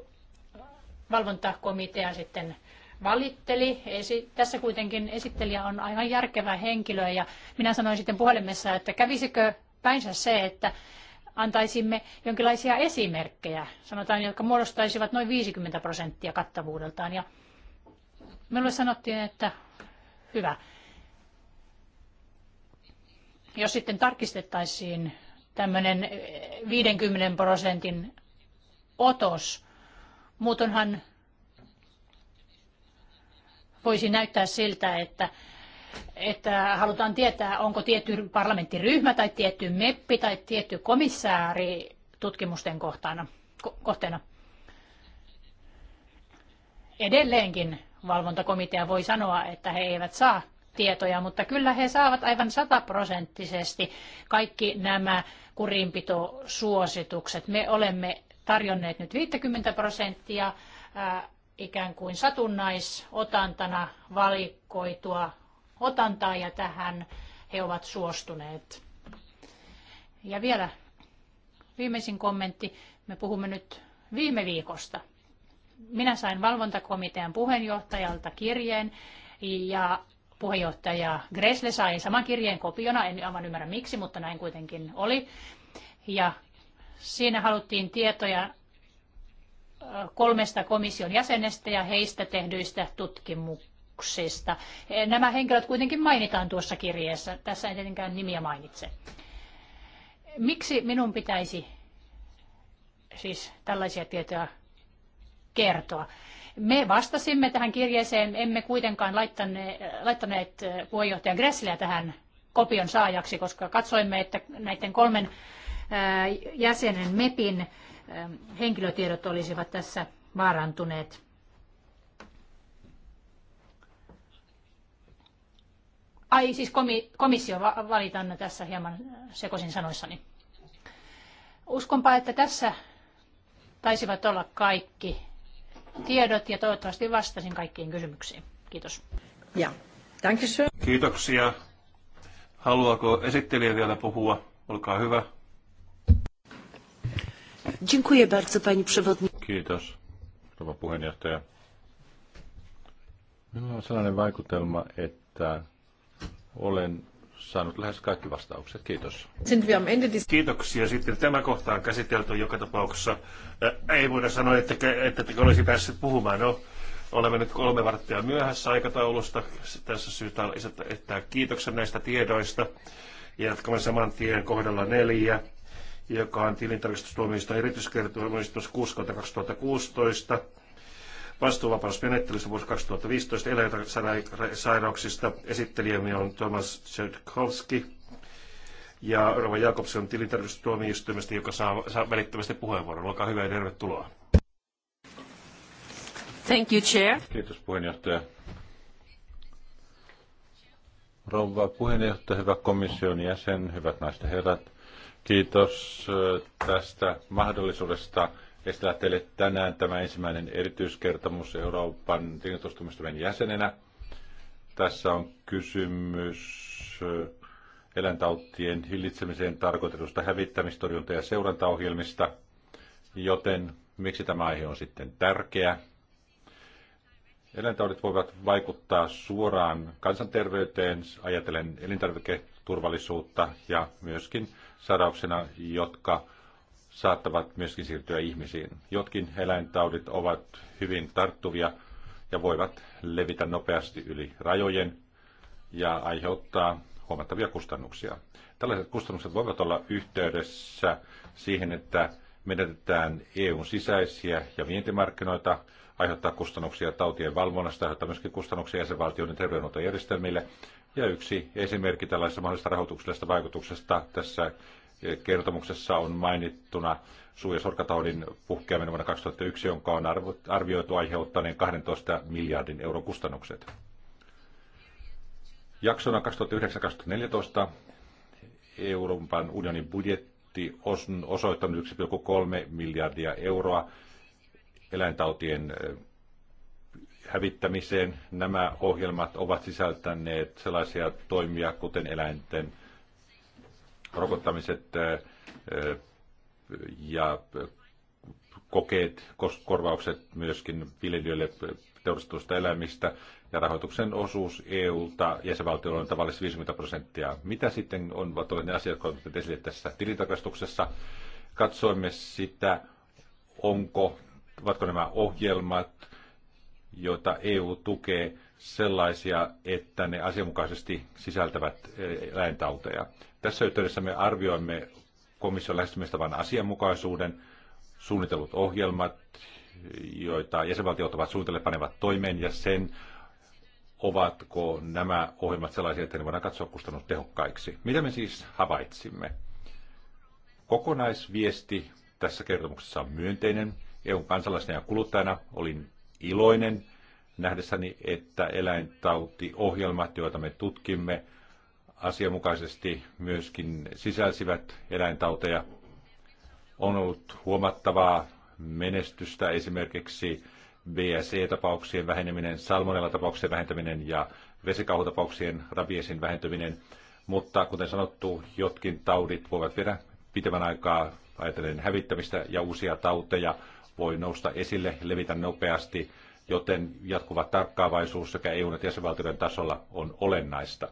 valvontakomitea sitten valitteli. Esi- tässä kuitenkin esittelijä on aivan järkevä henkilö ja minä sanoin sitten puhelimessa, että kävisikö päinsä se, että antaisimme jonkinlaisia esimerkkejä, sanotaan, jotka muodostaisivat noin 50 prosenttia kattavuudeltaan. Ja minulle sanottiin, että hyvä. Jos sitten tarkistettaisiin tämmöinen 50 prosentin otos, muutonhan voisi näyttää siltä, että, että halutaan tietää, onko tietty parlamenttiryhmä tai tietty meppi tai tietty komissaari tutkimusten kohtana. ko- kohteena. Edelleenkin valvontakomitea voi sanoa, että he eivät saa tietoja, mutta kyllä he saavat aivan sataprosenttisesti kaikki nämä kurinpitosuositukset. Me olemme tarjonneet nyt 50 prosenttia ikään kuin satunnaisotantana valikoitua otantaa ja tähän he ovat suostuneet. Ja vielä viimeisin kommentti. Me puhumme nyt viime viikosta. Minä sain valvontakomitean puheenjohtajalta kirjeen ja puheenjohtaja Gresle sai saman kirjeen kopiona. En aivan ymmärrä miksi, mutta näin kuitenkin oli. Ja siinä haluttiin tietoja kolmesta komission jäsenestä ja heistä tehdyistä tutkimuksista. Nämä henkilöt kuitenkin mainitaan tuossa kirjeessä. Tässä en tietenkään nimiä mainitse. Miksi minun pitäisi siis tällaisia tietoja kertoa? Me vastasimme tähän kirjeeseen, emme kuitenkaan laittaneet, laittaneet puheenjohtaja Gressilä tähän kopion saajaksi, koska katsoimme, että näiden kolmen jäsenen MEPin henkilötiedot olisivat tässä vaarantuneet. Ai siis komi- komissio, valitan tässä hieman sekoisin sanoissani. Uskonpa, että tässä taisivat olla kaikki tiedot ja toivottavasti vastasin kaikkiin kysymyksiin. Kiitos. Ja. Kiitoksia. Haluaako esittelijä vielä puhua? Olkaa hyvä. Dziękuję bardzo, pani przewodnicząca. Kiitos, rouva puheenjohtaja. Minulla on sellainen vaikutelma, että olen saanut lähes kaikki vastaukset. Kiitos. Kiitoksia. Sitten tämä kohta on käsitelty joka tapauksessa. Äh, ei voida sanoa, että, että te olisi päässyt puhumaan. No, olemme nyt kolme varttia myöhässä aikataulusta. Tässä syytä on esittää kiitoksen näistä tiedoista. Jatkamme saman tien kohdalla neljä joka on tilintarkastustuomioista erityiskertomus 6 2016, vastuuvapausmenettelystä vuosi 2015 eläinsairauksista. Esittelijämme on Thomas Tchaikovsky ja Rova Jakobsen tilintarkastustuomioistuimesta, joka saa, saa välittömästi puheenvuoron. Olkaa hyvä ja tervetuloa. Thank you, Chair. Kiitos puheenjohtaja. Rouva puheenjohtaja, hyvä komission jäsen, hyvät naiset ja herrat. Kiitos tästä mahdollisuudesta esitellä teille tänään tämä ensimmäinen erityiskertomus Euroopan tilintustumistoimen jäsenenä. Tässä on kysymys eläintautien hillitsemiseen tarkoitetusta hävittämistorjunta- ja seurantaohjelmista, joten miksi tämä aihe on sitten tärkeä? Eläintaudit voivat vaikuttaa suoraan kansanterveyteen, ajatellen elintarviketurvallisuutta ja myöskin Sarauksena, jotka saattavat myöskin siirtyä ihmisiin. Jotkin eläintaudit ovat hyvin tarttuvia ja voivat levitä nopeasti yli rajojen ja aiheuttaa huomattavia kustannuksia. Tällaiset kustannukset voivat olla yhteydessä siihen, että menetetään EUn sisäisiä ja vientimarkkinoita, aiheuttaa kustannuksia tautien valvonnasta, aiheuttaa myöskin kustannuksia jäsenvaltioiden terveydenhuoltojärjestelmille ja yksi esimerkki tällaisesta mahdollisesta rahoituksellisesta vaikutuksesta tässä eh, kertomuksessa on mainittuna suu- ja sorkataudin puhkeaminen vuonna 2001, jonka on arvioitu aiheuttaneen 12 miljardin euron kustannukset. Jaksona 2009-2014 Euroopan unionin budjetti on osoittanut 1,3 miljardia euroa eläintautien eh, hävittämiseen. Nämä ohjelmat ovat sisältäneet sellaisia toimia, kuten eläinten rokottamiset ja kokeet, korvaukset myöskin viljelijöille teurastusta eläimistä ja rahoituksen osuus EU-ta jäsenvaltioilla on tavallisesti 50 prosenttia. Mitä sitten on, ovat ne asiat, jotka esille tässä tilintarkastuksessa? Katsoimme sitä, onko, ovatko nämä ohjelmat joita EU tukee sellaisia, että ne asianmukaisesti sisältävät e, eläintauteja. Tässä yhteydessä me arvioimme komission lähestymistavan asianmukaisuuden, suunnitellut ohjelmat, joita jäsenvaltiot ovat suunnitelleet panevat toimeen, ja sen, ovatko nämä ohjelmat sellaisia, että ne voidaan katsoa kustannustehokkaiksi. Mitä me siis havaitsimme? Kokonaisviesti tässä kertomuksessa on myönteinen. EUn kansalaisena ja kuluttajana olin iloinen nähdessäni, että eläintautiohjelmat, joita me tutkimme, asianmukaisesti myöskin sisälsivät eläintauteja. On ollut huomattavaa menestystä esimerkiksi BSE-tapauksien väheneminen, salmonella-tapauksien vähentäminen ja vesikauhutapauksien rabiesin vähentyminen. Mutta kuten sanottu, jotkin taudit voivat viedä pitemmän aikaa ajatellen hävittämistä ja uusia tauteja voi nousta esille, levitä nopeasti, joten jatkuva tarkkaavaisuus sekä EUn että jäsenvaltioiden tasolla on olennaista.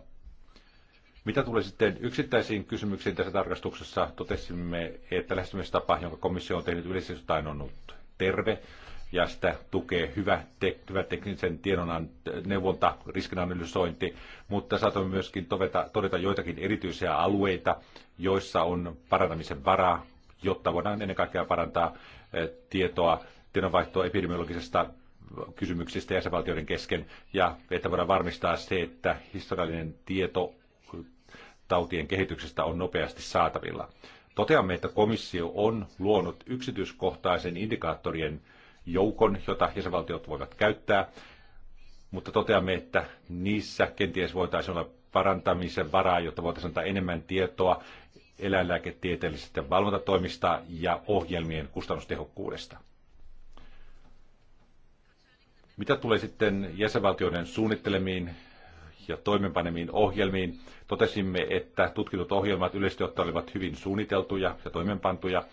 Mitä tulee sitten yksittäisiin kysymyksiin tässä tarkastuksessa, totesimme, että lähestymistapa, jonka komissio on tehnyt yleisesti on ollut terve, ja sitä tukee hyvä, te, hyvä teknisen tiedonan neuvonta, riskinanalysointi, mutta saatamme myöskin todeta, todeta joitakin erityisiä alueita, joissa on parantamisen varaa, jotta voidaan ennen kaikkea parantaa Eh, tietoa, tiedonvaihtoa epidemiologisesta kysymyksistä jäsenvaltioiden kesken ja että voidaan varmistaa se, että historiallinen tieto tautien kehityksestä on nopeasti saatavilla. Toteamme, että komissio on luonut yksityiskohtaisen indikaattorien joukon, jota jäsenvaltiot voivat käyttää, mutta toteamme, että niissä kenties voitaisiin olla parantamisen varaa, jotta voitaisiin antaa enemmän tietoa Eläinlääketieteellisestä valvontatoimista ja ohjelmien kustannustehokkuudesta. Mitä tulee sitten jäsenvaltioiden suunnittelemiin ja toimenpanemiin ohjelmiin, totesimme, että tutkitut ohjelmat yleisesti ottaen olivat hyvin suunniteltuja ja toimenpantuja,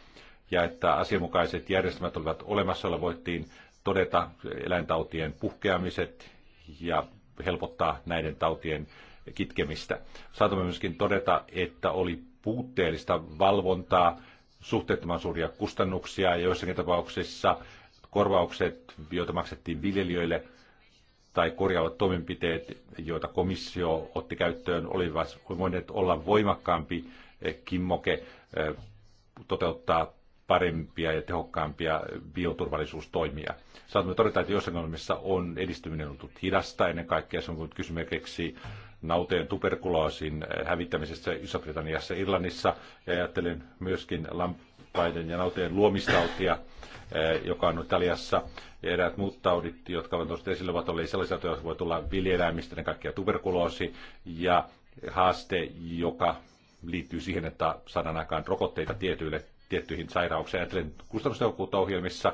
ja että asianmukaiset järjestelmät olivat olemassa, joilla voittiin todeta eläintautien puhkeamiset ja helpottaa näiden tautien kitkemistä. Saatamme myöskin todeta, että oli puutteellista valvontaa, suhteettoman suuria kustannuksia ja joissakin tapauksissa korvaukset, joita maksettiin viljelijöille, tai korjaavat toimenpiteet, joita komissio otti käyttöön, olivat voineet olla voimakkaampi eh, kimmoke eh, toteuttaa parempia ja tehokkaampia bioturvallisuustoimia. Saatamme todeta, että joissain ongelmissa on edistyminen ollut hidasta, ennen kaikkea se on kysymykseksi nauteen tuberkuloosin hävittämisestä Iso-Britanniassa, Irlannissa ja ajattelen myöskin lampaiden ja nauteen luomistautia, eh, joka on Italiassa. Ja eräät muut taudit, jotka ovat nousseet esille, ovat olleet sellaisia, jotka voi tulla viljeläimistä, ne kaikkia tuberkuloosi ja haaste, joka liittyy siihen, että saadaan aikaan rokotteita tietyille, tiettyihin sairauksiin. Ajattelen kustannustehokkuutta ohjelmissa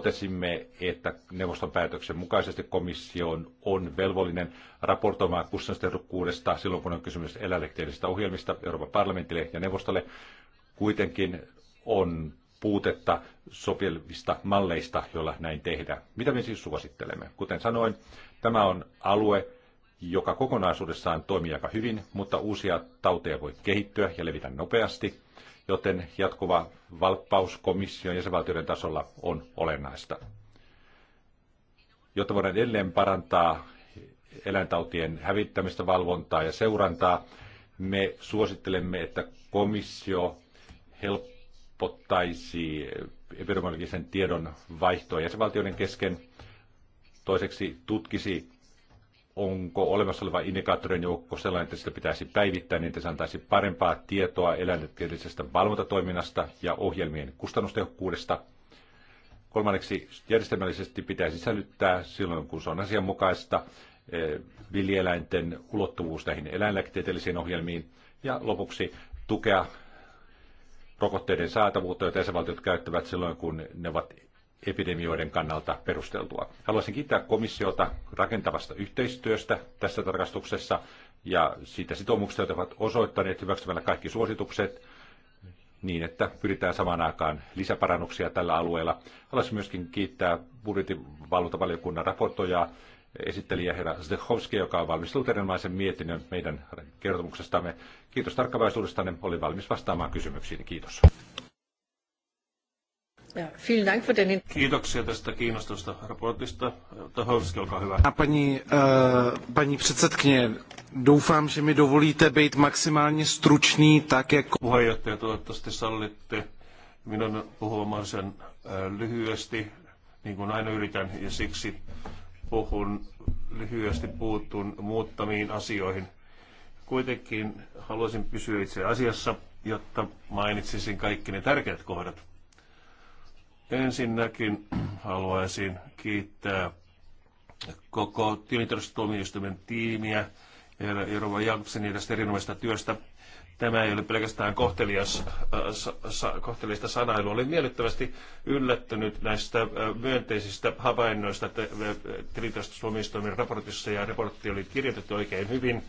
totesimme, että neuvoston päätöksen mukaisesti komission on velvollinen raportoimaan kustannustehokkuudesta silloin, kun on kysymys eläinlehtiöllisistä ohjelmista Euroopan parlamentille ja neuvostolle. Kuitenkin on puutetta sopivista malleista, joilla näin tehdään. Mitä me siis suosittelemme? Kuten sanoin, tämä on alue, joka kokonaisuudessaan toimii aika hyvin, mutta uusia tauteja voi kehittyä ja levitä nopeasti joten jatkuva valppaus komission jäsenvaltioiden tasolla on olennaista. Jotta voidaan edelleen parantaa eläintautien hävittämistä, valvontaa ja seurantaa, me suosittelemme, että komissio helpottaisi epidemiologisen tiedon vaihtoa jäsenvaltioiden kesken. Toiseksi tutkisi onko olemassa oleva indikaattorien joukko sellainen, että sitä pitäisi päivittää, niin että se antaisi parempaa tietoa eläintieteellisestä valvontatoiminnasta ja ohjelmien kustannustehokkuudesta. Kolmanneksi järjestelmällisesti pitää sisällyttää silloin, kun se on asianmukaista, eh, viljeläinten ulottuvuus näihin eläinlääketieteellisiin ohjelmiin. Ja lopuksi tukea rokotteiden saatavuutta, joita jäsenvaltiot käyttävät silloin, kun ne ovat epidemioiden kannalta perusteltua. Haluaisin kiittää komissiota rakentavasta yhteistyöstä tässä tarkastuksessa ja siitä sitoumuksesta, joita ovat osoittaneet hyväksymällä kaikki suositukset niin, että pyritään samaan aikaan lisäparannuksia tällä alueella. Haluaisin myöskin kiittää budjetinvalvontavaliokunnan raportoja esittelijä herra Zdechowski, joka on valmistellut erinomaisen mietinnön meidän kertomuksestamme. Kiitos tarkkavaisuudestanne. Olin valmis vastaamaan kysymyksiin. Kiitos. Ja, Kiitoksia tästä kiinnostavasta raportista. Tahovski, olkaa hyvä. Pani, äh, eh, pani předsedkyně, doufám, že mi dovolíte být maximálně stručný, tak jako... Puheenjohtaja, toivottavasti sallitte minun puhumaan sen äh, lyhyesti, niin kuin aina yritän, ja siksi puhun lyhyesti puuttun muuttamiin asioihin. Kuitenkin haluaisin pysyä itse asiassa, jotta mainitsisin kaikki ne tärkeät kohdat. Ensinnäkin haluaisin kiittää koko tilintarkastustuomioistuimen tiimiä ja Jorva ja tästä erinomaisesta työstä. Tämä ei ole pelkästään kohtelias, äh, kohtelista sanailua. Olin miellyttävästi yllättynyt näistä äh, myönteisistä havainnoista äh, tilintarkastustuomioistuimen raportissa ja raportti oli kirjoitettu oikein hyvin.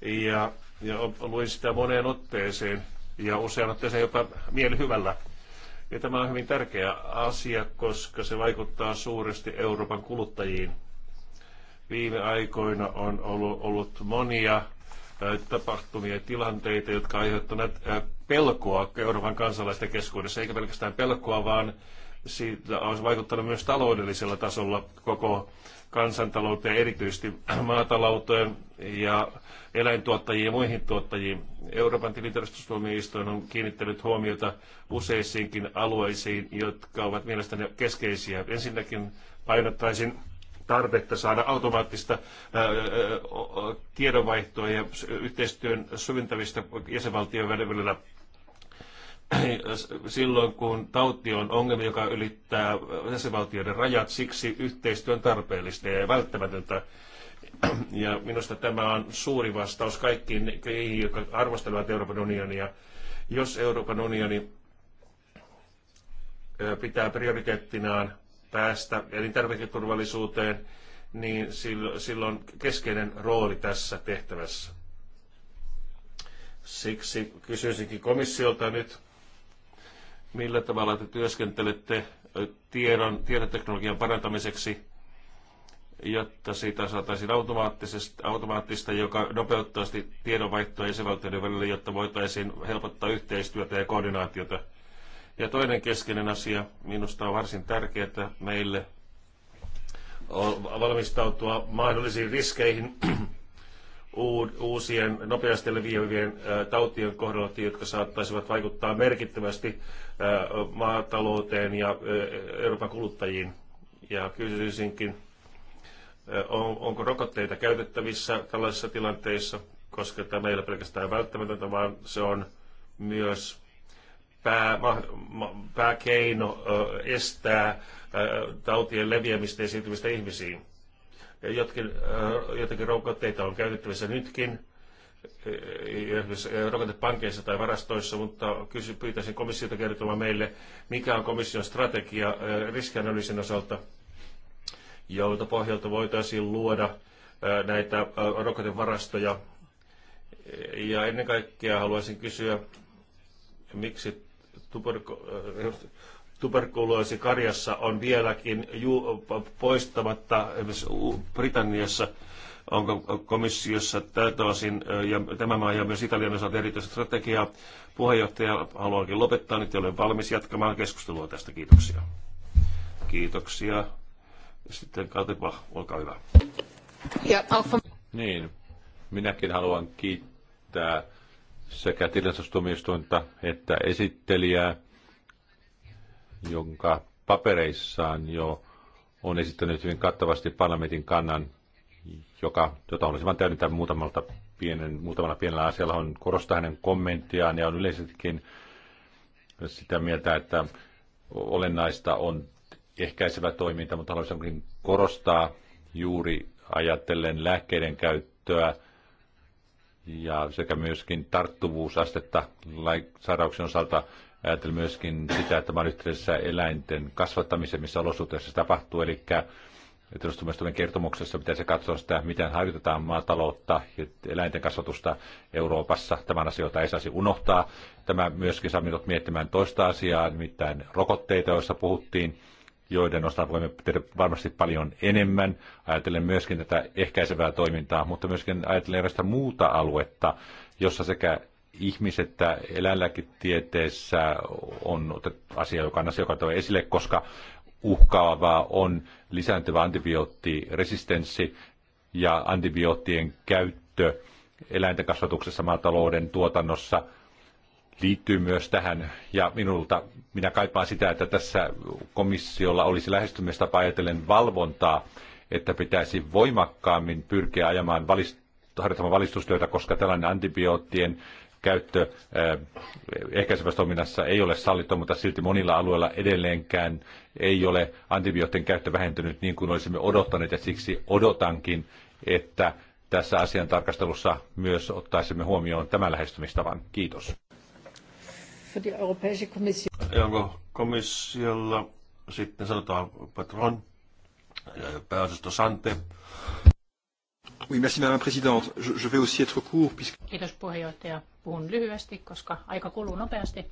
Ja, ja luin sitä moneen otteeseen ja usean otteeseen jopa mielihyvällä. hyvällä ja tämä on hyvin tärkeä asia, koska se vaikuttaa suuresti Euroopan kuluttajiin. Viime aikoina on ollut, ollut monia tapahtumia ja tilanteita, jotka aiheuttavat pelkoa Euroopan kansalaisten keskuudessa, eikä pelkästään pelkoa, vaan siitä on vaikuttanut myös taloudellisella tasolla koko kansantalouteen, erityisesti maatalouteen ja eläintuottajiin ja muihin tuottajiin. Euroopan tilintarkastustuomioistuin on kiinnittänyt huomiota useisiinkin alueisiin, jotka ovat mielestäni keskeisiä. Ensinnäkin painottaisin tarvetta saada automaattista tiedonvaihtoa ja yhteistyön syventämistä jäsenvaltioiden välillä silloin, kun tauti on ongelma, joka ylittää jäsenvaltioiden rajat, siksi yhteistyön tarpeellista ja välttämätöntä. Ja minusta tämä on suuri vastaus kaikkiin niihin, jotka arvostelevat Euroopan unionia. Jos Euroopan unioni pitää prioriteettinaan päästä elintarviketurvallisuuteen, niin silloin keskeinen rooli tässä tehtävässä. Siksi kysyisinkin komissiolta nyt, millä tavalla te työskentelette tiedon, tietoteknologian parantamiseksi, jotta siitä saataisiin automaattista, joka nopeuttaisi tiedonvaihtoa esivaltioiden välillä, jotta voitaisiin helpottaa yhteistyötä ja koordinaatiota. Ja toinen keskeinen asia minusta on varsin tärkeää meille valmistautua mahdollisiin riskeihin uusien nopeasti leviävien tautien kohdalla, jotka saattaisivat vaikuttaa merkittävästi maatalouteen ja Euroopan kuluttajiin. Ja kysyisinkin, onko rokotteita käytettävissä tällaisissa tilanteissa, koska tämä ei ole pelkästään välttämätöntä, vaan se on myös pää, pääkeino estää tautien leviämistä ja siirtymistä ihmisiin Jotkin, jotakin rokotteita on käytettävissä nytkin, rokotepankeissa tai varastoissa, mutta kysy, pyytäisin komissiota kertomaan meille, mikä on komission strategia riskianalyysin osalta, jolta pohjalta voitaisiin luoda näitä rokotevarastoja. Ja ennen kaikkea haluaisin kysyä, miksi tuberko- tuberkuloosi karjassa on vieläkin ju- poistamatta esimerkiksi Britanniassa onko komissiossa tältä osin, ja tämä maa ja myös Italian osalta erityistä strategiaa. Puheenjohtaja haluankin lopettaa, nyt olen valmis jatkamaan keskustelua tästä. Kiitoksia. Kiitoksia. Sitten Katepa, olkaa hyvä. Ja, alfa. Niin, minäkin haluan kiittää sekä tilastustumistointa että esittelijää jonka papereissaan jo on esittänyt hyvin kattavasti parlamentin kannan, joka, jota olisi vain täydentää muutamalta pienen, muutamalla pienellä asialla. On korostaa hänen kommenttiaan ja on yleisestikin sitä mieltä, että olennaista on ehkäisevä toiminta, mutta haluaisin korostaa juuri ajatellen lääkkeiden käyttöä ja sekä myöskin tarttuvuusastetta sairauksen osalta ajatellen myöskin sitä, että tämä yhteydessä eläinten kasvattamisen, missä olosuhteissa se tapahtuu. Eli Tunnustumisen kertomuksessa pitäisi katsoa sitä, miten harjoitetaan maataloutta ja eläinten kasvatusta Euroopassa. Tämän asioita ei saisi unohtaa. Tämä myöskin saa minut miettimään toista asiaa, nimittäin rokotteita, joista puhuttiin joiden osalta voimme tehdä varmasti paljon enemmän. Ajattelen myöskin tätä ehkäisevää toimintaa, mutta myöskin ajattelen erästä muuta aluetta, jossa sekä ihmisettä eläinlääketieteessä on asia, joka on asia, joka tulee esille, koska uhkaavaa on lisääntyvä antibioottiresistenssi ja antibioottien käyttö eläinten kasvatuksessa, maatalouden tuotannossa liittyy myös tähän. Ja minulta, minä kaipaan sitä, että tässä komissiolla olisi lähestymistapa ajatellen valvontaa, että pitäisi voimakkaammin pyrkiä ajamaan valist- harjoittamaan valistustyötä, koska tällainen antibioottien käyttö eh, ehkäisevässä toiminnassa ei ole sallittu, mutta silti monilla alueilla edelleenkään ei ole antibioottien käyttö vähentynyt niin kuin olisimme odottaneet ja siksi odotankin, että tässä asian tarkastelussa myös ottaisimme huomioon tämän lähestymistavan. Kiitos. Onko komissiolla sitten sanotaan patron pääosasto Sante? Oui, merci Madame la Présidente. Je, je vais aussi être court puisque... Kiitos puheenjohtaja. Puhun lyhyesti, koska aika kuluu nopeasti.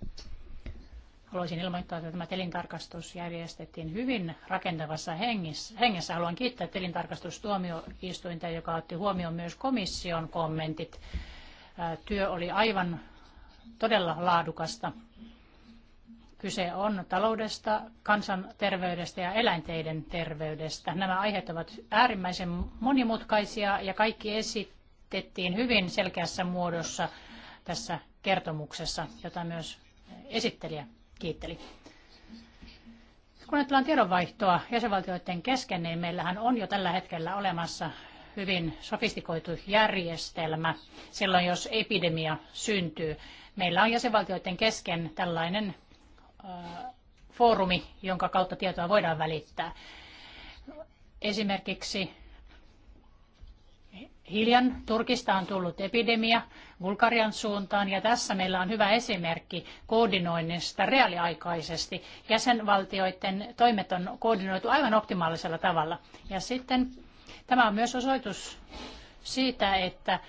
Haluaisin ilmoittaa, että tämä telintarkastus järjestettiin hyvin rakentavassa hengessä. Haluan kiittää telintarkastustuomioistuinta, joka otti huomioon myös komission kommentit. Työ oli aivan todella laadukasta. Kyse on taloudesta, kansanterveydestä ja eläinteiden terveydestä. Nämä aiheet ovat äärimmäisen monimutkaisia ja kaikki esitettiin hyvin selkeässä muodossa tässä kertomuksessa, jota myös esittelijä kiitteli. Kun ajatellaan tiedonvaihtoa jäsenvaltioiden kesken, niin meillähän on jo tällä hetkellä olemassa hyvin sofistikoitu järjestelmä silloin, jos epidemia syntyy. Meillä on jäsenvaltioiden kesken tällainen äh, foorumi, jonka kautta tietoa voidaan välittää. Esimerkiksi Hiljan Turkista on tullut epidemia Bulgarian suuntaan ja tässä meillä on hyvä esimerkki koordinoinnista reaaliaikaisesti. Jäsenvaltioiden toimet on koordinoitu aivan optimaalisella tavalla. Ja sitten tämä on myös osoitus siitä, että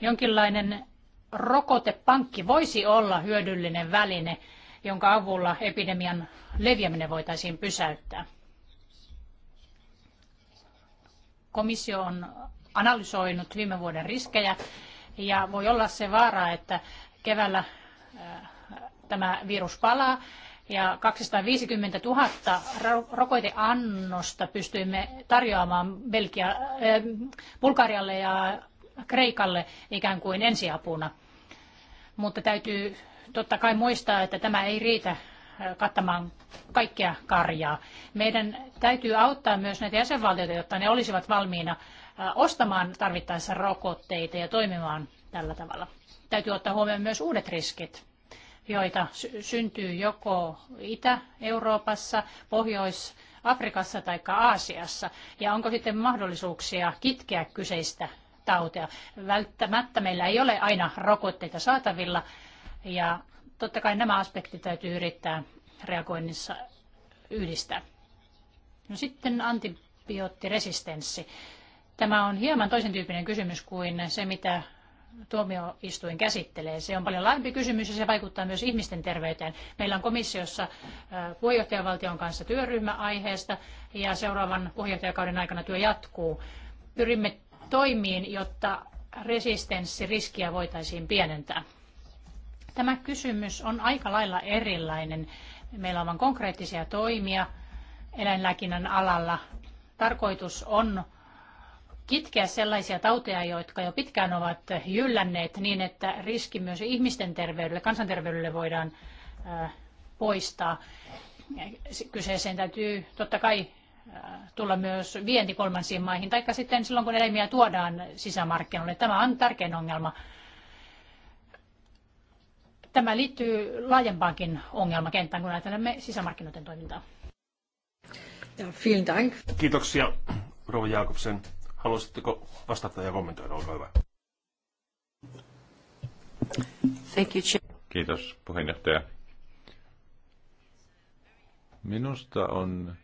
jonkinlainen rokotepankki voisi olla hyödyllinen väline, jonka avulla epidemian leviäminen voitaisiin pysäyttää. Komissio on analysoinut viime vuoden riskejä ja voi olla se vaara, että keväällä tämä virus palaa ja 250 000 rokoteannosta pystyimme tarjoamaan Belgia, äh, Bulgarialle ja Kreikalle ikään kuin ensiapuna. Mutta täytyy totta kai muistaa, että tämä ei riitä kattamaan kaikkea karjaa. Meidän täytyy auttaa myös näitä jäsenvaltioita, jotta ne olisivat valmiina ostamaan tarvittaessa rokotteita ja toimimaan tällä tavalla. Täytyy ottaa huomioon myös uudet riskit, joita syntyy joko Itä-Euroopassa, Pohjois- Afrikassa tai Aasiassa, ja onko sitten mahdollisuuksia kitkeä kyseistä tautia. Välttämättä meillä ei ole aina rokotteita saatavilla, ja totta kai nämä aspektit täytyy yrittää reagoinnissa yhdistää. No sitten antibioottiresistenssi. Tämä on hieman toisen tyyppinen kysymys kuin se, mitä tuomioistuin käsittelee. Se on paljon laajempi kysymys ja se vaikuttaa myös ihmisten terveyteen. Meillä on komissiossa puheenjohtajavaltion kanssa työryhmä aiheesta ja seuraavan puheenjohtajakauden aikana työ jatkuu. Pyrimme toimiin, jotta resistenssiriskiä voitaisiin pienentää. Tämä kysymys on aika lailla erilainen. Meillä on vain konkreettisia toimia eläinlääkinnän alalla. Tarkoitus on kitkeä sellaisia tauteja, jotka jo pitkään ovat jyllänneet niin, että riski myös ihmisten terveydelle, kansanterveydelle voidaan poistaa. Kyseeseen täytyy totta kai tulla myös vienti kolmansiin maihin, taikka sitten silloin kun eläimiä tuodaan sisämarkkinoille. Tämä on tärkein ongelma. Tämä liittyy laajempaankin ongelmakenttään, kun ajattelemme sisämarkkinoiden toimintaa. Ja, vielen Dank. Kiitoksia, Rova Jakobsen. Haluaisitteko vastata ja kommentoida? Olkaa hyvä. Thank you, chair. Kiitos puheenjohtaja. Minusta on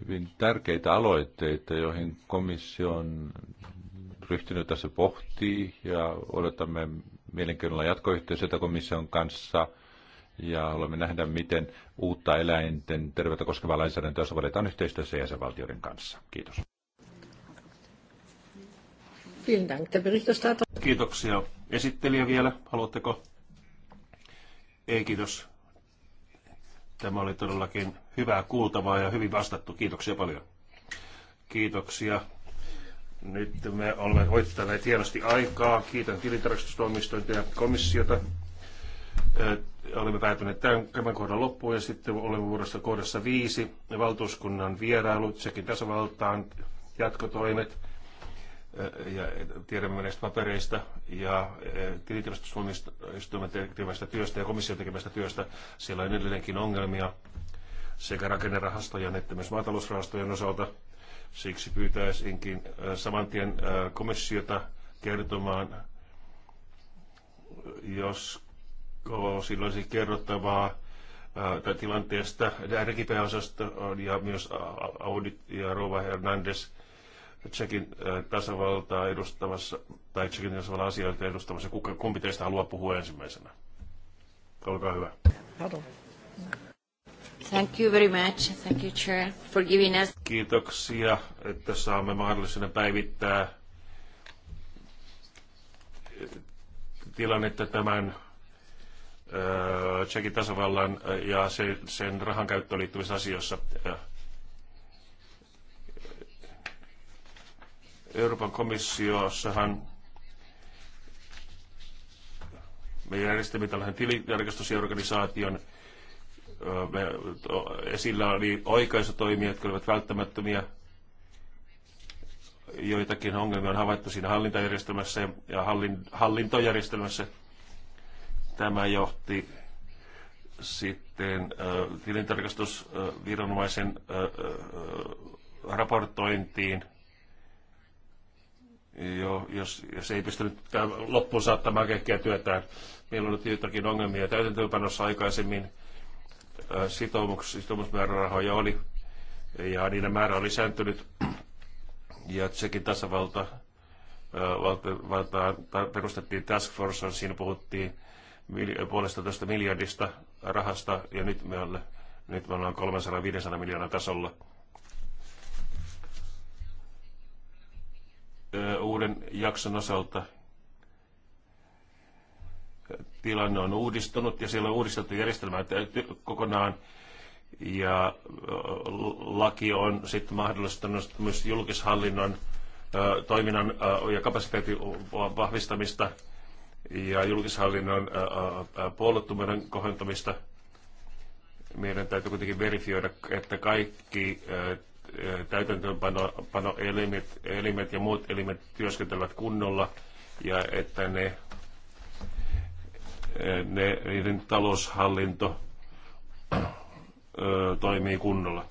hyvin tärkeitä aloitteita, joihin komissio on ryhtynyt tässä pohtii ja odotamme mielenkiinnolla jatkoyhteistyötä komission kanssa ja olemme nähdä, miten uutta eläinten terveyttä koskevaa lainsäädäntöä sovelletaan yhteistyössä jäsenvaltioiden kanssa. Kiitos. Vielen Dank, der Berichterstatter. Kiitoksia. Esittelijä vielä, haluatteko? Ei, kiitos. Tämä oli todellakin hyvää kuultavaa ja hyvin vastattu. Kiitoksia paljon. Kiitoksia. Nyt me olemme voittaneet hienosti aikaa. Kiitän tilintarkastustoimistointia ja komissiota. Olemme päätyneet tämän kohdan loppuun ja sitten olemme vuodesta kohdassa viisi. Valtuuskunnan vierailut sekin tasavaltaan, jatkotoimet ja tiedämme näistä papereista ja tilintarkastustuomioistuimen tekemästä työstä ja komission tekemästä työstä. Siellä on edelleenkin ongelmia sekä rakennerahastojen että myös maatalousrahastojen osalta. Siksi pyytäisinkin samantien komissiota kertomaan, jos silloin olisi kerrottavaa tilanteesta regipääosasta ja myös Audit ja Rova Hernandez Tsekin tasavaltaa edustavassa tai Tsekin tasavallan asioita edustavassa, Kuka, kumpi teistä haluaa puhua ensimmäisenä? Olkaa hyvä. Thank you very much. Thank you, Chair, for giving us... Kiitoksia, että saamme mahdollisena päivittää eh, tilannetta tämän Tsekin tasavallan ja sen, sen rahan käyttöön liittyvissä asioissa. Euroopan komissiossahan me järjestämme tällaisen tilitarkastusorganisaation. Me, esillä oli oikaisutoimia, jotka olivat välttämättömiä. Joitakin ongelmia on havaittu siinä hallintajärjestelmässä ja hallin, hallintojärjestelmässä. Tämä johti sitten tilintarkastusviranomaisen raportointiin – jo, jos, jos ei pystynyt loppuun saattamaan kaikkea työtään. Meillä on ollut jotakin ongelmia täytäntöönpanossa aikaisemmin. Sitoumus, sitoumusmäärärahoja oli ja niiden määrä oli lisääntynyt. Ja Tsekin tasavalta valta, valta, perustettiin Task Force, on siinä puhuttiin puolesta tästä miljardista rahasta ja nyt me ollaan, nyt me ollaan 300-500 miljoonaa tasolla – uuden jakson osalta tilanne on uudistunut ja siellä on uudistettu järjestelmää kokonaan. Ja laki on sitten mahdollistanut myös julkishallinnon toiminnan ja kapasiteetin vahvistamista ja julkishallinnon puolueettomuuden kohentamista. Meidän täytyy kuitenkin verifioida, että kaikki Eh, täytäntöönpanoelimet elimet ja muut elimet työskentelevät kunnolla ja että ne, eh, ne, niiden taloushallinto eh, toimii kunnolla.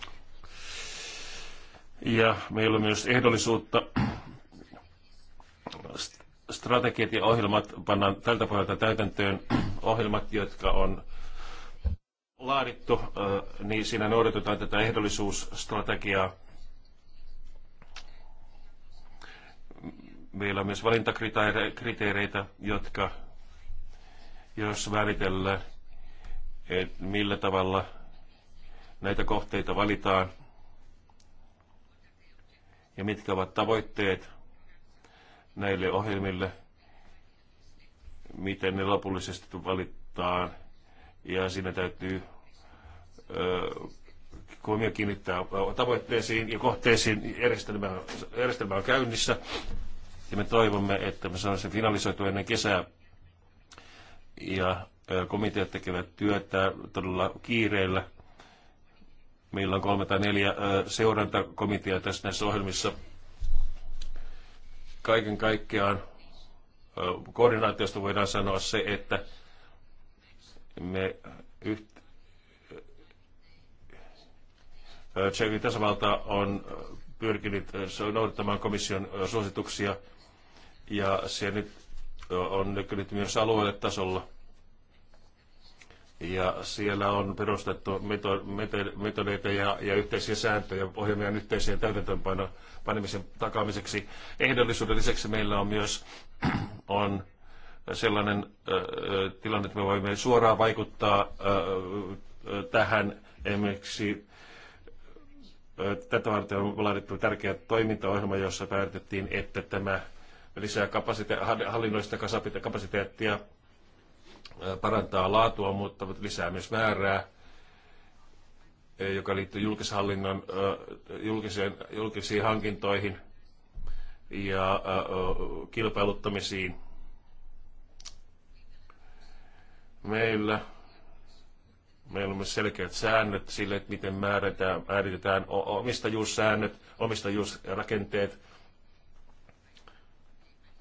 Ja meillä on myös ehdollisuutta. Strategiat ja ohjelmat pannaan tältä pohjalta täytäntöön. Ohjelmat, jotka on laadittu, niin siinä noudatetaan tätä ehdollisuusstrategiaa. Meillä on myös valintakriteereitä, jotka, jos määritellään, että millä tavalla näitä kohteita valitaan ja mitkä ovat tavoitteet näille ohjelmille, miten ne lopullisesti valitaan. Ja siinä täytyy huomio kiinnittää tavoitteisiin ja kohteisiin. Järjestelmä, järjestelmä on käynnissä ja me toivomme, että me saamme sen finalisoitu ennen kesää. Ja komiteat tekevät työtä todella kiireellä. Meillä on kolme tai neljä seurantakomiteaa tässä näissä ohjelmissa. Kaiken kaikkiaan koordinaatiosta voidaan sanoa se, että me Tsekin tasavalta on pyrkinyt noudattamaan komission suosituksia ja se nyt on näkynyt myös alueelle tasolla. Ja siellä on perustettu metodeita ja, ja yhteisiä sääntöjä ohjelmien yhteiseen täytäntöönpanon panemisen takaamiseksi. Ehdollisuuden lisäksi meillä on myös on sellainen tilanne, että me voimme suoraan vaikuttaa tähän esimerkiksi Tätä varten on laadittu tärkeä toimintaohjelma, jossa päätettiin, että tämä lisää kapasite- hallinnoista kapasiteettia, parantaa laatua, mutta lisää myös määrää, joka liittyy julkishallinnon julkiseen, julkisiin hankintoihin ja kilpailuttamisiin. Meillä Meillä on myös selkeät säännöt sille, että miten määrätään, määritetään omistajuussäännöt, omistajuusrakenteet.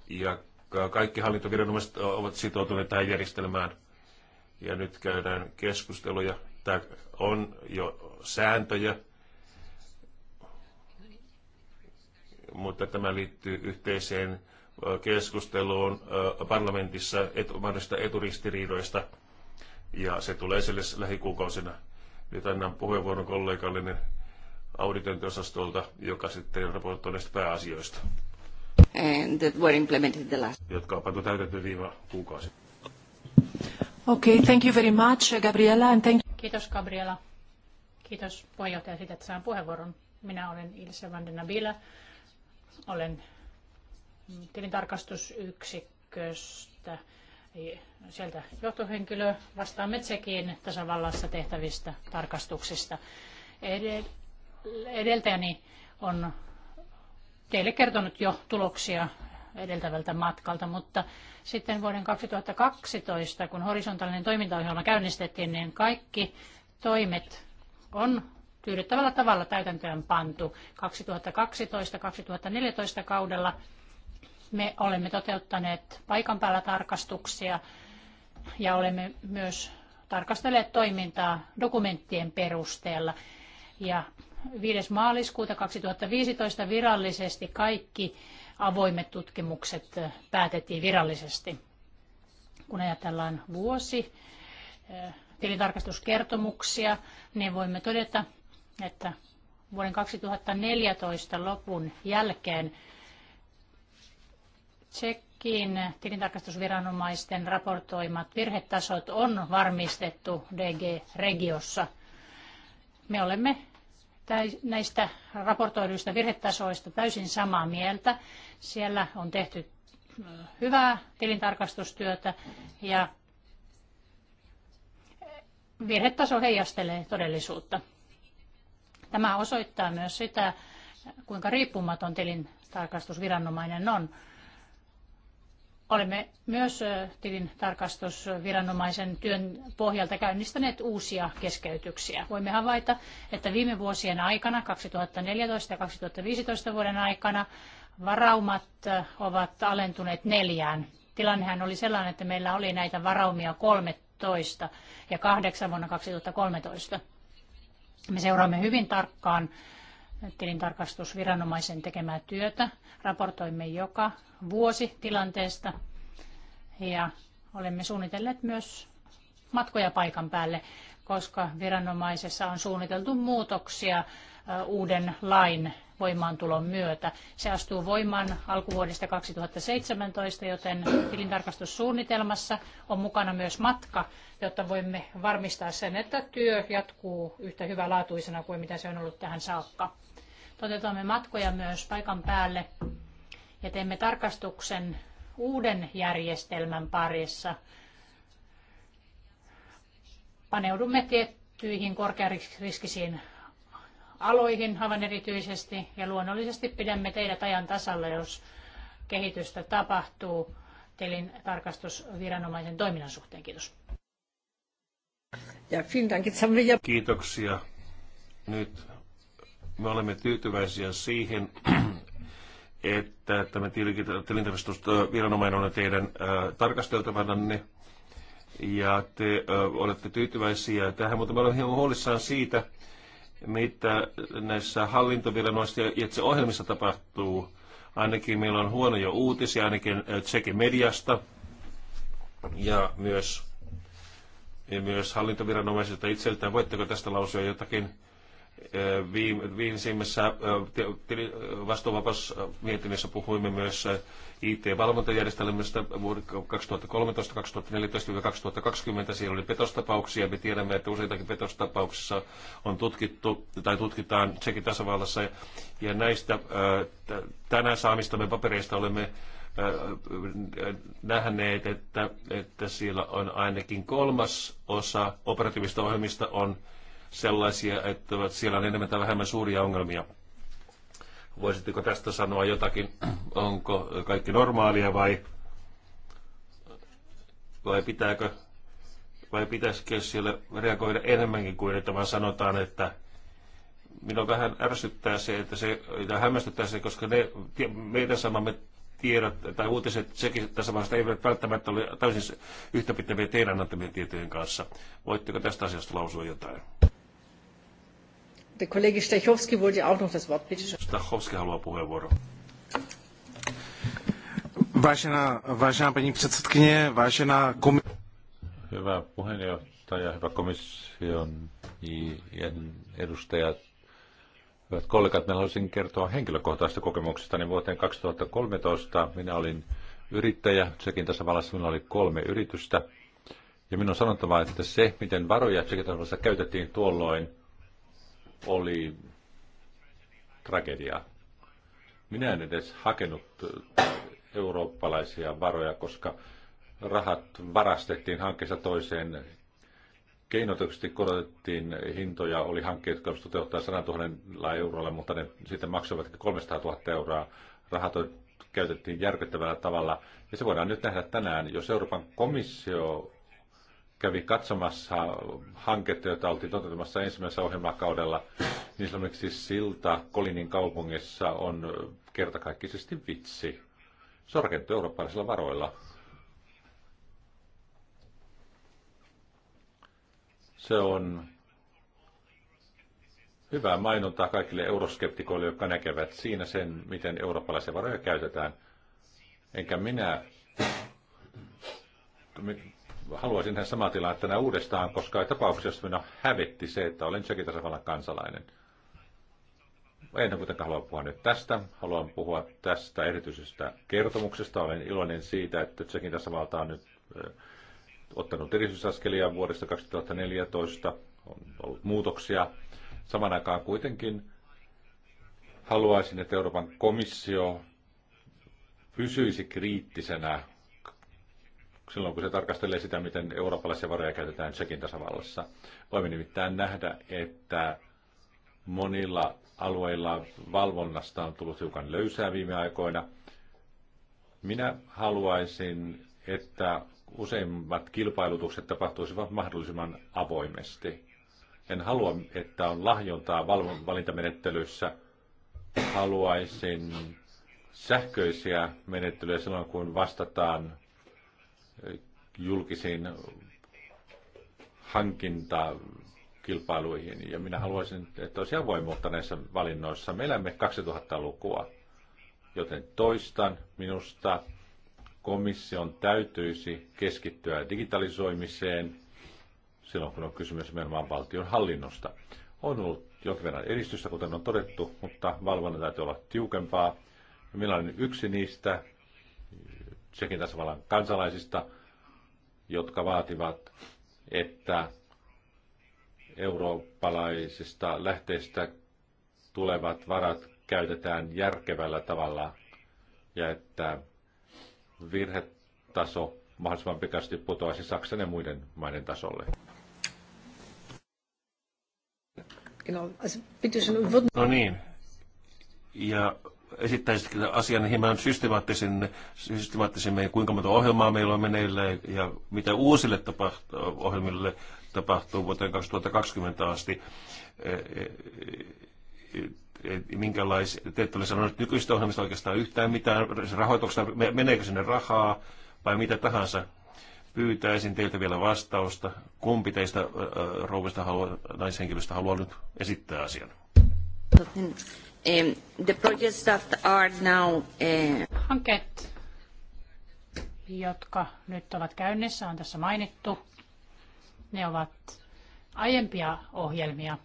Ja kaikki hallintoviranomaiset ovat sitoutuneet tähän järjestelmään. Ja nyt käydään keskusteluja. Tämä on jo sääntöjä, mutta tämä liittyy yhteiseen keskusteluun parlamentissa et, mahdollisista eturistiriidoista – ja se tulee esille lähikuukausina. Nyt annan puheenvuoron kollegalleni niin auditointiosastolta, joka sitten raportoi näistä pääasioista. And that were implemented the last. Jotka on pantu täytetty viime kuukausi. Okay, thank you very much, Gabriela. And thank... Kiitos, Gabriela. Kiitos puheenjohtaja siitä, että saan puheenvuoron. Minä olen Ilse Vandenabila. Olen tilintarkastusyksikköstä sieltä johtohenkilö vastaa Metsäkiin tasavallassa tehtävistä tarkastuksista. Edeltäjäni on teille kertonut jo tuloksia edeltävältä matkalta, mutta sitten vuoden 2012, kun horisontaalinen toimintaohjelma käynnistettiin, niin kaikki toimet on tyydyttävällä tavalla täytäntöön pantu 2012-2014 kaudella me olemme toteuttaneet paikan päällä tarkastuksia ja olemme myös tarkastelleet toimintaa dokumenttien perusteella. Ja 5. maaliskuuta 2015 virallisesti kaikki avoimet tutkimukset päätettiin virallisesti. Kun ajatellaan vuosi eh, tilintarkastuskertomuksia, niin voimme todeta, että vuoden 2014 lopun jälkeen Tsekkiin tilintarkastusviranomaisten raportoimat virhetasot on varmistettu DG-regiossa. Me olemme näistä raportoiduista virhetasoista täysin samaa mieltä. Siellä on tehty äh, hyvää tilintarkastustyötä ja virhetaso heijastelee todellisuutta. Tämä osoittaa myös sitä, kuinka riippumaton tilintarkastusviranomainen on. Olemme myös tilintarkastusviranomaisen tarkastusviranomaisen työn pohjalta käynnistäneet uusia keskeytyksiä. Voimme havaita, että viime vuosien aikana, 2014 ja 2015 vuoden aikana, varaumat ovat alentuneet neljään. Tilannehan oli sellainen, että meillä oli näitä varaumia 13 ja kahdeksan vuonna 2013. Me seuraamme hyvin tarkkaan tilintarkastusviranomaisen tekemää työtä. Raportoimme joka vuosi tilanteesta ja olemme suunnitelleet myös matkoja paikan päälle, koska viranomaisessa on suunniteltu muutoksia uuden lain voimaantulon myötä. Se astuu voimaan alkuvuodesta 2017, joten tilintarkastussuunnitelmassa on mukana myös matka, jotta voimme varmistaa sen, että työ jatkuu yhtä hyvälaatuisena kuin mitä se on ollut tähän saakka. Toteutamme matkoja myös paikan päälle ja teemme tarkastuksen uuden järjestelmän parissa. Paneudumme tiettyihin korkeariskisiin aloihin aivan erityisesti ja luonnollisesti pidämme teidät ajan tasalla, jos kehitystä tapahtuu telin tarkastusviranomaisen toiminnan suhteen. Kiitos. Kiitoksia. Nyt me olemme tyytyväisiä siihen, että tämä tilintarkastusviranomainen on teidän tarkasteltavananne ja te olette tyytyväisiä tähän, mutta me olemme hieman huolissaan siitä, mitä näissä hallintoviranomaisissa ja itse ohjelmissa tapahtuu. Ainakin meillä on huonoja uutisia, ainakin eh, Tsekin mediasta ja myös, ja myös hallintoviranomaisilta itseltään. Voitteko tästä lausua jotakin? Viimeisimmässä vastuuvapausmietinnössä puhuimme myös IT-valvontajärjestelmästä vuodet 2013, 2014 2020. Siellä oli petostapauksia. Me tiedämme, että useitakin petostapauksissa on tutkittu tai tutkitaan Tsekin tasavallassa. Ja näistä tänään saamistamme papereista olemme nähneet, että, että siellä on ainakin kolmas osa operatiivista ohjelmista on sellaisia, että siellä on enemmän tai vähemmän suuria ongelmia. Voisitteko tästä sanoa jotakin? Onko kaikki normaalia vai, vai pitääkö vai pitäisikö siellä reagoida enemmänkin kuin että vaan sanotaan, että minua vähän ärsyttää se, että se, ja hämmästyttää se, koska ne meidän samamme tiedot tai uutiset sekin tässä vaiheessa eivät välttämättä ole täysin yhtäpitäviä teidän antamien tietojen kanssa. Voitteko tästä asiasta lausua jotain? Der Kollege Stachowski wollte auch noch das Wort, bitte schön. Stachowski haluaa puheenvuoron. Vážená, vážená paní předsedkyně, vážená komi... Hyvä puheenjohtaja, hyvä komission edustajat, hyvät kollegat, minä haluaisin kertoa henkilökohtaisesta niin vuoteen 2013. Minä olin yrittäjä, sekin tässä vallassa minulla oli kolme yritystä. Ja minun on sanottava, että se, miten varoja Tsekin tasavallassa käytettiin tuolloin, oli tragedia. Minä en edes hakenut eurooppalaisia varoja, koska rahat varastettiin hankkeessa toiseen. Keinotuksesti korotettiin hintoja, oli hankkeet, jotka toteuttaa 100 000 eurolla, mutta ne sitten maksoivat 300 000 euroa. Rahat käytettiin järkyttävällä tavalla. Ja se voidaan nyt nähdä tänään, jos Euroopan komissio kävi katsomassa hanketta, jota oltiin toteutumassa ensimmäisellä ohjelmakaudella, niin esimerkiksi silta Kolinin kaupungissa on kertakaikkisesti vitsi. Se on rakennettu eurooppalaisilla varoilla. Se on hyvää mainontaa kaikille euroskeptikoille, jotka näkevät siinä sen, miten eurooppalaisia varoja käytetään. Enkä minä haluaisin tehdä samaa tilaa tänä uudestaan, koska tapauksessa, jossa hävetti se, että olen Tsekin tasavallan kansalainen. En kuitenkaan halua puhua nyt tästä. Haluan puhua tästä erityisestä kertomuksesta. Olen iloinen siitä, että Tsekin tasavalta on nyt eh, ottanut erityisaskelia vuodesta 2014. On ollut muutoksia. Saman aikaan kuitenkin haluaisin, että Euroopan komissio pysyisi kriittisenä silloin, kun se tarkastelee sitä, miten eurooppalaisia varoja käytetään Tsekin tasavallassa. Voimme nimittäin nähdä, että monilla alueilla valvonnasta on tullut hiukan löysää viime aikoina. Minä haluaisin, että useimmat kilpailutukset tapahtuisivat mahdollisimman avoimesti. En halua, että on lahjontaa valintamenettelyssä. Haluaisin sähköisiä menettelyjä silloin, kun vastataan julkisiin hankintakilpailuihin. Ja minä haluaisin, että olisi avoimuutta näissä valinnoissa. Me elämme 2000-lukua, joten toistan minusta komission täytyisi keskittyä digitalisoimiseen silloin, kun on kysymys nimenomaan valtion hallinnosta. On ollut jonkin verran edistystä, kuten on todettu, mutta valvonnan täytyy olla tiukempaa. minä olen yksi niistä sekin tasavallan kansalaisista, jotka vaativat, että eurooppalaisista lähteistä tulevat varat käytetään järkevällä tavalla ja että virhetaso mahdollisimman pikaisesti putoaisi Saksan ja muiden maiden tasolle. No niin. Ja esittäisitkin asian hieman systemaattisin, systemaattisemmin, kuinka monta ohjelmaa meillä on meneillään ja mitä uusille tapahtu, ohjelmille tapahtuu vuoteen 2020 asti. E, e, e, Minkälais, te ette ole sanoneet nykyistä ohjelmista oikeastaan yhtään mitään, rahoituksesta, meneekö sinne rahaa vai mitä tahansa. Pyytäisin teiltä vielä vastausta. Kumpi teistä rouvista haluaa, naishenkilöstä haluaa nyt esittää asian? Niin, Um, the projects that are now... Uh, Hankkeet, jotka nyt ovat käynnissä, on tässä mainittu. Ne ovat aiempia ohjelmia.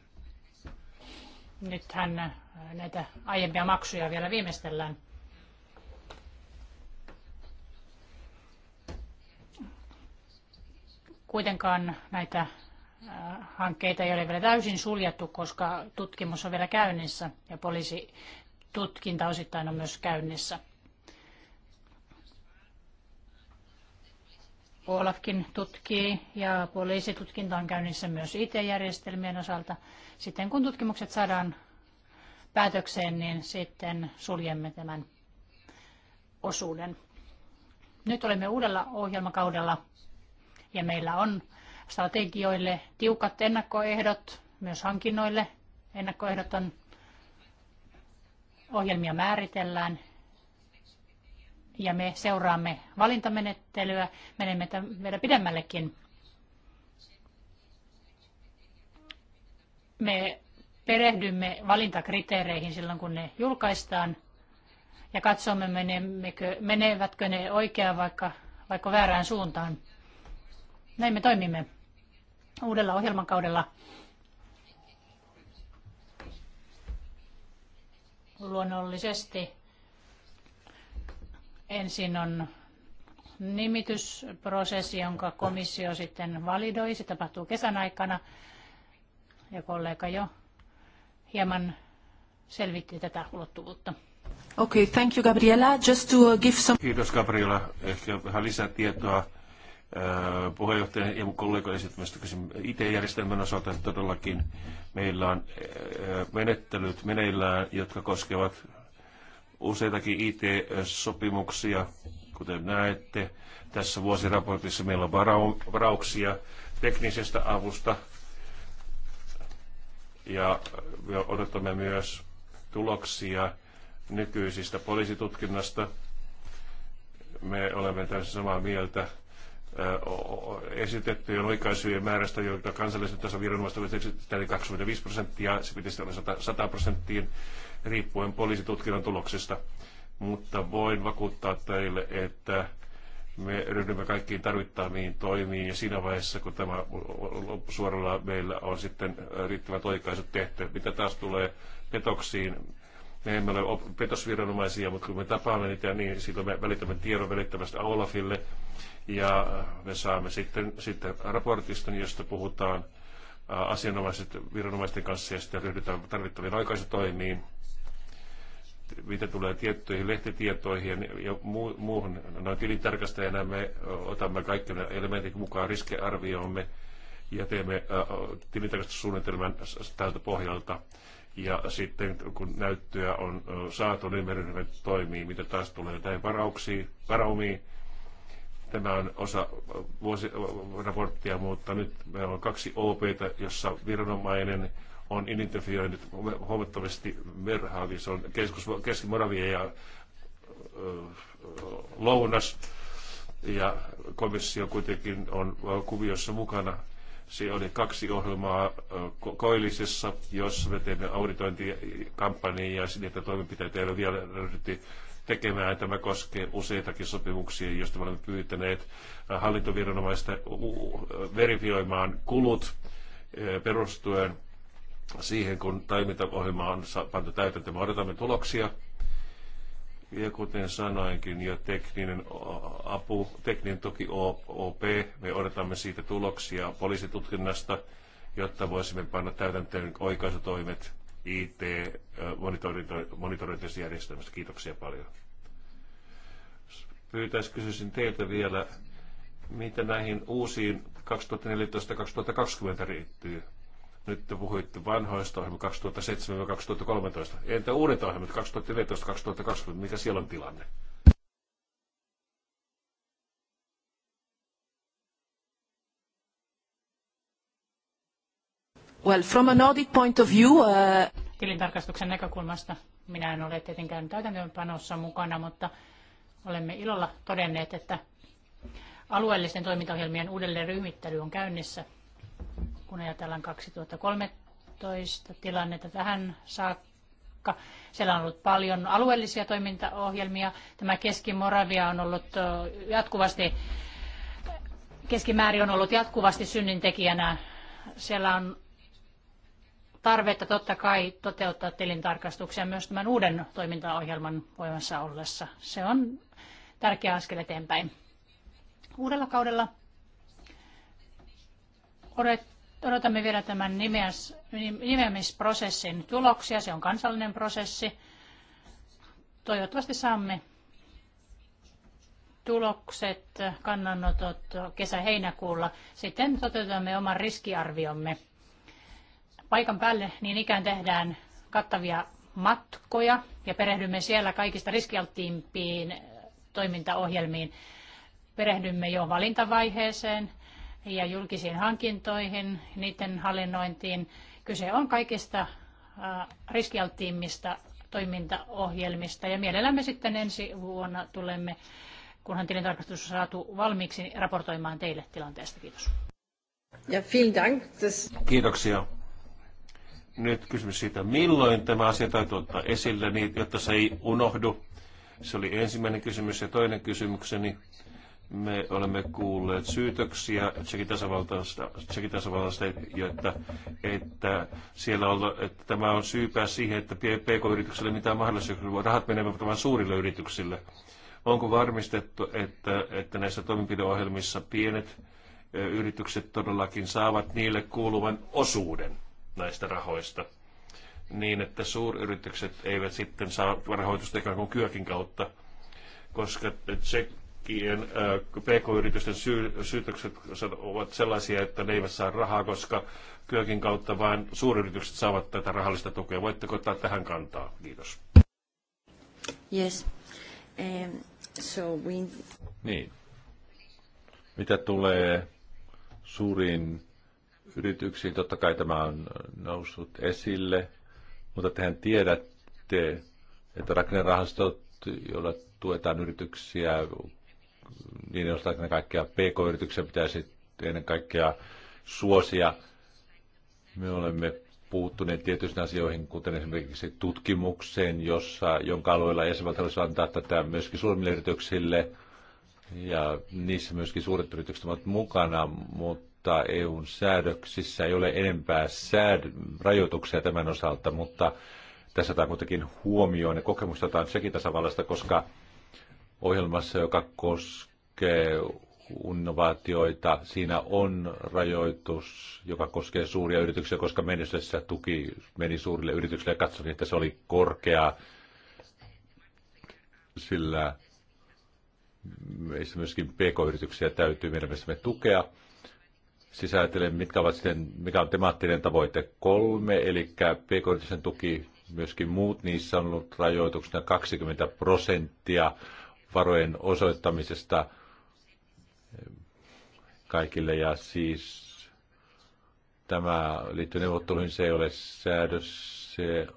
Nythän äh, näitä aiempia maksuja vielä viimeistellään. Kuitenkaan näitä hankkeita ei ole vielä täysin suljettu, koska tutkimus on vielä käynnissä ja poliisi tutkinta osittain on myös käynnissä. Olafkin tutkii ja poliisitutkinta on käynnissä myös IT-järjestelmien osalta. Sitten kun tutkimukset saadaan päätökseen, niin sitten suljemme tämän osuuden. Nyt olemme uudella ohjelmakaudella ja meillä on strategioille tiukat ennakkoehdot, myös hankinnoille. Ennakkoehdot on ohjelmia määritellään ja me seuraamme valintamenettelyä, menemme vielä pidemmällekin. Me perehdymme valintakriteereihin silloin, kun ne julkaistaan ja katsomme, menemmekö, menevätkö ne oikeaan vaikka, vaikka väärään suuntaan. Näin me toimimme uudella ohjelmakaudella luonnollisesti ensin on nimitysprosessi, jonka komissio sitten validoi. Se tapahtuu kesän aikana. Ja kollega jo hieman selvitti tätä ulottuvuutta. Okay, thank you Gabriela. Just to uh, give some... Kiitos Gabriela. Ehkä vähän lisätietoa Äh, puheenjohtajan ja kollega esittämästä IT-järjestelmän osalta todellakin meillä on äh, menettelyt meneillään, jotka koskevat useitakin IT-sopimuksia, kuten näette. Tässä vuosiraportissa meillä on varauksia teknisestä avusta ja me odotamme myös tuloksia nykyisistä poliisitutkinnasta. Me olemme tässä samaa mieltä esitettyjen oikaisujen määrästä, joita kansallisen tason viranomaiset olivat esittäneet niin 25 prosenttia, se pitäisi olla 100 prosenttiin riippuen poliisitutkinnan tuloksesta. Mutta voin vakuuttaa teille, että me ryhdymme kaikkiin tarvittaviin toimiin ja siinä vaiheessa, kun tämä suoralla meillä on sitten riittävät oikaisut tehty. Mitä taas tulee petoksiin, me emme ole petosviranomaisia, mutta kun me tapaamme niitä, niin silloin me välitämme tiedon välittävästi Olafille ja me saamme sitten, sitten raportiston, josta puhutaan asianomaiset viranomaisten kanssa ja sitten ryhdytään tarvittaviin aikaisiin toimiin, mitä tulee tiettyihin lehtitietoihin ja muuhun. Noin tilintarkastajana me otamme kaikki ne elementit mukaan riskearvioomme ja teemme tilintarkastussuunnitelman tältä pohjalta. Ja sitten kun näyttöä on saatu, niin me ryhdymme toimii, mitä taas tulee näihin varauksiin, varaumiin, Tämä on osa vuosiraporttia, mutta nyt meillä on kaksi op jossa viranomainen on identifioinut huomattavasti merhaavi. Se on keskus, Keski-Moravia ja lounas. Ja komissio kuitenkin on kuviossa mukana. Se oli kaksi ohjelmaa Koillisessa, jossa me teemme auditointikampanjaa ja että toimenpiteitä ei ole vielä ryhdytty tekemään. Tämä koskee useitakin sopimuksia, joista me olemme pyytäneet hallintoviranomaista verifioimaan kulut eh, perustuen siihen, kun toimintaohjelma on pantu täytäntöön. Me odotamme tuloksia. Ja kuten sanoinkin, jo tekninen apu, tekninen toki OP, me odotamme siitä tuloksia poliisitutkinnasta, jotta voisimme panna täytäntöön oikaisutoimet IT-monitorointijärjestelmästä. Kiitoksia paljon. Pyytäis kysyisin teiltä vielä, mitä näihin uusiin 2014-2020 riittyy? Nyt te puhuitte vanhoista ohjelmista 2007-2013. Entä uudet ohjelmat 2014-2020? Mikä siellä on tilanne? Well, from an audit point of view... Uh... Tilintarkastuksen näkökulmasta minä en ole tietenkään täytäntöönpanossa mukana, mutta olemme ilolla todenneet, että alueellisten toimintaohjelmien uudelleen ryhmittely on käynnissä, kun ajatellaan 2013 tilannetta tähän saakka. Siellä on ollut paljon alueellisia toimintaohjelmia. Tämä Keski-Moravia on ollut jatkuvasti, keskimäärin on ollut jatkuvasti synnintekijänä. Siellä on tarvetta totta kai toteuttaa tilintarkastuksia myös tämän uuden toimintaohjelman voimassa ollessa. Se on tärkeä askel eteenpäin. Uudella kaudella odotamme vielä tämän nimeämisprosessin tuloksia. Se on kansallinen prosessi. Toivottavasti saamme tulokset, kannanotot kesä-heinäkuulla. Sitten toteutamme oman riskiarviomme Paikan päälle niin ikään tehdään kattavia matkoja ja perehdymme siellä kaikista riskialttiimpiin toimintaohjelmiin. Perehdymme jo valintavaiheeseen ja julkisiin hankintoihin, niiden hallinnointiin. Kyse on kaikista riskialttiimmista toimintaohjelmista ja mielellämme sitten ensi vuonna tulemme, kunhan tilintarkastus on saatu valmiiksi, raportoimaan teille tilanteesta. Kiitos. Ja vielen Dank. Kiitoksia nyt kysymys siitä, milloin tämä asia täytyy ottaa esille, niin, jotta se ei unohdu. Se oli ensimmäinen kysymys ja toinen kysymykseni. Me olemme kuulleet syytöksiä Tsekin tasavallasta, että, että, siellä on, että tämä on syypää siihen, että pk-yritykselle mitään mahdollisuuksia, rahat menevät vain suurille yrityksille. Onko varmistettu, että, että näissä toimenpideohjelmissa pienet yritykset todellakin saavat niille kuuluvan osuuden? näistä rahoista niin, että suuryritykset eivät sitten saa rahoitusta ikään kuin kyökin kautta, koska tsekkien äh, pk-yritysten sy- syytökset ovat sellaisia, että ne eivät saa rahaa, koska kyökin kautta vain suuryritykset saavat tätä rahallista tukea. Voitteko ottaa tähän kantaa? Kiitos. Yes. Um, so we... Niin. Mitä tulee suuriin yrityksiin. Totta kai tämä on noussut esille, mutta tehän tiedätte, että rakennerahastot, joilla tuetaan yrityksiä, niin osalta kaikkia kaikkea pk-yrityksiä pitäisi ennen kaikkea suosia. Me olemme puuttuneet tietyistä asioihin, kuten esimerkiksi tutkimukseen, jossa, jonka alueella jäsenvalta haluaisi antaa tätä myöskin suurimmille yrityksille, ja niissä myöskin suuret yritykset ovat mukana, mutta mutta EUn säädöksissä ei ole enempää sääd- rajoituksia tämän osalta, mutta tässä tämä kuitenkin huomioon ja kokemusta otetaan sekin tasavallasta, koska ohjelmassa, joka koskee innovaatioita, siinä on rajoitus, joka koskee suuria yrityksiä, koska mennessä tuki meni suurille yrityksille ja katsoin, että se oli korkea, sillä meissä myöskin pk-yrityksiä täytyy meidän mielestämme tukea sisältelee, mitkä ovat sitten, mikä on temaattinen tavoite kolme, eli pk tuki, myöskin muut, niissä on ollut rajoituksena 20 prosenttia varojen osoittamisesta kaikille, ja siis tämä liittyy neuvotteluihin, se ei ole säädös, se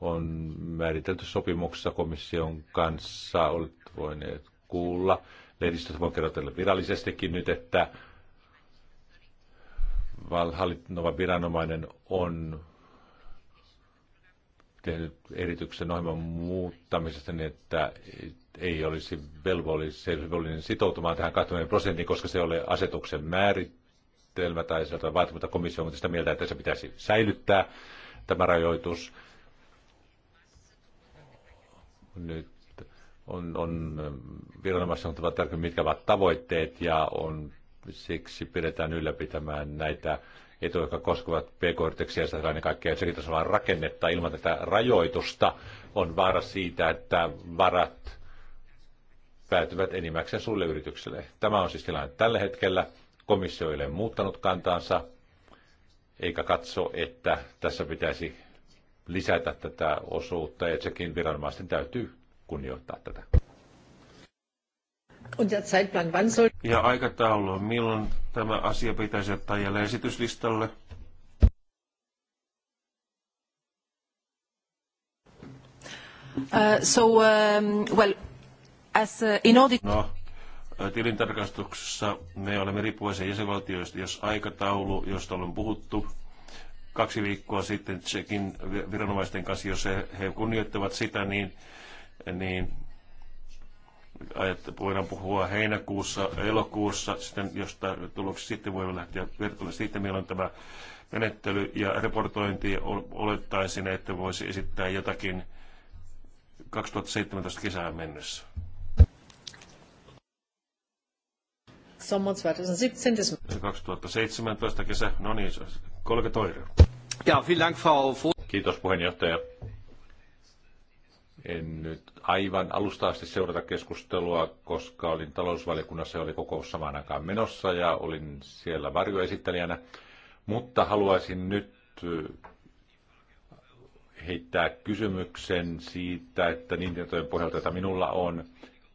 on määritelty sopimuksessa komission kanssa, olet voineet kuulla. Lehdistöt voi kerrotella virallisestikin nyt, että hallittava viranomainen on tehnyt erityksen ohjelman muuttamisesta niin, että ei olisi velvollinen sitoutumaan tähän 20 prosenttiin, koska se ei ole asetuksen määritelmä tai vaatimatta komissio on sitä mieltä, että se pitäisi säilyttää tämä rajoitus. Nyt on, on viranomaisen on tarkemmin, mitkä ovat tavoitteet ja on siksi pidetään ylläpitämään näitä etuja, jotka koskevat pk-yrityksiä ja ennen kaikkea sekin tasolla rakennetta ilman tätä rajoitusta. On vaara siitä, että varat päätyvät enimmäkseen sulle yritykselle. Tämä on siis tilanne tällä hetkellä. Komissio ei ole muuttanut kantaansa, eikä katso, että tässä pitäisi lisätä tätä osuutta, ja sekin viranomaisten täytyy kunnioittaa tätä der Zeitplan, wann soll... Ja aikataulu on, milloin tämä asia pitäisi ottaa jälleen esityslistalle? Uh, so, um, well, as uh, in audit... No, uh, tilintarkastuksessa me olemme riippuvaisia jäsenvaltioista, jos aikataulu, josta on puhuttu, kaksi viikkoa sitten Tsekin viranomaisten kanssa, jos he, he kunnioittavat sitä, niin, niin voidaan puhua heinäkuussa, elokuussa, sitten josta tuloksi sitten voimme lähteä vertailemaan. Sitten meillä on tämä menettely ja raportointi. Olettaisin, että voisi esittää jotakin 2017 kesään mennessä. Sommar 2017. 2017 kesä, no niin, kollega Toire. Ja, vielen Frau Kiitos puheenjohtaja. En nyt aivan alusta asti seurata keskustelua, koska olin talousvaliokunnassa ja oli kokous samaan aikaan menossa ja olin siellä varjoesittelijänä. Mutta haluaisin nyt eh, heittää kysymyksen siitä, että niin tietojen pohjalta, että minulla on,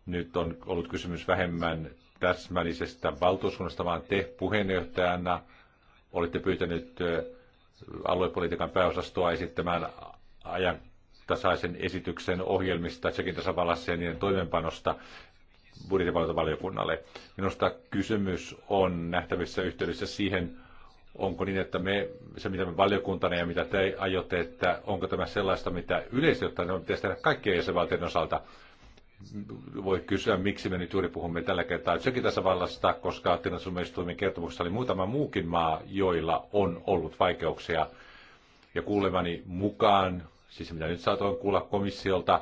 nyt on ollut kysymys vähemmän täsmällisestä valtuuskunnasta, vaan te puheenjohtajana olette pyytänyt eh, aluepolitiikan pääosastoa esittämään ajan tasaisen esityksen ohjelmista Tsekin tasavallassa ja niiden toimenpanosta budjettivalvontavaliokunnalle. Minusta kysymys on nähtävissä yhteydessä siihen, onko niin, että me, se mitä me valiokuntana ja mitä te aiotte, että onko tämä sellaista, mitä yleisesti ottaen pitäisi tehdä kaikkien jäsenvaltioiden osalta. Voi kysyä, miksi me nyt juuri puhumme tällä kertaa Tsekin tasavallasta, koska tilastumistuimen kertomuksessa oli muutama muukin maa, joilla on ollut vaikeuksia. Ja kuulemani mukaan siis mitä nyt saatoin kuulla komissiolta,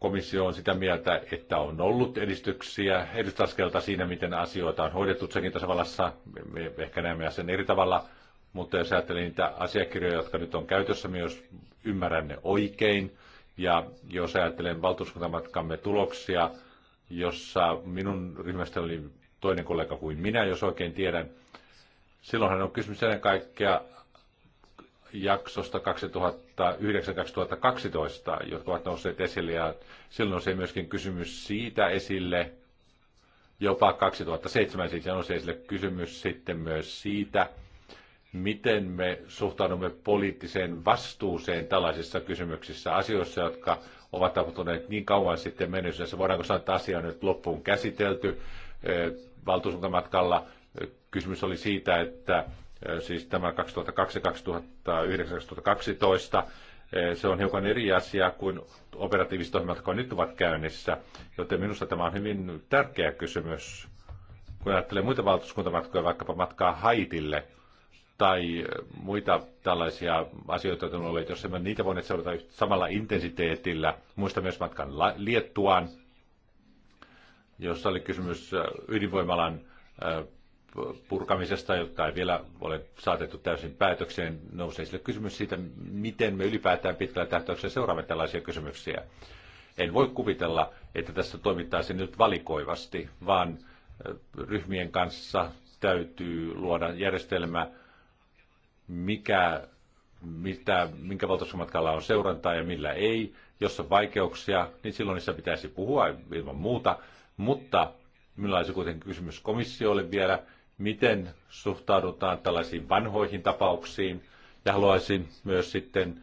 komissio on sitä mieltä, että on ollut edistyksiä, edistaskelta siinä, miten asioita on hoidettu sekin tasavallassa. Me ehkä näemme sen eri tavalla, mutta jos ajattelin niitä asiakirjoja, jotka nyt on käytössä, myös ymmärrän ne oikein. Ja jos ajattelen valtuuskuntamatkamme tuloksia, jossa minun ryhmästä oli toinen kollega kuin minä, jos oikein tiedän, silloinhan on kysymys ennen kaikkea jaksosta 2009-2012, jotka ovat nousseet esille. Ja silloin se myöskin kysymys siitä esille, jopa 2007 siis nousi esille kysymys sitten myös siitä, miten me suhtaudumme poliittiseen vastuuseen tällaisissa kysymyksissä, asioissa, jotka ovat tapahtuneet niin kauan sitten menneisyydessä. Voidaanko sanoa, että asia on nyt loppuun käsitelty eh, valtuuskuntamatkalla? Kysymys oli siitä, että Äh, siis tämä 2002-2012. Äh, se on hiukan eri asia kuin operatiiviset ohjelmat, jotka nyt ovat käynnissä, joten minusta tämä on hyvin tärkeä kysymys. Kun ajattelee muita valtuuskuntamatkoja, vaikkapa matkaa Haitille, tai muita tällaisia asioita on ollut, jos emme niitä voineet seurata samalla intensiteetillä. Muista myös matkan Liettuaan, jossa oli kysymys äh, ydinvoimalan purkamisesta, jotka ei vielä ole saatettu täysin päätökseen, nousee sille kysymys siitä, miten me ylipäätään pitkällä tähtäyksellä seuraamme tällaisia kysymyksiä. En voi kuvitella, että tässä toimittaisiin nyt valikoivasti, vaan ryhmien kanssa täytyy luoda järjestelmä, mikä, mitä, minkä valtuustomatkalla on seurantaa ja millä ei. Jos on vaikeuksia, niin silloin niissä pitäisi puhua ilman muuta, mutta Minulla olisi kuitenkin kysymys komissiolle vielä, miten suhtaudutaan tällaisiin vanhoihin tapauksiin. Ja haluaisin myös sitten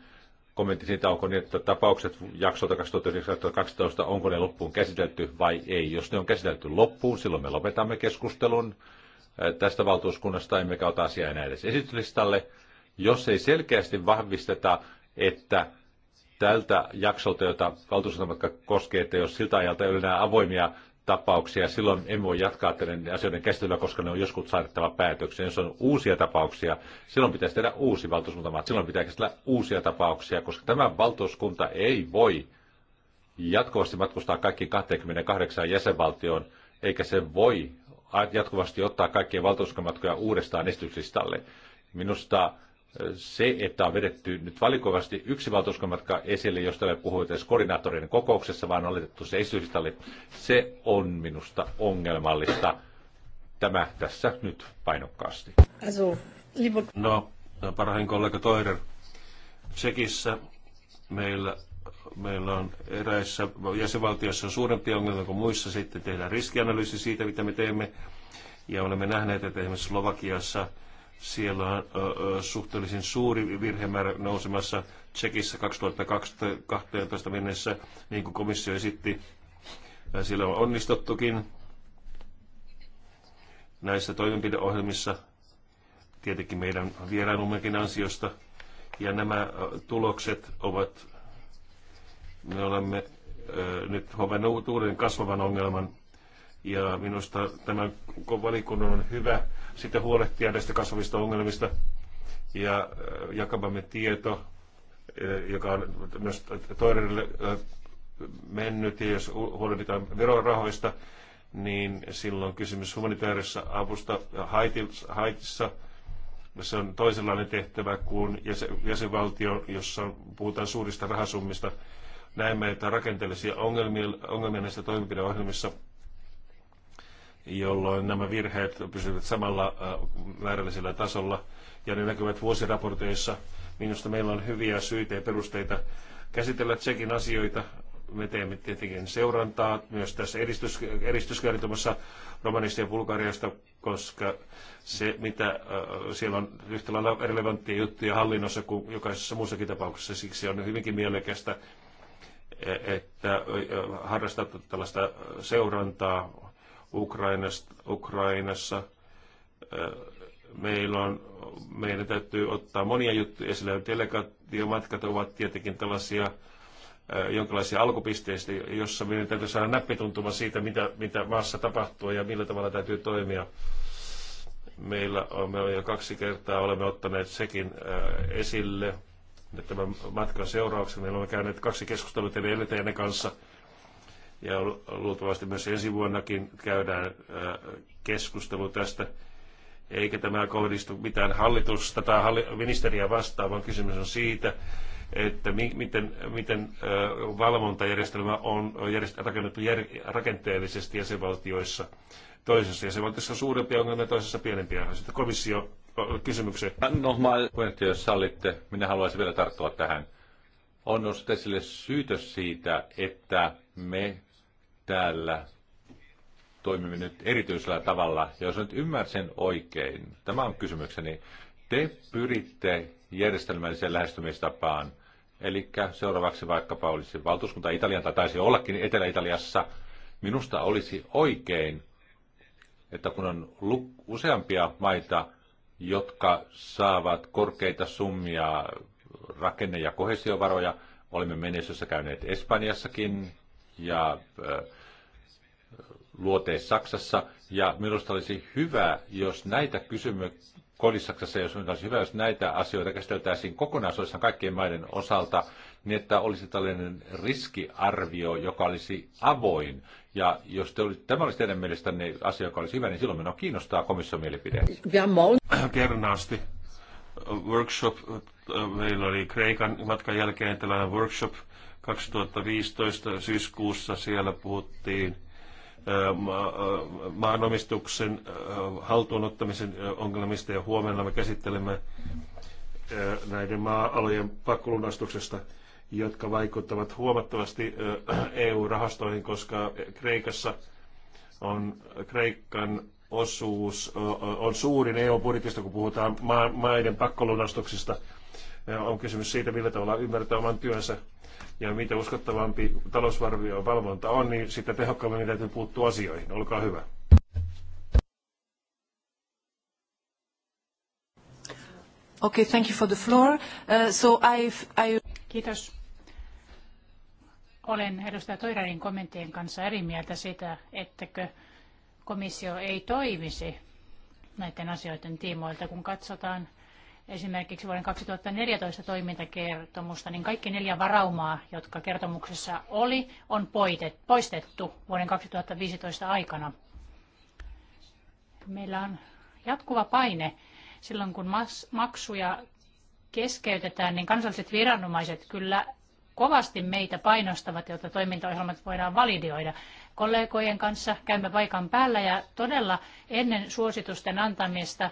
kommentti siitä, onko niin, että tapaukset jaksolta 2019-2012, onko ne loppuun käsitelty vai ei. Jos ne on käsitelty loppuun, silloin me lopetamme keskustelun tästä valtuuskunnasta, emmekä ota asiaa enää edes esityslistalle. Jos ei selkeästi vahvisteta, että tältä jaksolta, jota valtuuskunta koskee, että jos siltä ajalta ei ole enää avoimia tapauksia. Silloin emme voi jatkaa tämän asioiden käsittelyä, koska ne on joskus saadettava päätöksiä Jos on uusia tapauksia, silloin pitäisi tehdä uusi valtuuskunta, silloin pitää käsitellä uusia tapauksia, koska tämä valtuuskunta ei voi jatkuvasti matkustaa kaikki 28 jäsenvaltioon, eikä se voi jatkuvasti ottaa kaikkien valtuuskuntamatkoja uudestaan esityslistalle. Minusta se, että on vedetty nyt valikoivasti yksi valtuuskomatka esille, josta me puhuit edes koordinaattorien kokouksessa, vaan on otettu se esityslistalle, se on minusta ongelmallista. Tämä tässä nyt painokkaasti. No, parhain kollega Toirer. Tsekissä meillä, meillä on eräissä jäsenvaltioissa on suurempi ongelma kuin muissa. Sitten tehdään riskianalyysi siitä, mitä me teemme. Ja olemme nähneet, että esimerkiksi Slovakiassa – siellä on suhteellisen suuri virhemäärä nousemassa Tsekissä 2012 mennessä, niin kuin komissio esitti. Siellä on onnistuttukin näissä toimenpideohjelmissa, tietenkin meidän vierailummekin ansiosta. Ja nämä tulokset ovat, me olemme nyt huomannut uuden kasvavan ongelman, ja minusta tämä valikunnan on hyvä sitten huolehtia näistä kasvavista ongelmista ja äh, jakamamme tieto, äh, joka on myös toiselle äh, mennyt, ja jos huolehditaan verorahoista, niin silloin kysymys humanitaarisessa avusta Haitissa, se on toisenlainen tehtävä kuin jäsenvaltio, jossa puhutaan suurista rahasummista. Näemme, että rakenteellisia ongelmia, ongelmia näissä toimenpideohjelmissa jolloin nämä virheet pysyvät samalla määrällisellä tasolla ja ne näkyvät vuosiraporteissa. Minusta meillä on hyviä syitä ja perusteita käsitellä Tsekin asioita. Me teemme tietenkin seurantaa myös tässä edistys, edistyskertomassa Romanista ja Bulgariasta, koska se, mitä siellä on yhtä lailla relevanttia juttuja hallinnossa kuin jokaisessa muussakin tapauksessa, siksi on hyvinkin mielekästä, että harrastaa tällaista seurantaa Ukrainasta, Ukrainassa. Meillä on, meidän täytyy ottaa monia juttuja esille. Delegaatiomatkat ovat tietenkin tällaisia jonkinlaisia alkupisteistä, jossa meidän täytyy saada näppituntuma siitä, mitä, mitä maassa tapahtuu ja millä tavalla täytyy toimia. Meillä on, me on jo kaksi kertaa olemme ottaneet sekin esille. tämän matkan seurauksena meillä on käynyt kaksi keskustelua teidän edeltäjänne kanssa – ja luultavasti myös ensi vuonnakin käydään äh, keskustelu tästä. Eikä tämä kohdistu mitään hallitusta tai ministeriä vastaan, vaan kysymys on siitä, että mi- miten, miten äh, valvontajärjestelmä on rakennettu jär- rakenteellisesti jäsenvaltioissa. Toisessa jäsenvaltiossa on suurempia ongelmia, toisessa pienempiä. Sitten komissio kysymykseen. mä, puheenjohtaja, jos sallitte, minä haluaisin vielä tarttua tähän. On nostettu esille syytös siitä, että me täällä toimimme nyt erityisellä tavalla. Ja jos nyt ymmärsen oikein, tämä on kysymykseni, te pyritte järjestelmälliseen lähestymistapaan. Eli seuraavaksi vaikkapa olisi valtuuskunta Italian, tai taisi ollakin Etelä-Italiassa. Minusta olisi oikein, että kun on useampia maita, jotka saavat korkeita summia rakenne- ja kohesiovaroja, olemme menestyssä käyneet Espanjassakin ja äh, luoteis Saksassa. Ja minusta olisi hyvä, jos näitä kysymyksiä, Kodissaksassa, jos olisi hyvä, jos näitä asioita käsiteltäisiin kokonaisuudessaan kaikkien maiden osalta, niin että olisi tällainen riskiarvio, joka olisi avoin. Ja jos te olisi, tämä olisi teidän mielestänne asia, joka olisi hyvä, niin silloin minua kiinnostaa komission mielipide. Kernaasti. Workshop, äh, meillä oli Kreikan matkan jälkeen tällainen workshop, 2015 syyskuussa siellä puhuttiin maanomistuksen haltuunottamisen ongelmista ja huomenna me käsittelemme näiden maa-alojen pakkolunastuksesta, jotka vaikuttavat huomattavasti EU-rahastoihin, koska Kreikassa on Kreikan osuus on suurin EU-budjetista, kun puhutaan maiden pakkolunastuksista. On kysymys siitä, millä tavalla ymmärtää oman työnsä ja mitä uskottavampi talousvarvio valvonta on, niin sitä tehokkaammin täytyy puuttua asioihin. Olkaa hyvä. Okay, thank you for the floor. Uh, so I've, I... Kiitos. Olen edustaja Toirarin kommenttien kanssa eri mieltä sitä, ettäkö komissio ei toimisi näiden asioiden tiimoilta, kun katsotaan esimerkiksi vuoden 2014 toimintakertomusta, niin kaikki neljä varaumaa, jotka kertomuksessa oli, on poistettu vuoden 2015 aikana. Meillä on jatkuva paine silloin, kun maksuja keskeytetään, niin kansalliset viranomaiset kyllä kovasti meitä painostavat, jotta toimintaohjelmat voidaan validoida. Kollegojen kanssa käymme paikan päällä ja todella ennen suositusten antamista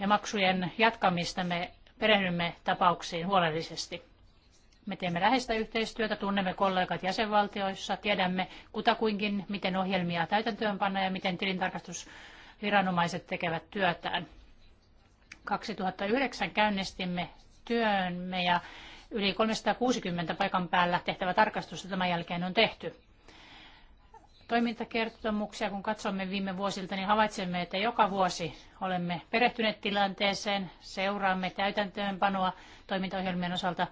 ja maksujen jatkamista me perehdymme tapauksiin huolellisesti. Me teemme läheistä yhteistyötä, tunnemme kollegat jäsenvaltioissa, tiedämme kutakuinkin, miten ohjelmia täytäntöönpanna ja miten tilintarkastusviranomaiset tekevät työtään. 2009 käynnistimme työmme ja yli 360 paikan päällä tehtävä tarkastusta tämän jälkeen on tehty toimintakertomuksia, kun katsomme viime vuosilta, niin havaitsemme, että joka vuosi olemme perehtyneet tilanteeseen, seuraamme täytäntöönpanoa toimintaohjelmien osalta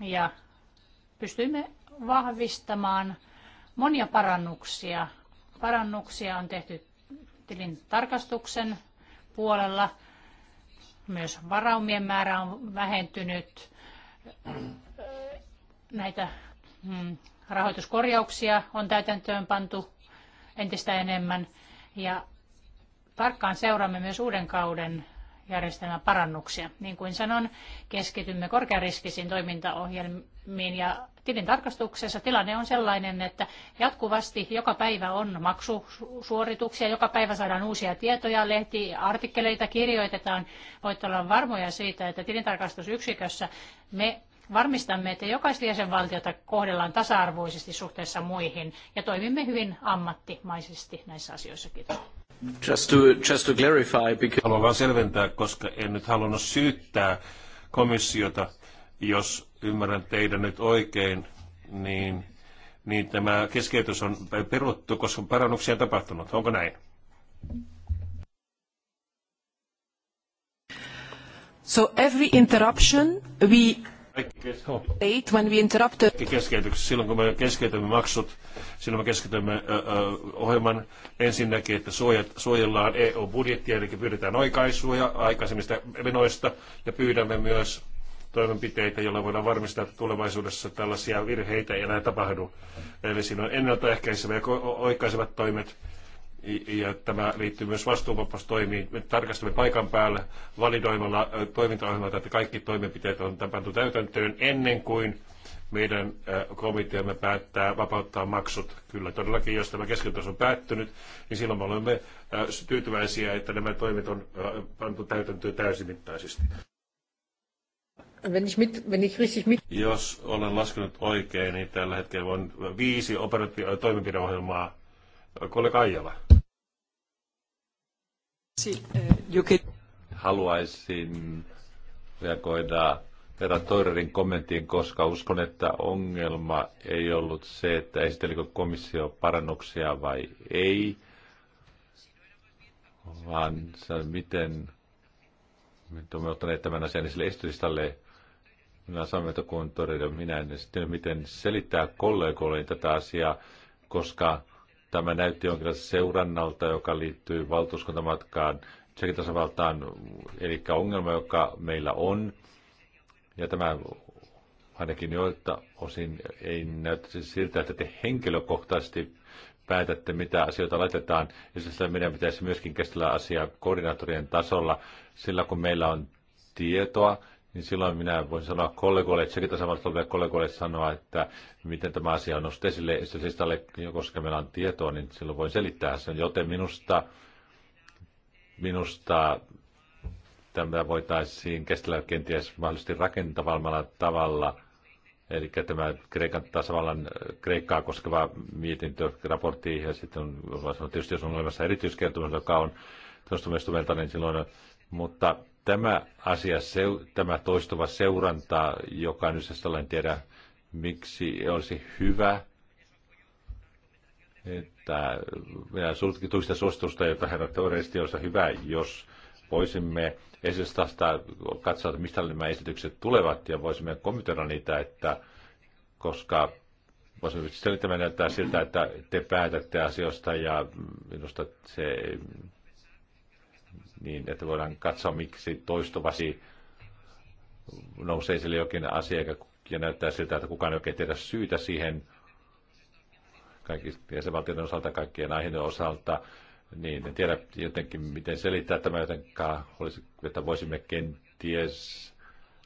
ja pystyimme vahvistamaan monia parannuksia. Parannuksia on tehty tilin tarkastuksen puolella. Myös varaumien määrä on vähentynyt. Näitä mm, Rahoituskorjauksia on täytäntöön pantu entistä enemmän ja tarkkaan seuraamme myös uuden kauden järjestelmän parannuksia. Niin kuin sanon, keskitymme korkeariskisiin toimintaohjelmiin ja tilintarkastuksessa tilanne on sellainen, että jatkuvasti joka päivä on maksusuorituksia, joka päivä saadaan uusia tietoja, lehtiartikkeleita kirjoitetaan. Voitte olla varmoja siitä, että tilintarkastusyksikössä me varmistamme, että jokaista jäsenvaltiota kohdellaan tasa-arvoisesti suhteessa muihin ja toimimme hyvin ammattimaisesti näissä asioissa. Kiitos. Just to, just to clarify, because... Haluan vain selventää, koska en nyt halunnut syyttää komissiota, jos ymmärrän teidän nyt oikein, niin, niin tämä keskeytys on peruttu, koska parannuksia on tapahtunut. Onko näin? So every interruption we kaikki keskeytykset. Silloin kun me keskeytämme maksut, silloin me keskeytämme ohjelman ensinnäkin, että suojellaan EU-budjettia, eli pyydetään oikaisuja aikaisemmista menoista ja pyydämme myös toimenpiteitä, joilla voidaan varmistaa, että tulevaisuudessa tällaisia virheitä ei enää tapahdu. Eli siinä on ennaltaehkäisevät ja oikaisevat toimet ja tämä liittyy myös vastuunvapaustoimiin. Me tarkastamme paikan päällä validoimalla toimintaohjelmalta, että kaikki toimenpiteet on pantu täytäntöön ennen kuin meidän komiteamme päättää vapauttaa maksut. Kyllä todellakin, jos tämä keskitys on päättynyt, niin silloin me olemme tyytyväisiä, että nämä toimet on pantu täytäntöön täysimittaisesti. Wenn ich mit, wenn ich richtig mit... Jos olen laskenut oikein, niin tällä hetkellä on viisi operati- toimenpideohjelmaa. Kollega Aijala. Eh, Haluaisin reagoida herra Toirerin kommenttiin, koska uskon, että ongelma ei ollut se, että esitelikö komissio parannuksia vai ei, vaan se, miten me olemme ottaneet tämän asian esille esityslistalle. Minä sanon, että kun todella minä en sitten miten selittää kollegoille tätä asiaa, koska Tämä näytti jonkinlaista seurannalta, joka liittyy valtuuskuntamatkaan Tsekin tasavaltaan, eli ongelma, joka meillä on. Ja tämä ainakin joilta osin ei näytä siis siltä, että te henkilökohtaisesti päätätte, mitä asioita laitetaan. Ja siis meidän pitäisi myöskin käsitellä asiaa koordinaattorien tasolla, sillä kun meillä on tietoa, niin silloin minä voin sanoa kollegoille, Tsekin tasavallassa oleville kollegoille sanoa, että miten tämä asia on noussut esille listalle, niin koska meillä on tietoa, niin silloin voin selittää sen. Joten minusta, minusta tämä voitaisiin kestellä kenties mahdollisesti rakentavalla tavalla, eli tämä Kreikan tasavallan Kreikkaa koskeva mietintö, raportti, ja sitten on, tietysti jos on olemassa erityiskertomus, joka on tuosta niin silloin, mutta Tämä asia, tämä toistuva seuranta, joka nyt sellainen tiedä, miksi olisi hyvä, että minä tuista suostusta, jota herra teoreisesti olisi hyvä, jos voisimme esitystä katsoa, että mistä nämä esitykset tulevat ja voisimme kommentoida niitä, että koska voisimme selittämään näyttää siltä, että te päätätte asioista ja minusta se niin että voidaan katsoa, miksi toistuvasi nousee sille jokin asia ja näyttää siltä, että kukaan ei oikein tiedä syytä siihen kaikki jäsenvaltioiden osalta, kaikkien aiheiden osalta, niin en tiedä jotenkin, miten selittää tämä jotenkaan, olisi, että voisimme kenties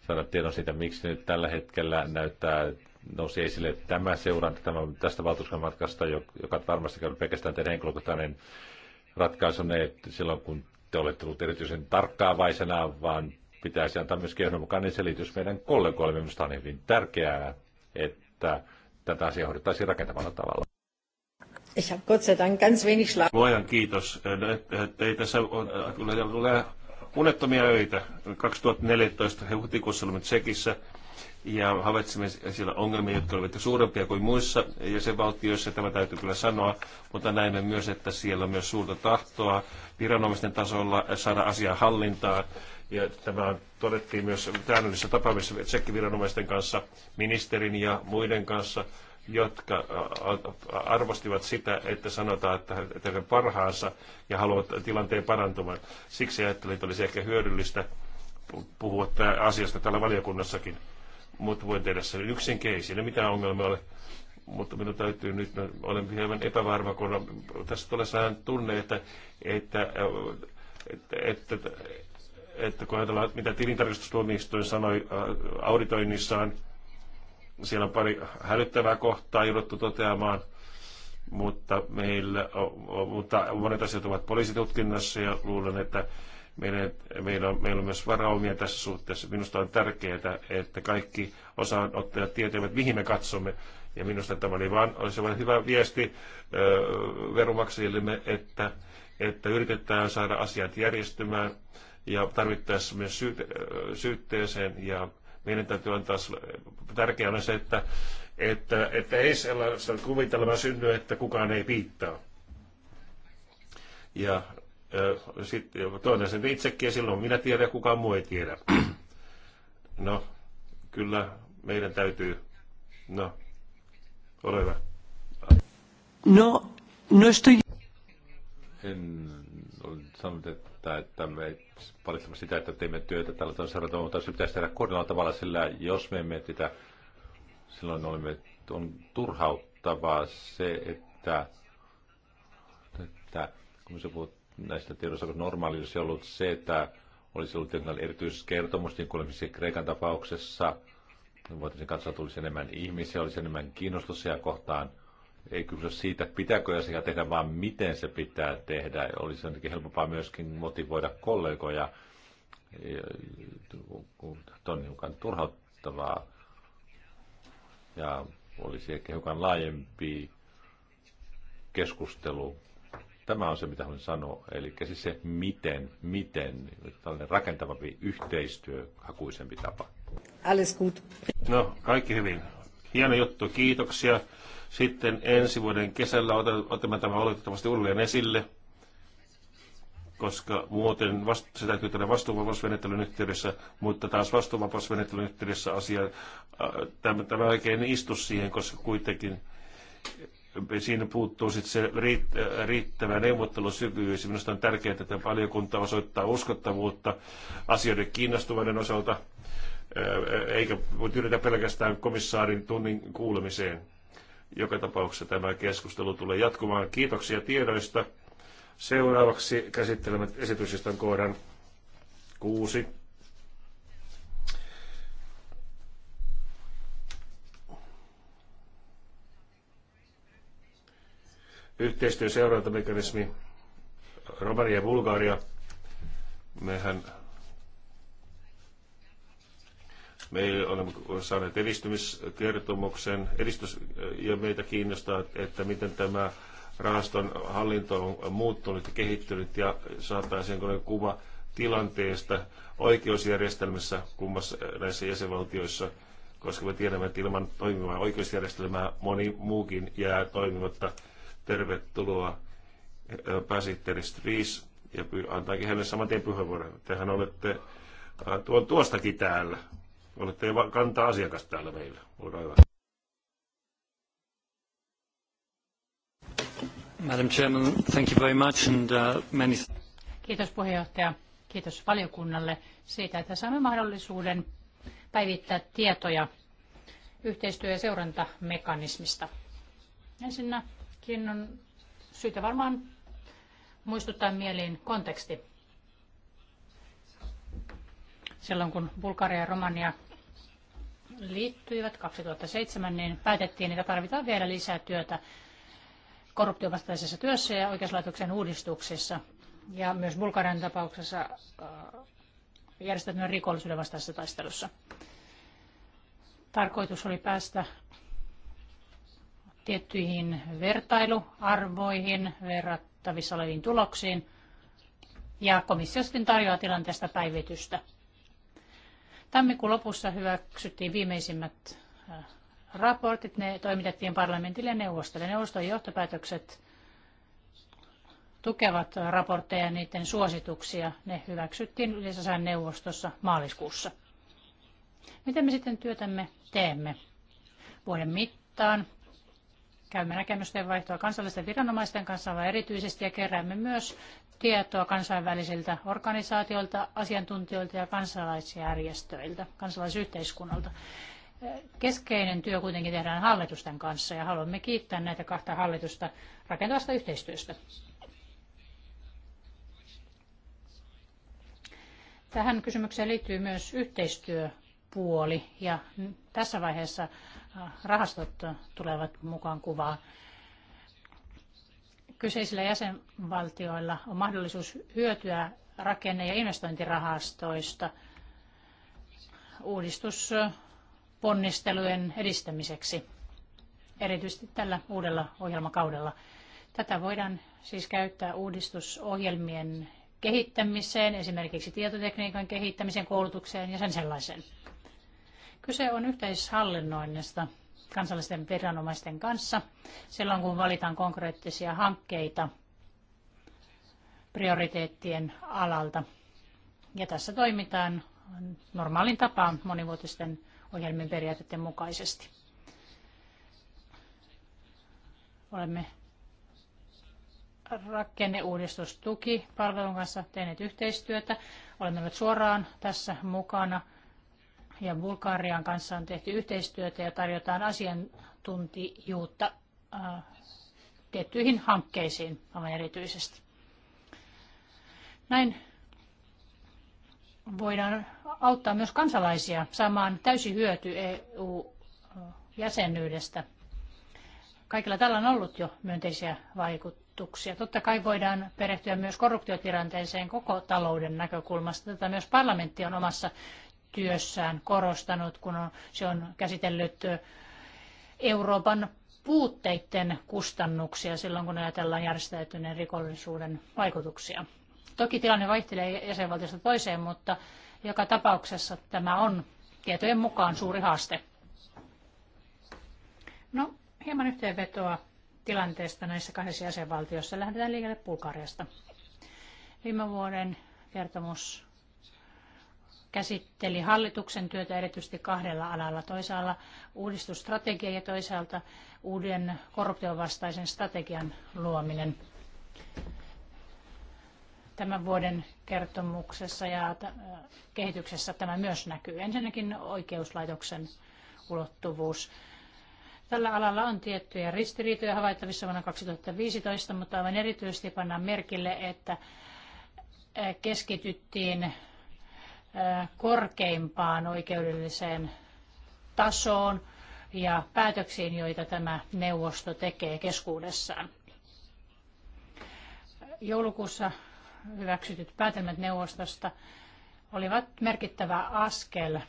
saada tiedon siitä, miksi nyt tällä hetkellä näyttää nousi esille tämä seuranta tämä, tästä valtuuskan matkasta, joka varmasti on pelkästään teidän henkilökohtainen ratkaisunne silloin, kun te olette ollut erityisen tarkkaavaisena, vaan pitäisi antaa myös johdonmukainen selitys meidän kollegoille. Minusta on hyvin tärkeää, että tätä asiaa hoidettaisiin rakentavalla tavalla. Ich habe Gott sei Dank ganz wenig Luojan kiitos. Ei tässä ole unettomia öitä. 2014 huhtikuussa olimme Tsekissä ja havaitsimme siellä ongelmia, jotka olivat suurempia kuin muissa jäsenvaltioissa, tämä täytyy kyllä sanoa, mutta näemme myös, että siellä on myös suurta tahtoa viranomaisten tasolla saada asiaa hallintaan, ja tämä todettiin myös täännöllisessä tapaamisessa tsekkiviranomaisten kanssa, ministerin ja muiden kanssa, jotka arvostivat sitä, että sanotaan, että tekevät parhaansa ja haluavat tilanteen parantumaan. Siksi ajattelin, että olisi ehkä hyödyllistä puhua asiasta täällä valiokunnassakin mutta voin tehdä sen yksin, ei siinä mitään ongelmia ole. Mutta minun täytyy nyt, olen hieman epävarma, kun tässä tulee sellainen tunne, että, että, että, että, että, että kun ajatellaan, mitä tilintarkastustuomioistuin sanoi äh, auditoinnissaan, siellä on pari hälyttävää kohtaa jouduttu toteamaan, mutta meillä, mutta monet asiat ovat poliisitutkinnassa ja luulen, että Meillä, meillä, on, meillä on myös varaumia tässä suhteessa. Minusta on tärkeää, että kaikki osanottajat tietävät, mihin me katsomme. Ja minusta tämä oli vain, olisi vain hyvä viesti ö, veromaksajillemme, että, että yritetään saada asiat järjestymään ja tarvittaessa myös ö, syytteeseen. Ja meidän täytyy antaa, tärkeää on se, että, että, että ei sellaista kuvitelmaa synny, että kukaan ei piittaa. Ja sitten toinen sen itsekin ja silloin minä tiedän ja kukaan muu ei tiedä. No, kyllä meidän täytyy. No, ole hyvä. No, no estoy... En ole sanonut, että, että me paljastamme sitä, että teemme työtä tällä tavalla seuraavalla, mutta se pitäisi tehdä koordinaalla tavalla, sillä jos me emme tätä, silloin olemme, on turhauttavaa se, että, että kun se puhuu näistä tiedoista, koska normaali olisi ollut se, että olisi ollut jotain erityiskertomus, niin kuin esimerkiksi Kreikan tapauksessa, voitaisiin katsoa, tulisi enemmän ihmisiä, olisi enemmän kiinnostusia kohtaan. Ei kyse siitä, pitääkö asiaa tehdä, vaan miten se pitää tehdä. Olisi jotenkin helpompaa myöskin motivoida kollegoja. Tuo on hiukan turhauttavaa ja olisi ehkä hiukan laajempi keskustelu Tämä on se, mitä haluan sanoa. Eli siis se, miten, miten, tällainen rakentavampi yhteistyö, hakuisempi tapa. Alles gut. No, kaikki hyvin. Hieno juttu, kiitoksia. Sitten ensi vuoden kesällä otamme tämän oletettavasti uudelleen esille, koska muuten vastu, se täytyy tehdä vastuuvapausmenettelyn yhteydessä, mutta taas vastuuvapausmenettelyn yhteydessä asia, tämä, tämä oikein istu siihen, koska kuitenkin siinä puuttuu sitten se riittävä neuvottelusyvyys. Minusta on tärkeää, että valiokunta osoittaa uskottavuutta asioiden kiinnostuvuuden osalta, eikä yritä pelkästään komissaarin tunnin kuulemiseen. Joka tapauksessa tämä keskustelu tulee jatkumaan. Kiitoksia tiedoista. Seuraavaksi käsittelemme esityslistan kohdan kuusi. yhteistyöseurantamekanismi Romania ja Bulgaria, mehän me olemme saaneet edistymiskertomuksen, edistys, ja meitä kiinnostaa, että miten tämä rahaston hallinto on muuttunut ja kehittynyt ja saataisiin kuva tilanteesta oikeusjärjestelmässä kummassa näissä jäsenvaltioissa, koska me tiedämme, että ilman toimivaa oikeusjärjestelmää moni muukin jää toimimatta tervetuloa pääsihteeri Stries ja antaakin hänelle saman tien puheenvuoron. Tehän olette tuon tuostakin täällä. Olette jo kantaa asiakas täällä meillä. Olkaa hyvä. Madam Chairman, thank you very much and uh, many... Kiitos puheenjohtaja. Kiitos valiokunnalle siitä, että saamme mahdollisuuden päivittää tietoja yhteistyö- ja seurantamekanismista. Ensinnä Tässäkin on syytä varmaan muistuttaa mieliin konteksti. Silloin kun Bulgaria ja Romania liittyivät 2007, niin päätettiin, että tarvitaan vielä lisää työtä korruptiovastaisessa työssä ja oikeuslaitoksen uudistuksessa. Ja myös Bulgarian tapauksessa äh, järjestetään rikollisuuden vastaisessa taistelussa. Tarkoitus oli päästä tiettyihin vertailuarvoihin verrattavissa oleviin tuloksiin. Ja komissio sitten tarjoaa tilanteesta päivitystä. Tammikuun lopussa hyväksyttiin viimeisimmät äh, raportit. Ne toimitettiin parlamentille ja neuvostolle. Neuvoston johtopäätökset tukevat raportteja ja niiden suosituksia. Ne hyväksyttiin yleisösään neuvostossa maaliskuussa. Miten me sitten työtämme teemme? Vuoden mittaan Käymme näkemysten vaihtoa kansallisten viranomaisten kanssa, vaan erityisesti ja keräämme myös tietoa kansainvälisiltä organisaatioilta, asiantuntijoilta ja kansalaisjärjestöiltä, kansalaisyhteiskunnalta. Keskeinen työ kuitenkin tehdään hallitusten kanssa ja haluamme kiittää näitä kahta hallitusta rakentavasta yhteistyöstä. Tähän kysymykseen liittyy myös yhteistyöpuoli ja tässä vaiheessa rahastot tulevat mukaan kuvaan. Kyseisillä jäsenvaltioilla on mahdollisuus hyötyä rakenne- ja investointirahastoista uudistusponnistelujen edistämiseksi, erityisesti tällä uudella ohjelmakaudella. Tätä voidaan siis käyttää uudistusohjelmien kehittämiseen, esimerkiksi tietotekniikan kehittämiseen, koulutukseen ja sen sellaiseen. Kyse on yhteishallinnoinnista kansallisten viranomaisten kanssa silloin, kun valitaan konkreettisia hankkeita prioriteettien alalta. Ja tässä toimitaan normaalin tapaan monivuotisten ohjelmien periaatteiden mukaisesti. Olemme rakenneuudistustuki kanssa tehneet yhteistyötä. Olemme olleet suoraan tässä mukana – ja Bulgarian kanssa on tehty yhteistyötä ja tarjotaan asiantuntijuutta äh, tiettyihin hankkeisiin aivan erityisesti. Näin voidaan auttaa myös kansalaisia saamaan täysi hyöty EU-jäsenyydestä. Kaikilla tällä on ollut jo myönteisiä vaikutuksia. Totta kai voidaan perehtyä myös korruptiotilanteeseen koko talouden näkökulmasta. Tätä myös parlamentti on omassa työssään korostanut, kun on, se on käsitellyt Euroopan puutteiden kustannuksia silloin, kun ajatellaan järjestäytyneen rikollisuuden vaikutuksia. Toki tilanne vaihtelee jäsenvaltiosta toiseen, mutta joka tapauksessa tämä on tietojen mukaan suuri haaste. No, hieman yhteenvetoa tilanteesta näissä kahdessa jäsenvaltiossa. Lähdetään liikkeelle Bulgariasta. Viime vuoden kertomus käsitteli hallituksen työtä erityisesti kahdella alalla. Toisaalla uudistusstrategia ja toisaalta uuden korruptionvastaisen strategian luominen tämän vuoden kertomuksessa ja kehityksessä tämä myös näkyy. Ensinnäkin oikeuslaitoksen ulottuvuus. Tällä alalla on tiettyjä ristiriitoja havaittavissa vuonna 2015, mutta aivan erityisesti pannaan merkille, että eh, keskityttiin korkeimpaan oikeudelliseen tasoon ja päätöksiin, joita tämä neuvosto tekee keskuudessaan. Joulukuussa hyväksytyt päätelmät neuvostosta olivat merkittävä askel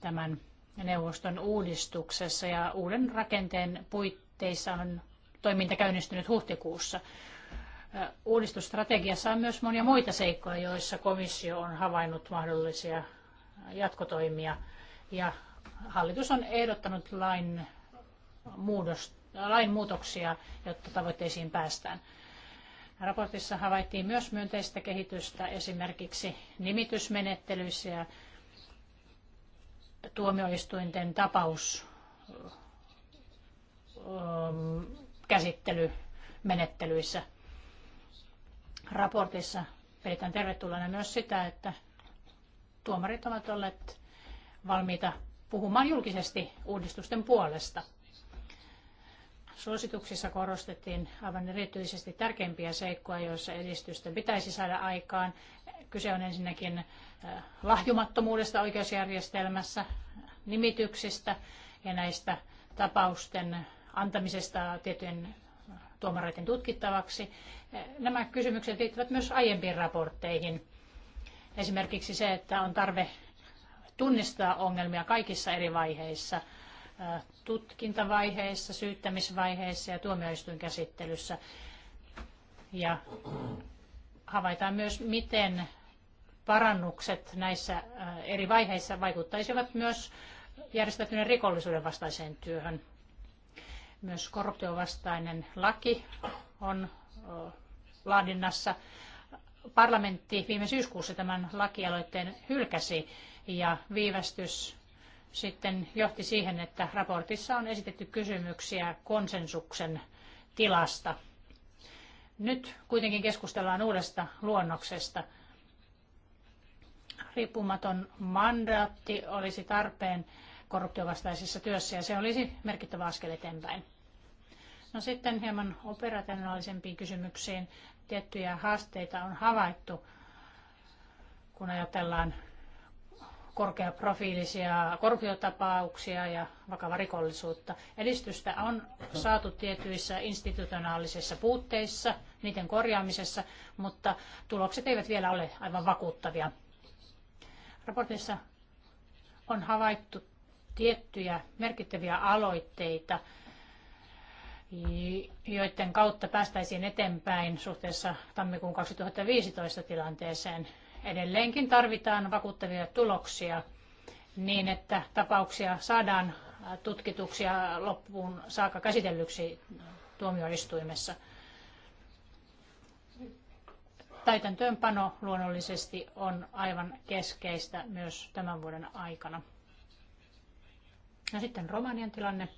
tämän neuvoston uudistuksessa ja uuden rakenteen puitteissa on toiminta käynnistynyt huhtikuussa uudistusstrategiassa on myös monia muita seikkoja, joissa komissio on havainnut mahdollisia jatkotoimia. Ja hallitus on ehdottanut lain, lain muutoksia, jotta tavoitteisiin päästään. Raportissa havaittiin myös myönteistä kehitystä esimerkiksi nimitysmenettelyissä ja tuomioistuinten tapauskäsittelymenettelyissä. käsittelymenettelyissä. Raportissa pidetään tervetulleena myös sitä, että tuomarit ovat olleet valmiita puhumaan julkisesti uudistusten puolesta. Suosituksissa korostettiin aivan erityisesti tärkeimpiä seikkoja, joissa edistystä pitäisi saada aikaan. Kyse on ensinnäkin eh, lahjumattomuudesta oikeusjärjestelmässä, nimityksistä ja näistä tapausten antamisesta tiettyjen tuomareiden tutkittavaksi. Nämä kysymykset liittyvät myös aiempiin raportteihin. Esimerkiksi se, että on tarve tunnistaa ongelmia kaikissa eri vaiheissa, tutkintavaiheissa, syyttämisvaiheissa ja tuomioistuinkäsittelyssä. Ja havaitaan myös, miten parannukset näissä eri vaiheissa vaikuttaisivat myös järjestäytyneen rikollisuuden vastaiseen työhön. Myös korruptiovastainen laki on laadinnassa. Parlamentti viime syyskuussa tämän lakialoitteen hylkäsi ja viivästys sitten johti siihen, että raportissa on esitetty kysymyksiä konsensuksen tilasta. Nyt kuitenkin keskustellaan uudesta luonnoksesta. Riippumaton mandaatti olisi tarpeen korruptiovastaisessa työssä ja se olisi merkittävä askel eteenpäin. No sitten hieman operationaalisempiin kysymyksiin. Tiettyjä haasteita on havaittu, kun ajatellaan korkeaprofiilisia korkeatapauksia ja vakavarikollisuutta. Edistystä on saatu tietyissä institutionaalisissa puutteissa, niiden korjaamisessa, mutta tulokset eivät vielä ole aivan vakuuttavia. Raportissa on havaittu tiettyjä merkittäviä aloitteita, joiden kautta päästäisiin eteenpäin suhteessa tammikuun 2015 tilanteeseen. Edelleenkin tarvitaan vakuuttavia tuloksia niin, että tapauksia saadaan tutkituksia loppuun saakka käsitellyksi tuomioistuimessa. Täytäntöönpano luonnollisesti on aivan keskeistä myös tämän vuoden aikana. No sitten Romanian tilanne.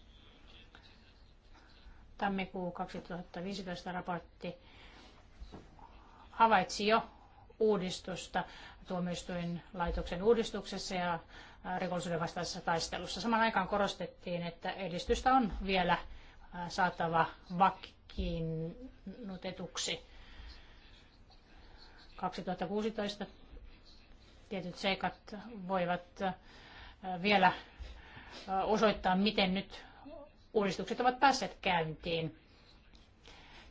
Tammikuu 2015 raportti havaitsi jo uudistusta tuomioistuin laitoksen uudistuksessa ja rikollisuuden vastaisessa taistelussa. Saman aikaan korostettiin, että edistystä on vielä äh, saatava vakkiinnutetuksi. 2016 tietyt seikat voivat äh, vielä äh, osoittaa, miten nyt uudistukset ovat päässeet käyntiin.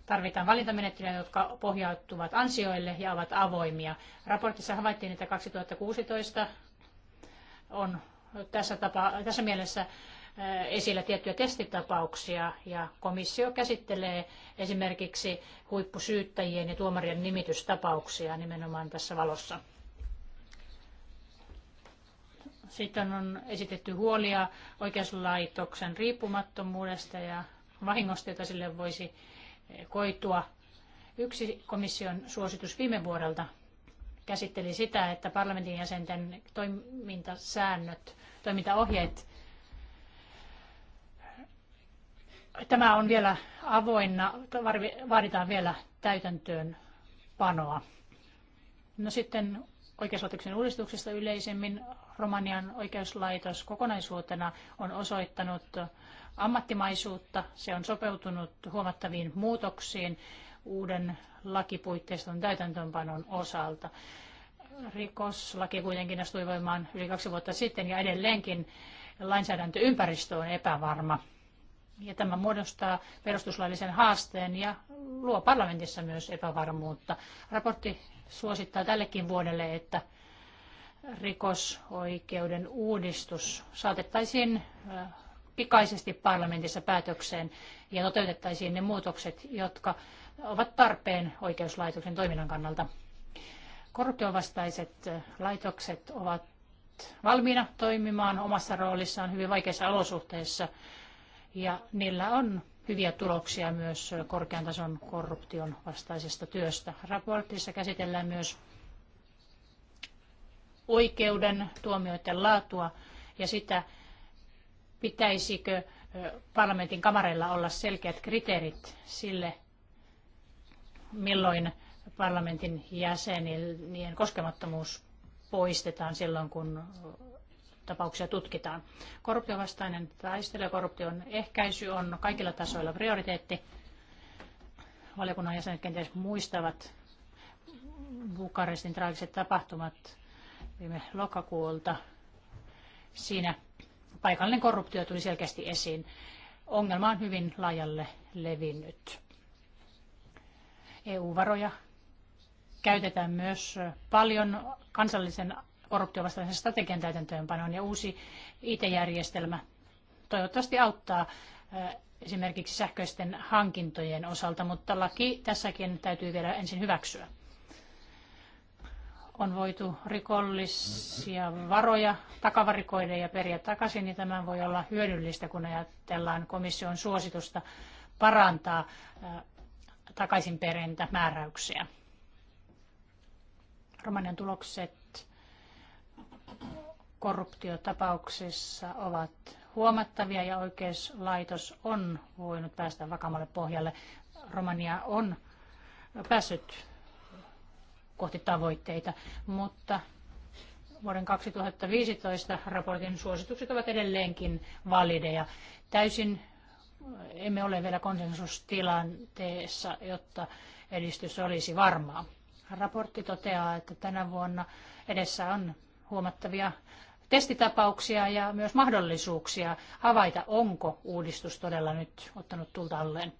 Tarvitaan valintamenettelyjä, jotka pohjautuvat ansioille ja ovat avoimia. Raportissa havaittiin, että 2016 on tässä, tapa, tässä mielessä äh, esillä tiettyjä testitapauksia ja komissio käsittelee esimerkiksi huippusyyttäjien ja tuomarien nimitystapauksia nimenomaan tässä valossa. Sitten on esitetty huolia oikeuslaitoksen riippumattomuudesta ja vahingosta, jota sille voisi eh, koitua. Yksi komission suositus viime vuodelta käsitteli sitä, että parlamentin jäsenten toimintasäännöt, toimintaohjeet, tämä on vielä avoinna, vaaditaan vielä täytäntöön panoa. No sitten oikeuslaitoksen uudistuksesta yleisemmin Romanian oikeuslaitos kokonaisuutena on osoittanut ammattimaisuutta. Se on sopeutunut huomattaviin muutoksiin uuden lakipuitteiston täytäntöönpanon osalta. Rikoslaki kuitenkin astui voimaan yli kaksi vuotta sitten ja edelleenkin lainsäädäntöympäristö on epävarma. Ja tämä muodostaa perustuslaillisen haasteen ja luo parlamentissa myös epävarmuutta. Raportti suosittaa tällekin vuodelle, että rikosoikeuden uudistus saatettaisiin pikaisesti parlamentissa päätökseen ja toteutettaisiin ne muutokset, jotka ovat tarpeen oikeuslaitoksen toiminnan kannalta. Korruptiovastaiset laitokset ovat valmiina toimimaan omassa roolissaan hyvin vaikeissa olosuhteissa ja niillä on hyviä tuloksia myös korkean tason korruption vastaisesta työstä. Raportissa käsitellään myös oikeuden tuomioiden laatua ja sitä, pitäisikö parlamentin kamareilla olla selkeät kriteerit sille, milloin parlamentin jäsenien koskemattomuus poistetaan silloin, kun tapauksia tutkitaan. Korruptiovastainen taistelu ja korruption ehkäisy on kaikilla tasoilla prioriteetti. Valiokunnan jäsenet kenties muistavat Bukarestin traagiset tapahtumat viime lokakuulta. Siinä paikallinen korruptio tuli selkeästi esiin. Ongelma on hyvin laajalle levinnyt. EU-varoja käytetään myös paljon kansallisen korruptiovastaisen strategian täytäntöönpanoon ja uusi IT-järjestelmä toivottavasti auttaa eh, esimerkiksi sähköisten hankintojen osalta, mutta laki tässäkin täytyy vielä ensin hyväksyä. On voitu rikollisia varoja takavarikoida ja periä takaisin, niin tämä voi olla hyödyllistä, kun ajatellaan komission suositusta parantaa eh, takaisinperintämääräyksiä. Romanian tulokset korruptiotapauksissa ovat huomattavia ja oikeuslaitos on voinut päästä vakamalle pohjalle. Romania on päässyt kohti tavoitteita, mutta vuoden 2015 raportin suositukset ovat edelleenkin valideja. Täysin emme ole vielä konsensustilanteessa, jotta edistys olisi varmaa. Raportti toteaa, että tänä vuonna edessä on huomattavia testitapauksia ja myös mahdollisuuksia havaita, onko uudistus todella nyt ottanut tulta alleen.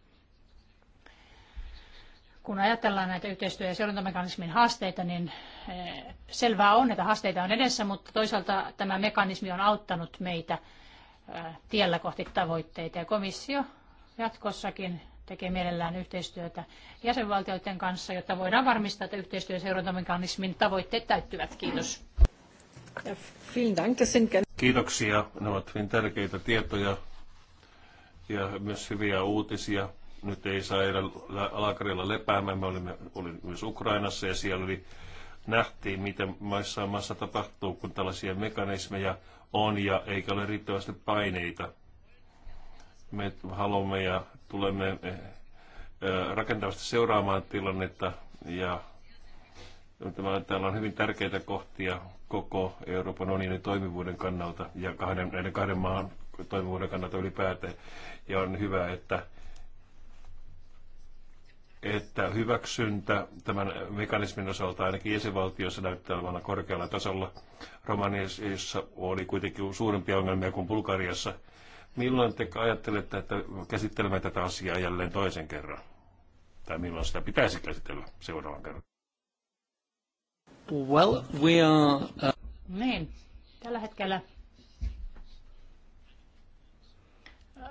Kun ajatellaan näitä yhteistyö- ja seurantamekanismin haasteita, niin eh, selvää on, että haasteita on edessä, mutta toisaalta tämä mekanismi on auttanut meitä eh, tiellä kohti tavoitteita. Ja komissio jatkossakin tekee mielellään yhteistyötä jäsenvaltioiden kanssa, jotta voidaan varmistaa, että yhteistyö- ja seurantamekanismin tavoitteet täyttyvät. Kiitos. Kiitoksia. Ne ovat hyvin tärkeitä tietoja ja myös hyviä uutisia. Nyt ei saa edä alakarjalla lepäämään. Me olimme, olimme myös Ukrainassa ja siellä oli, nähtiin, miten maissa maassa tapahtuu, kun tällaisia mekanismeja on ja eikä ole riittävästi paineita. Me haluamme ja tulemme eh, eh, rakentavasti seuraamaan tilannetta ja Täällä on hyvin tärkeitä kohtia koko Euroopan unionin toimivuuden kannalta ja kahden, näiden kahden maan toimivuuden kannalta ylipäätään. Ja on hyvä, että, että hyväksyntä tämän mekanismin osalta ainakin jäsenvaltiossa näyttää olevan korkealla tasolla. Romaniassa oli kuitenkin suurempia ongelmia kuin Bulgariassa. Milloin te ajattelette, että käsittelemme tätä asiaa jälleen toisen kerran? Tai milloin sitä pitäisi käsitellä seuraavan kerran? Well, we are, uh... Niin, tällä hetkellä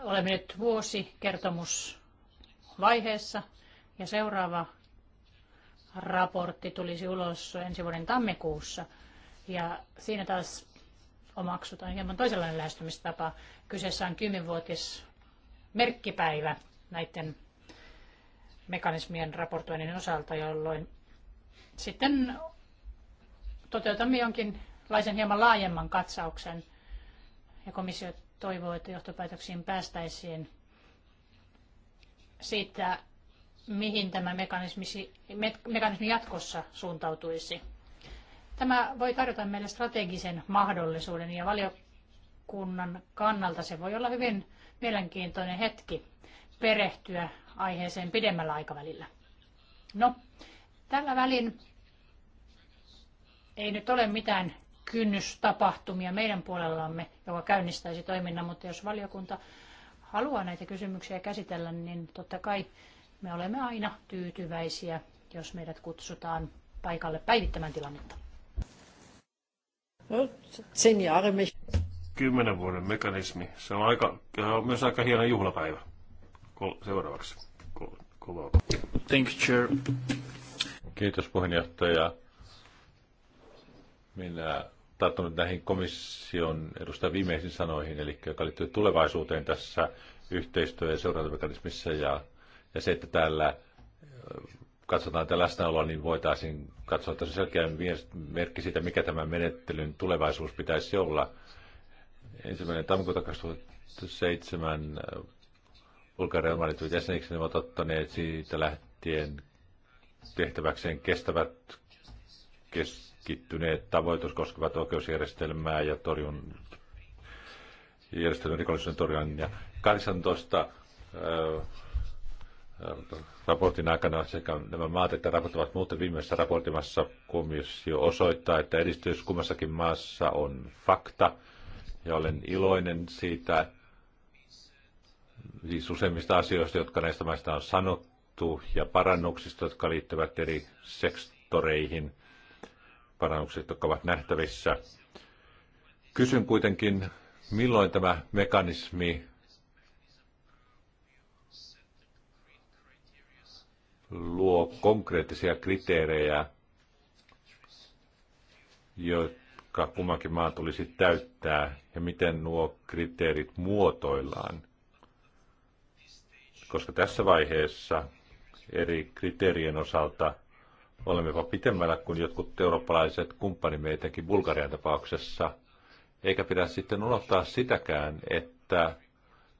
olemme nyt vaiheessa ja seuraava raportti tulisi ulos ensi vuoden tammikuussa. Ja siinä taas omaksutaan hieman toisenlainen lähestymistapa. Kyseessä on kymmenvuotis merkkipäivä näiden mekanismien raportoinnin osalta, jolloin sitten toteutamme jonkinlaisen hieman laajemman katsauksen. Ja komissio toivoo, että johtopäätöksiin päästäisiin siitä, mihin tämä mekanismi, mekanismi jatkossa suuntautuisi. Tämä voi tarjota meille strategisen mahdollisuuden ja valiokunnan kannalta se voi olla hyvin mielenkiintoinen hetki perehtyä aiheeseen pidemmällä aikavälillä. No, tällä välin ei nyt ole mitään kynnystapahtumia meidän puolellamme, joka käynnistäisi toiminnan, mutta jos valiokunta haluaa näitä kysymyksiä käsitellä, niin totta kai me olemme aina tyytyväisiä, jos meidät kutsutaan paikalle päivittämään tilannetta. No, Kymmenen vuoden mekanismi. Se on, aika, on myös aika hieno juhlapäivä. Seuraavaksi. Thank you, Chair. Kiitos puheenjohtaja. Minä tartun näihin komission edustajan viimeisiin sanoihin, eli joka liittyy tulevaisuuteen tässä yhteistyö- ja seurantamekanismissa ja, ja se, että täällä katsotaan tätä läsnäoloa, niin voitaisiin katsoa on selkeä merkki siitä, mikä tämän menettelyn tulevaisuus pitäisi olla. Ensimmäinen tammikuuta 2007 Bulgarian valittu jäseniksi, ne ovat ottaneet siitä lähtien tehtäväkseen kestävät keskittyneet tavoitus koskevat oikeusjärjestelmää ja torjun järjestelmän rikollisuuden torjunnan. Ja 18 raportin aikana sekä nämä maat että raportoivat muuten viimeisessä raportimassa komissio osoittaa, että edistys kummassakin maassa on fakta. Ja olen iloinen siitä, siis useimmista asioista, jotka näistä maista on sanottu, ja parannuksista, jotka liittyvät eri sektoreihin parannukset, jotka ovat nähtävissä. Kysyn kuitenkin, milloin tämä mekanismi luo konkreettisia kriteerejä, jotka kummankin maan tulisi täyttää, ja miten nuo kriteerit muotoillaan. Koska tässä vaiheessa eri kriteerien osalta – Olemme jopa pitemmällä kuin jotkut eurooppalaiset kumppanimme, etenkin Bulgarian tapauksessa. Eikä pidä sitten unohtaa sitäkään, että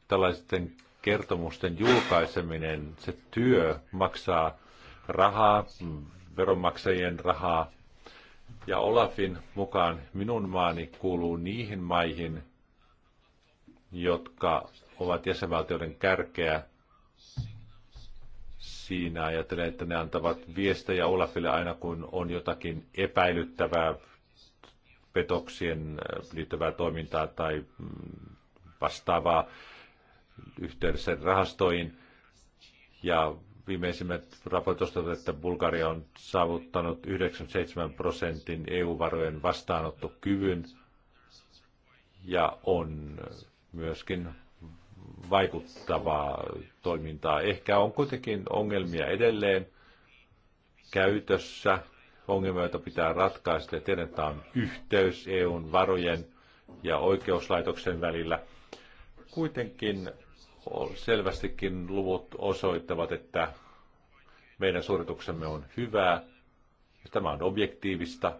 tällaisten kertomusten julkaiseminen, se työ maksaa rahaa, veronmaksajien rahaa. Ja Olafin mukaan minun maani kuuluu niihin maihin, jotka ovat jäsenvaltioiden kärkeä siinä ajattelen, että ne antavat viestejä Olafille aina, kun on jotakin epäilyttävää petoksien äh, liittyvää toimintaa tai mm, vastaavaa yhteydessä rahastoihin. Ja viimeisimmät raportit että Bulgaria on saavuttanut 97 prosentin EU-varojen vastaanottokyvyn ja on myöskin vaikuttavaa toimintaa. Ehkä on kuitenkin ongelmia edelleen käytössä, ongelmia, joita pitää ratkaista. Tiedän, että on yhteys EUn varojen ja oikeuslaitoksen välillä. Kuitenkin selvästikin luvut osoittavat, että meidän suorituksemme on hyvää. Tämä on objektiivista,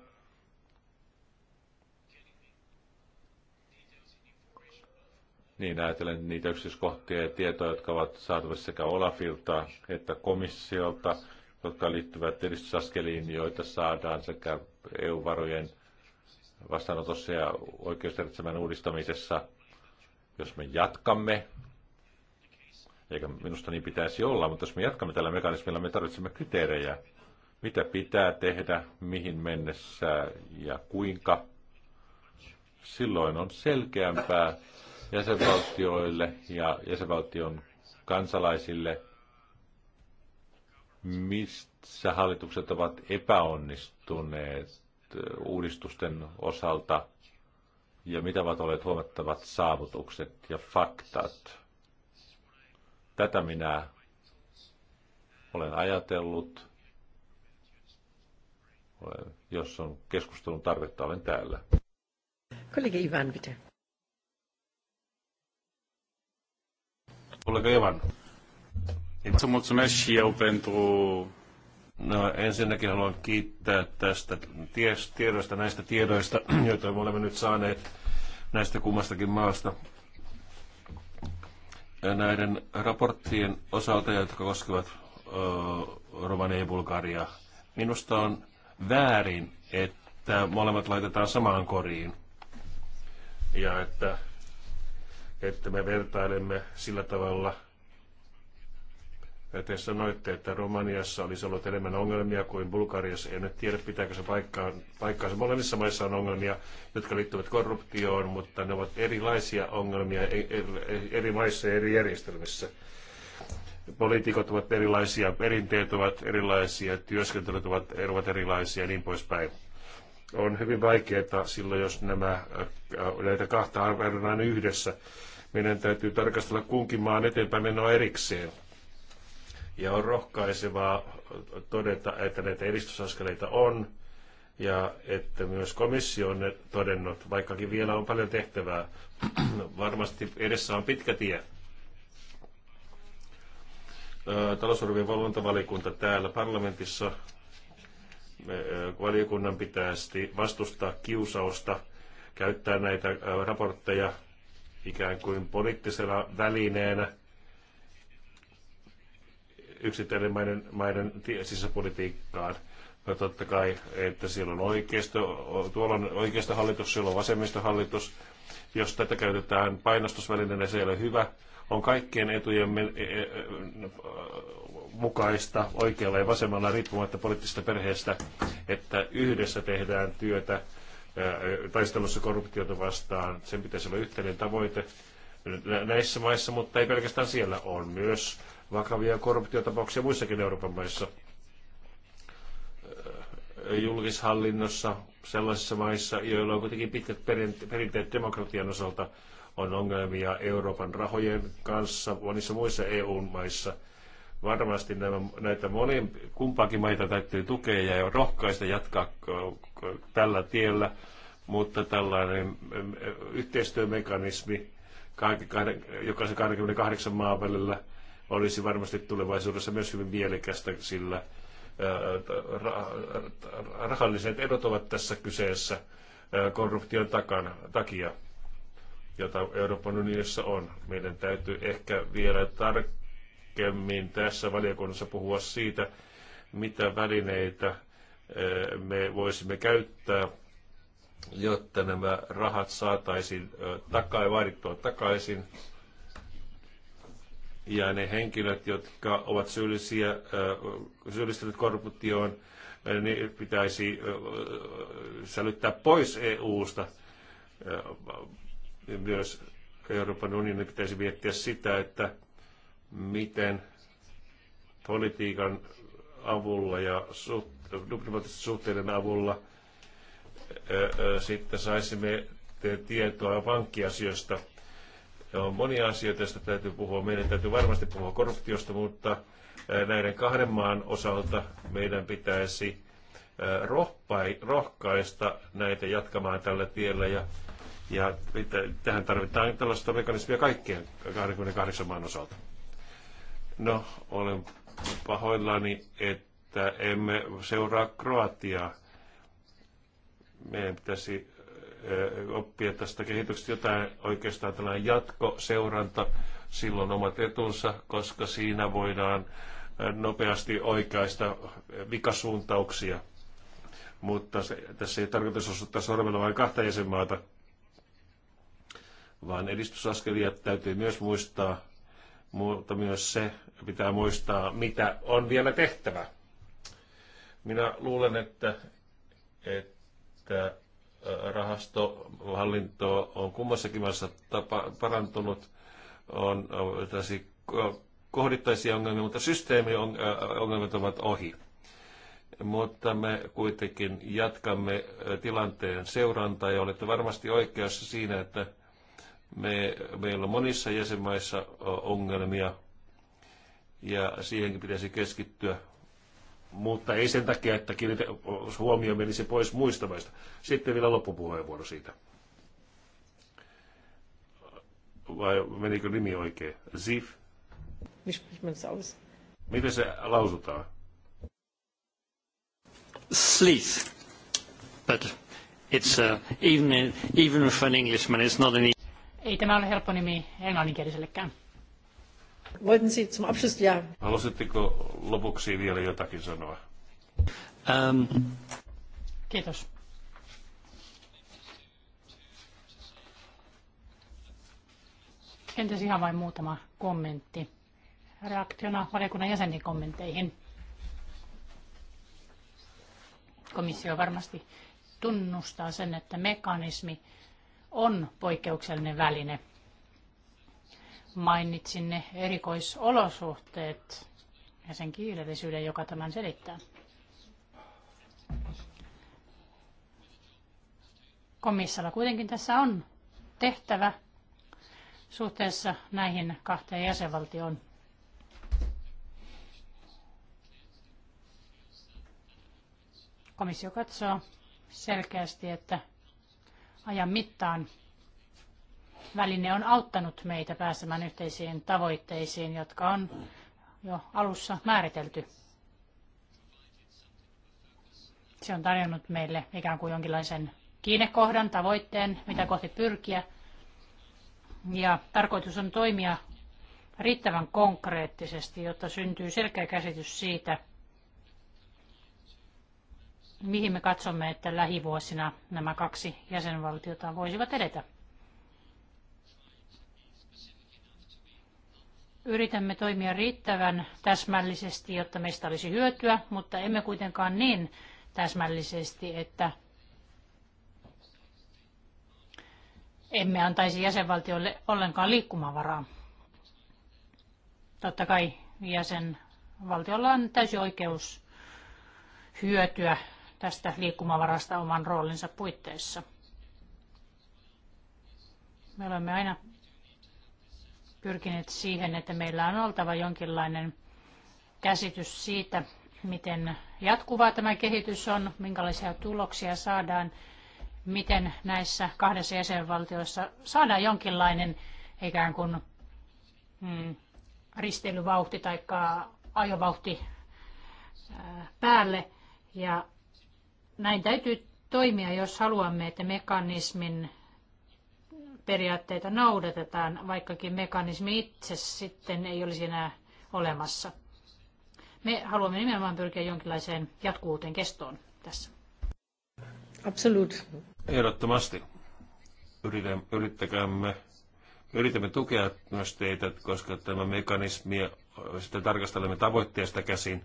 niin ajatellen niitä yksityiskohtia ja tietoja, jotka ovat saatavissa sekä Olafilta että komissiolta, jotka liittyvät edistysaskeliin, joita saadaan sekä EU-varojen vastaanotossa ja oikeusjärjestelmän uudistamisessa. Jos me jatkamme, eikä minusta niin pitäisi olla, mutta jos me jatkamme tällä mekanismilla, me tarvitsemme kriteerejä, mitä pitää tehdä, mihin mennessä ja kuinka. Silloin on selkeämpää jäsenvaltioille ja jäsenvaltion kansalaisille, missä hallitukset ovat epäonnistuneet uudistusten osalta ja mitä ovat olleet huomattavat saavutukset ja faktat. Tätä minä olen ajatellut. Jos on keskustelun tarvetta, olen täällä. Kollega Ivan, bitte. Ivan. Evan. Mulțumesc și eu pentru... No, ensinnäkin haluan kiittää tästä tiedosta, näistä tiedoista, joita me olemme nyt saaneet näistä kummastakin maasta. Ja näiden raporttien osalta, jotka koskevat uh, Romania ja Bulgaria, minusta on väärin, että molemmat laitetaan samaan koriin. Ja että että me vertailemme sillä tavalla, te sanoitte, että Romaniassa olisi ollut enemmän ongelmia kuin Bulgariassa. En nyt tiedä, pitääkö se paikkaan, paikkaansa. Molemmissa maissa on ongelmia, jotka liittyvät korruptioon, mutta ne ovat erilaisia ongelmia e- eri maissa ja eri järjestelmissä. Poliitikot ovat erilaisia, perinteet ovat erilaisia, työskentelyt ovat, ovat erilaisia ja niin poispäin on hyvin vaikeaa silloin, jos nämä, äh, näitä kahta arvioidaan yhdessä. Meidän täytyy tarkastella kunkin maan eteenpäin menoa erikseen. Ja on rohkaisevaa todeta, että näitä edistysaskeleita on ja että myös komissio on ne todennut, vaikkakin vielä on paljon tehtävää. Varmasti edessä on pitkä tie. Talousarvion valvontavaliokunta täällä parlamentissa valiokunnan pitää vastustaa kiusausta käyttää näitä raportteja ikään kuin poliittisena välineenä yksittäinen maiden, maiden sisäpolitiikkaan. No totta kai, että siellä on oikeisto, tuolla on hallitus, siellä on hallitus. Jos tätä käytetään painostusvälineenä, se ei ole hyvä. On kaikkien etujen e, e, mukaista oikealla ja vasemmalla riippumatta poliittisesta perheestä, että yhdessä tehdään työtä taistelussa korruptiota vastaan. Sen pitäisi olla yhteinen tavoite näissä maissa, mutta ei pelkästään siellä. On myös vakavia korruptiotapauksia muissakin Euroopan maissa. Julkishallinnossa sellaisissa maissa, joilla on kuitenkin pitkät perinteet demokratian osalta, on ongelmia Euroopan rahojen kanssa monissa muissa EU-maissa – Varmasti nämä, näitä monen, kumpaakin maita täytyy tukea ja rohkaista jatkaa tällä tiellä, mutta tällainen yhteistyömekanismi jokaisen 28 maan välillä olisi varmasti tulevaisuudessa myös hyvin mielekästä, sillä rahalliset edot ovat tässä kyseessä korruption takana, takia, jota Euroopan unionissa on. Meidän täytyy ehkä vielä tar- tarkemmin tässä valiokunnassa puhua siitä, mitä välineitä eh, me voisimme käyttää, jotta nämä rahat saataisiin eh, takai, vaadittua takaisin. Ja ne henkilöt, jotka ovat syyllisiä, eh, syyllistyneet korruptioon, niin pitäisi sälyttää pois EU-sta. Myös Euroopan unionin pitäisi miettiä sitä, että miten politiikan avulla ja suht, diplomaattisten suhteiden avulla ö, ö, sitten saisimme tietoa pankkiasioista. On monia asioita, joista täytyy puhua. Meidän täytyy varmasti puhua korruptiosta, mutta näiden kahden maan osalta meidän pitäisi rohpai, rohkaista näitä jatkamaan tällä tiellä. Ja, ja tähän tarvitaan tällaista mekanismia kaikkien 28 maan osalta. No, olen pahoillani, että emme seuraa Kroatiaa. Meidän pitäisi eh, oppia tästä kehityksestä jotain oikeastaan tällainen jatkoseuranta, silloin omat etunsa, koska siinä voidaan eh, nopeasti oikaista eh, vikasuuntauksia. Mutta se, tässä ei tarkoitus osoittaa sormella vain kahta jäsenmaata, vaan edistysaskelia täytyy myös muistaa mutta myös se pitää muistaa, mitä on vielä tehtävä. Minä luulen, että, että rahastohallinto on kummassakin maassa tapa, parantunut, on tässä kohdittaisia ongelmia, mutta systeemiongelmat ovat ohi. Mutta me kuitenkin jatkamme tilanteen seurantaa ja olette varmasti oikeassa siinä, että me, meillä on monissa jäsenmaissa ongelmia ja siihenkin pitäisi keskittyä, mutta ei sen takia, että huomio menisi pois muista maista. Sitten vielä loppupuheenvuoro siitä. Vai menikö nimi oikein? ZIF? Miten se lausutaan? Sleeth. But it's uh, even, even for an Englishman, it's not an ei tämä ole helppo nimi englanninkielisellekään. Voitin siitä zum Abschluss, ja. Halusitteko lopuksi vielä jotakin sanoa? Um. Kiitos. Kenties ihan vain muutama kommentti reaktiona valiokunnan jäsenten kommentteihin. Komissio varmasti tunnustaa sen, että mekanismi on poikkeuksellinen väline. Mainitsin ne erikoisolosuhteet ja sen kiireellisyyden, joka tämän selittää. Komissalla kuitenkin tässä on tehtävä suhteessa näihin kahteen jäsenvaltioon. Komissio katsoo selkeästi, että ajan mittaan väline on auttanut meitä pääsemään yhteisiin tavoitteisiin, jotka on jo alussa määritelty. Se on tarjonnut meille ikään kuin jonkinlaisen kiinekohdan tavoitteen, mitä kohti pyrkiä. Ja tarkoitus on toimia riittävän konkreettisesti, jotta syntyy selkeä käsitys siitä, mihin me katsomme, että lähivuosina nämä kaksi jäsenvaltiota voisivat edetä. Yritämme toimia riittävän täsmällisesti, jotta meistä olisi hyötyä, mutta emme kuitenkaan niin täsmällisesti, että emme antaisi jäsenvaltiolle ollenkaan liikkumavaraa. Totta kai jäsenvaltiolla on täysi oikeus hyötyä tästä liikkumavarasta oman roolinsa puitteissa. Me olemme aina pyrkineet siihen, että meillä on oltava jonkinlainen käsitys siitä, miten jatkuvaa tämä kehitys on, minkälaisia tuloksia saadaan, miten näissä kahdessa jäsenvaltioissa saadaan jonkinlainen ikään kuin mm, risteilyvauhti tai ajovauhti päälle ja näin täytyy toimia, jos haluamme, että mekanismin periaatteita noudatetaan, vaikkakin mekanismi itse sitten ei olisi enää olemassa. Me haluamme nimenomaan pyrkiä jonkinlaiseen jatkuvuuteen kestoon tässä. Absoluut. Ehdottomasti. Yritämme, yritämme tukea myös teitä, koska tämä mekanismi, sitä tarkastelemme tavoitteesta käsin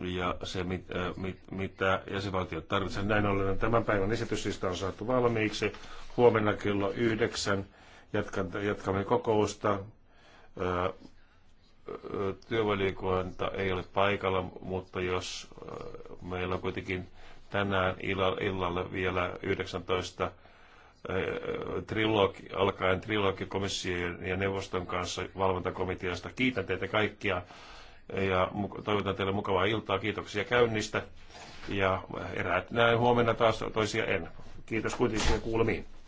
ja se, mit, äh, mit, mitä jäsenvaltiot tarvitsevat. Näin ollen tämän päivän esityslista on saatu valmiiksi. Huomenna kello yhdeksän jatkan, jatkamme kokousta. Äh, äh, Työvaliokunta ei ole paikalla, mutta jos meillä on kuitenkin tänään illalla vielä 19 trilogi, alkaen trilogi komission ja neuvoston kanssa valvontakomiteasta. Kiitän teitä kaikkia ja toivotan teille mukavaa iltaa. Kiitoksia käynnistä ja eräät Näin huomenna taas, toisia en. Kiitos kuitenkin kuulemiin.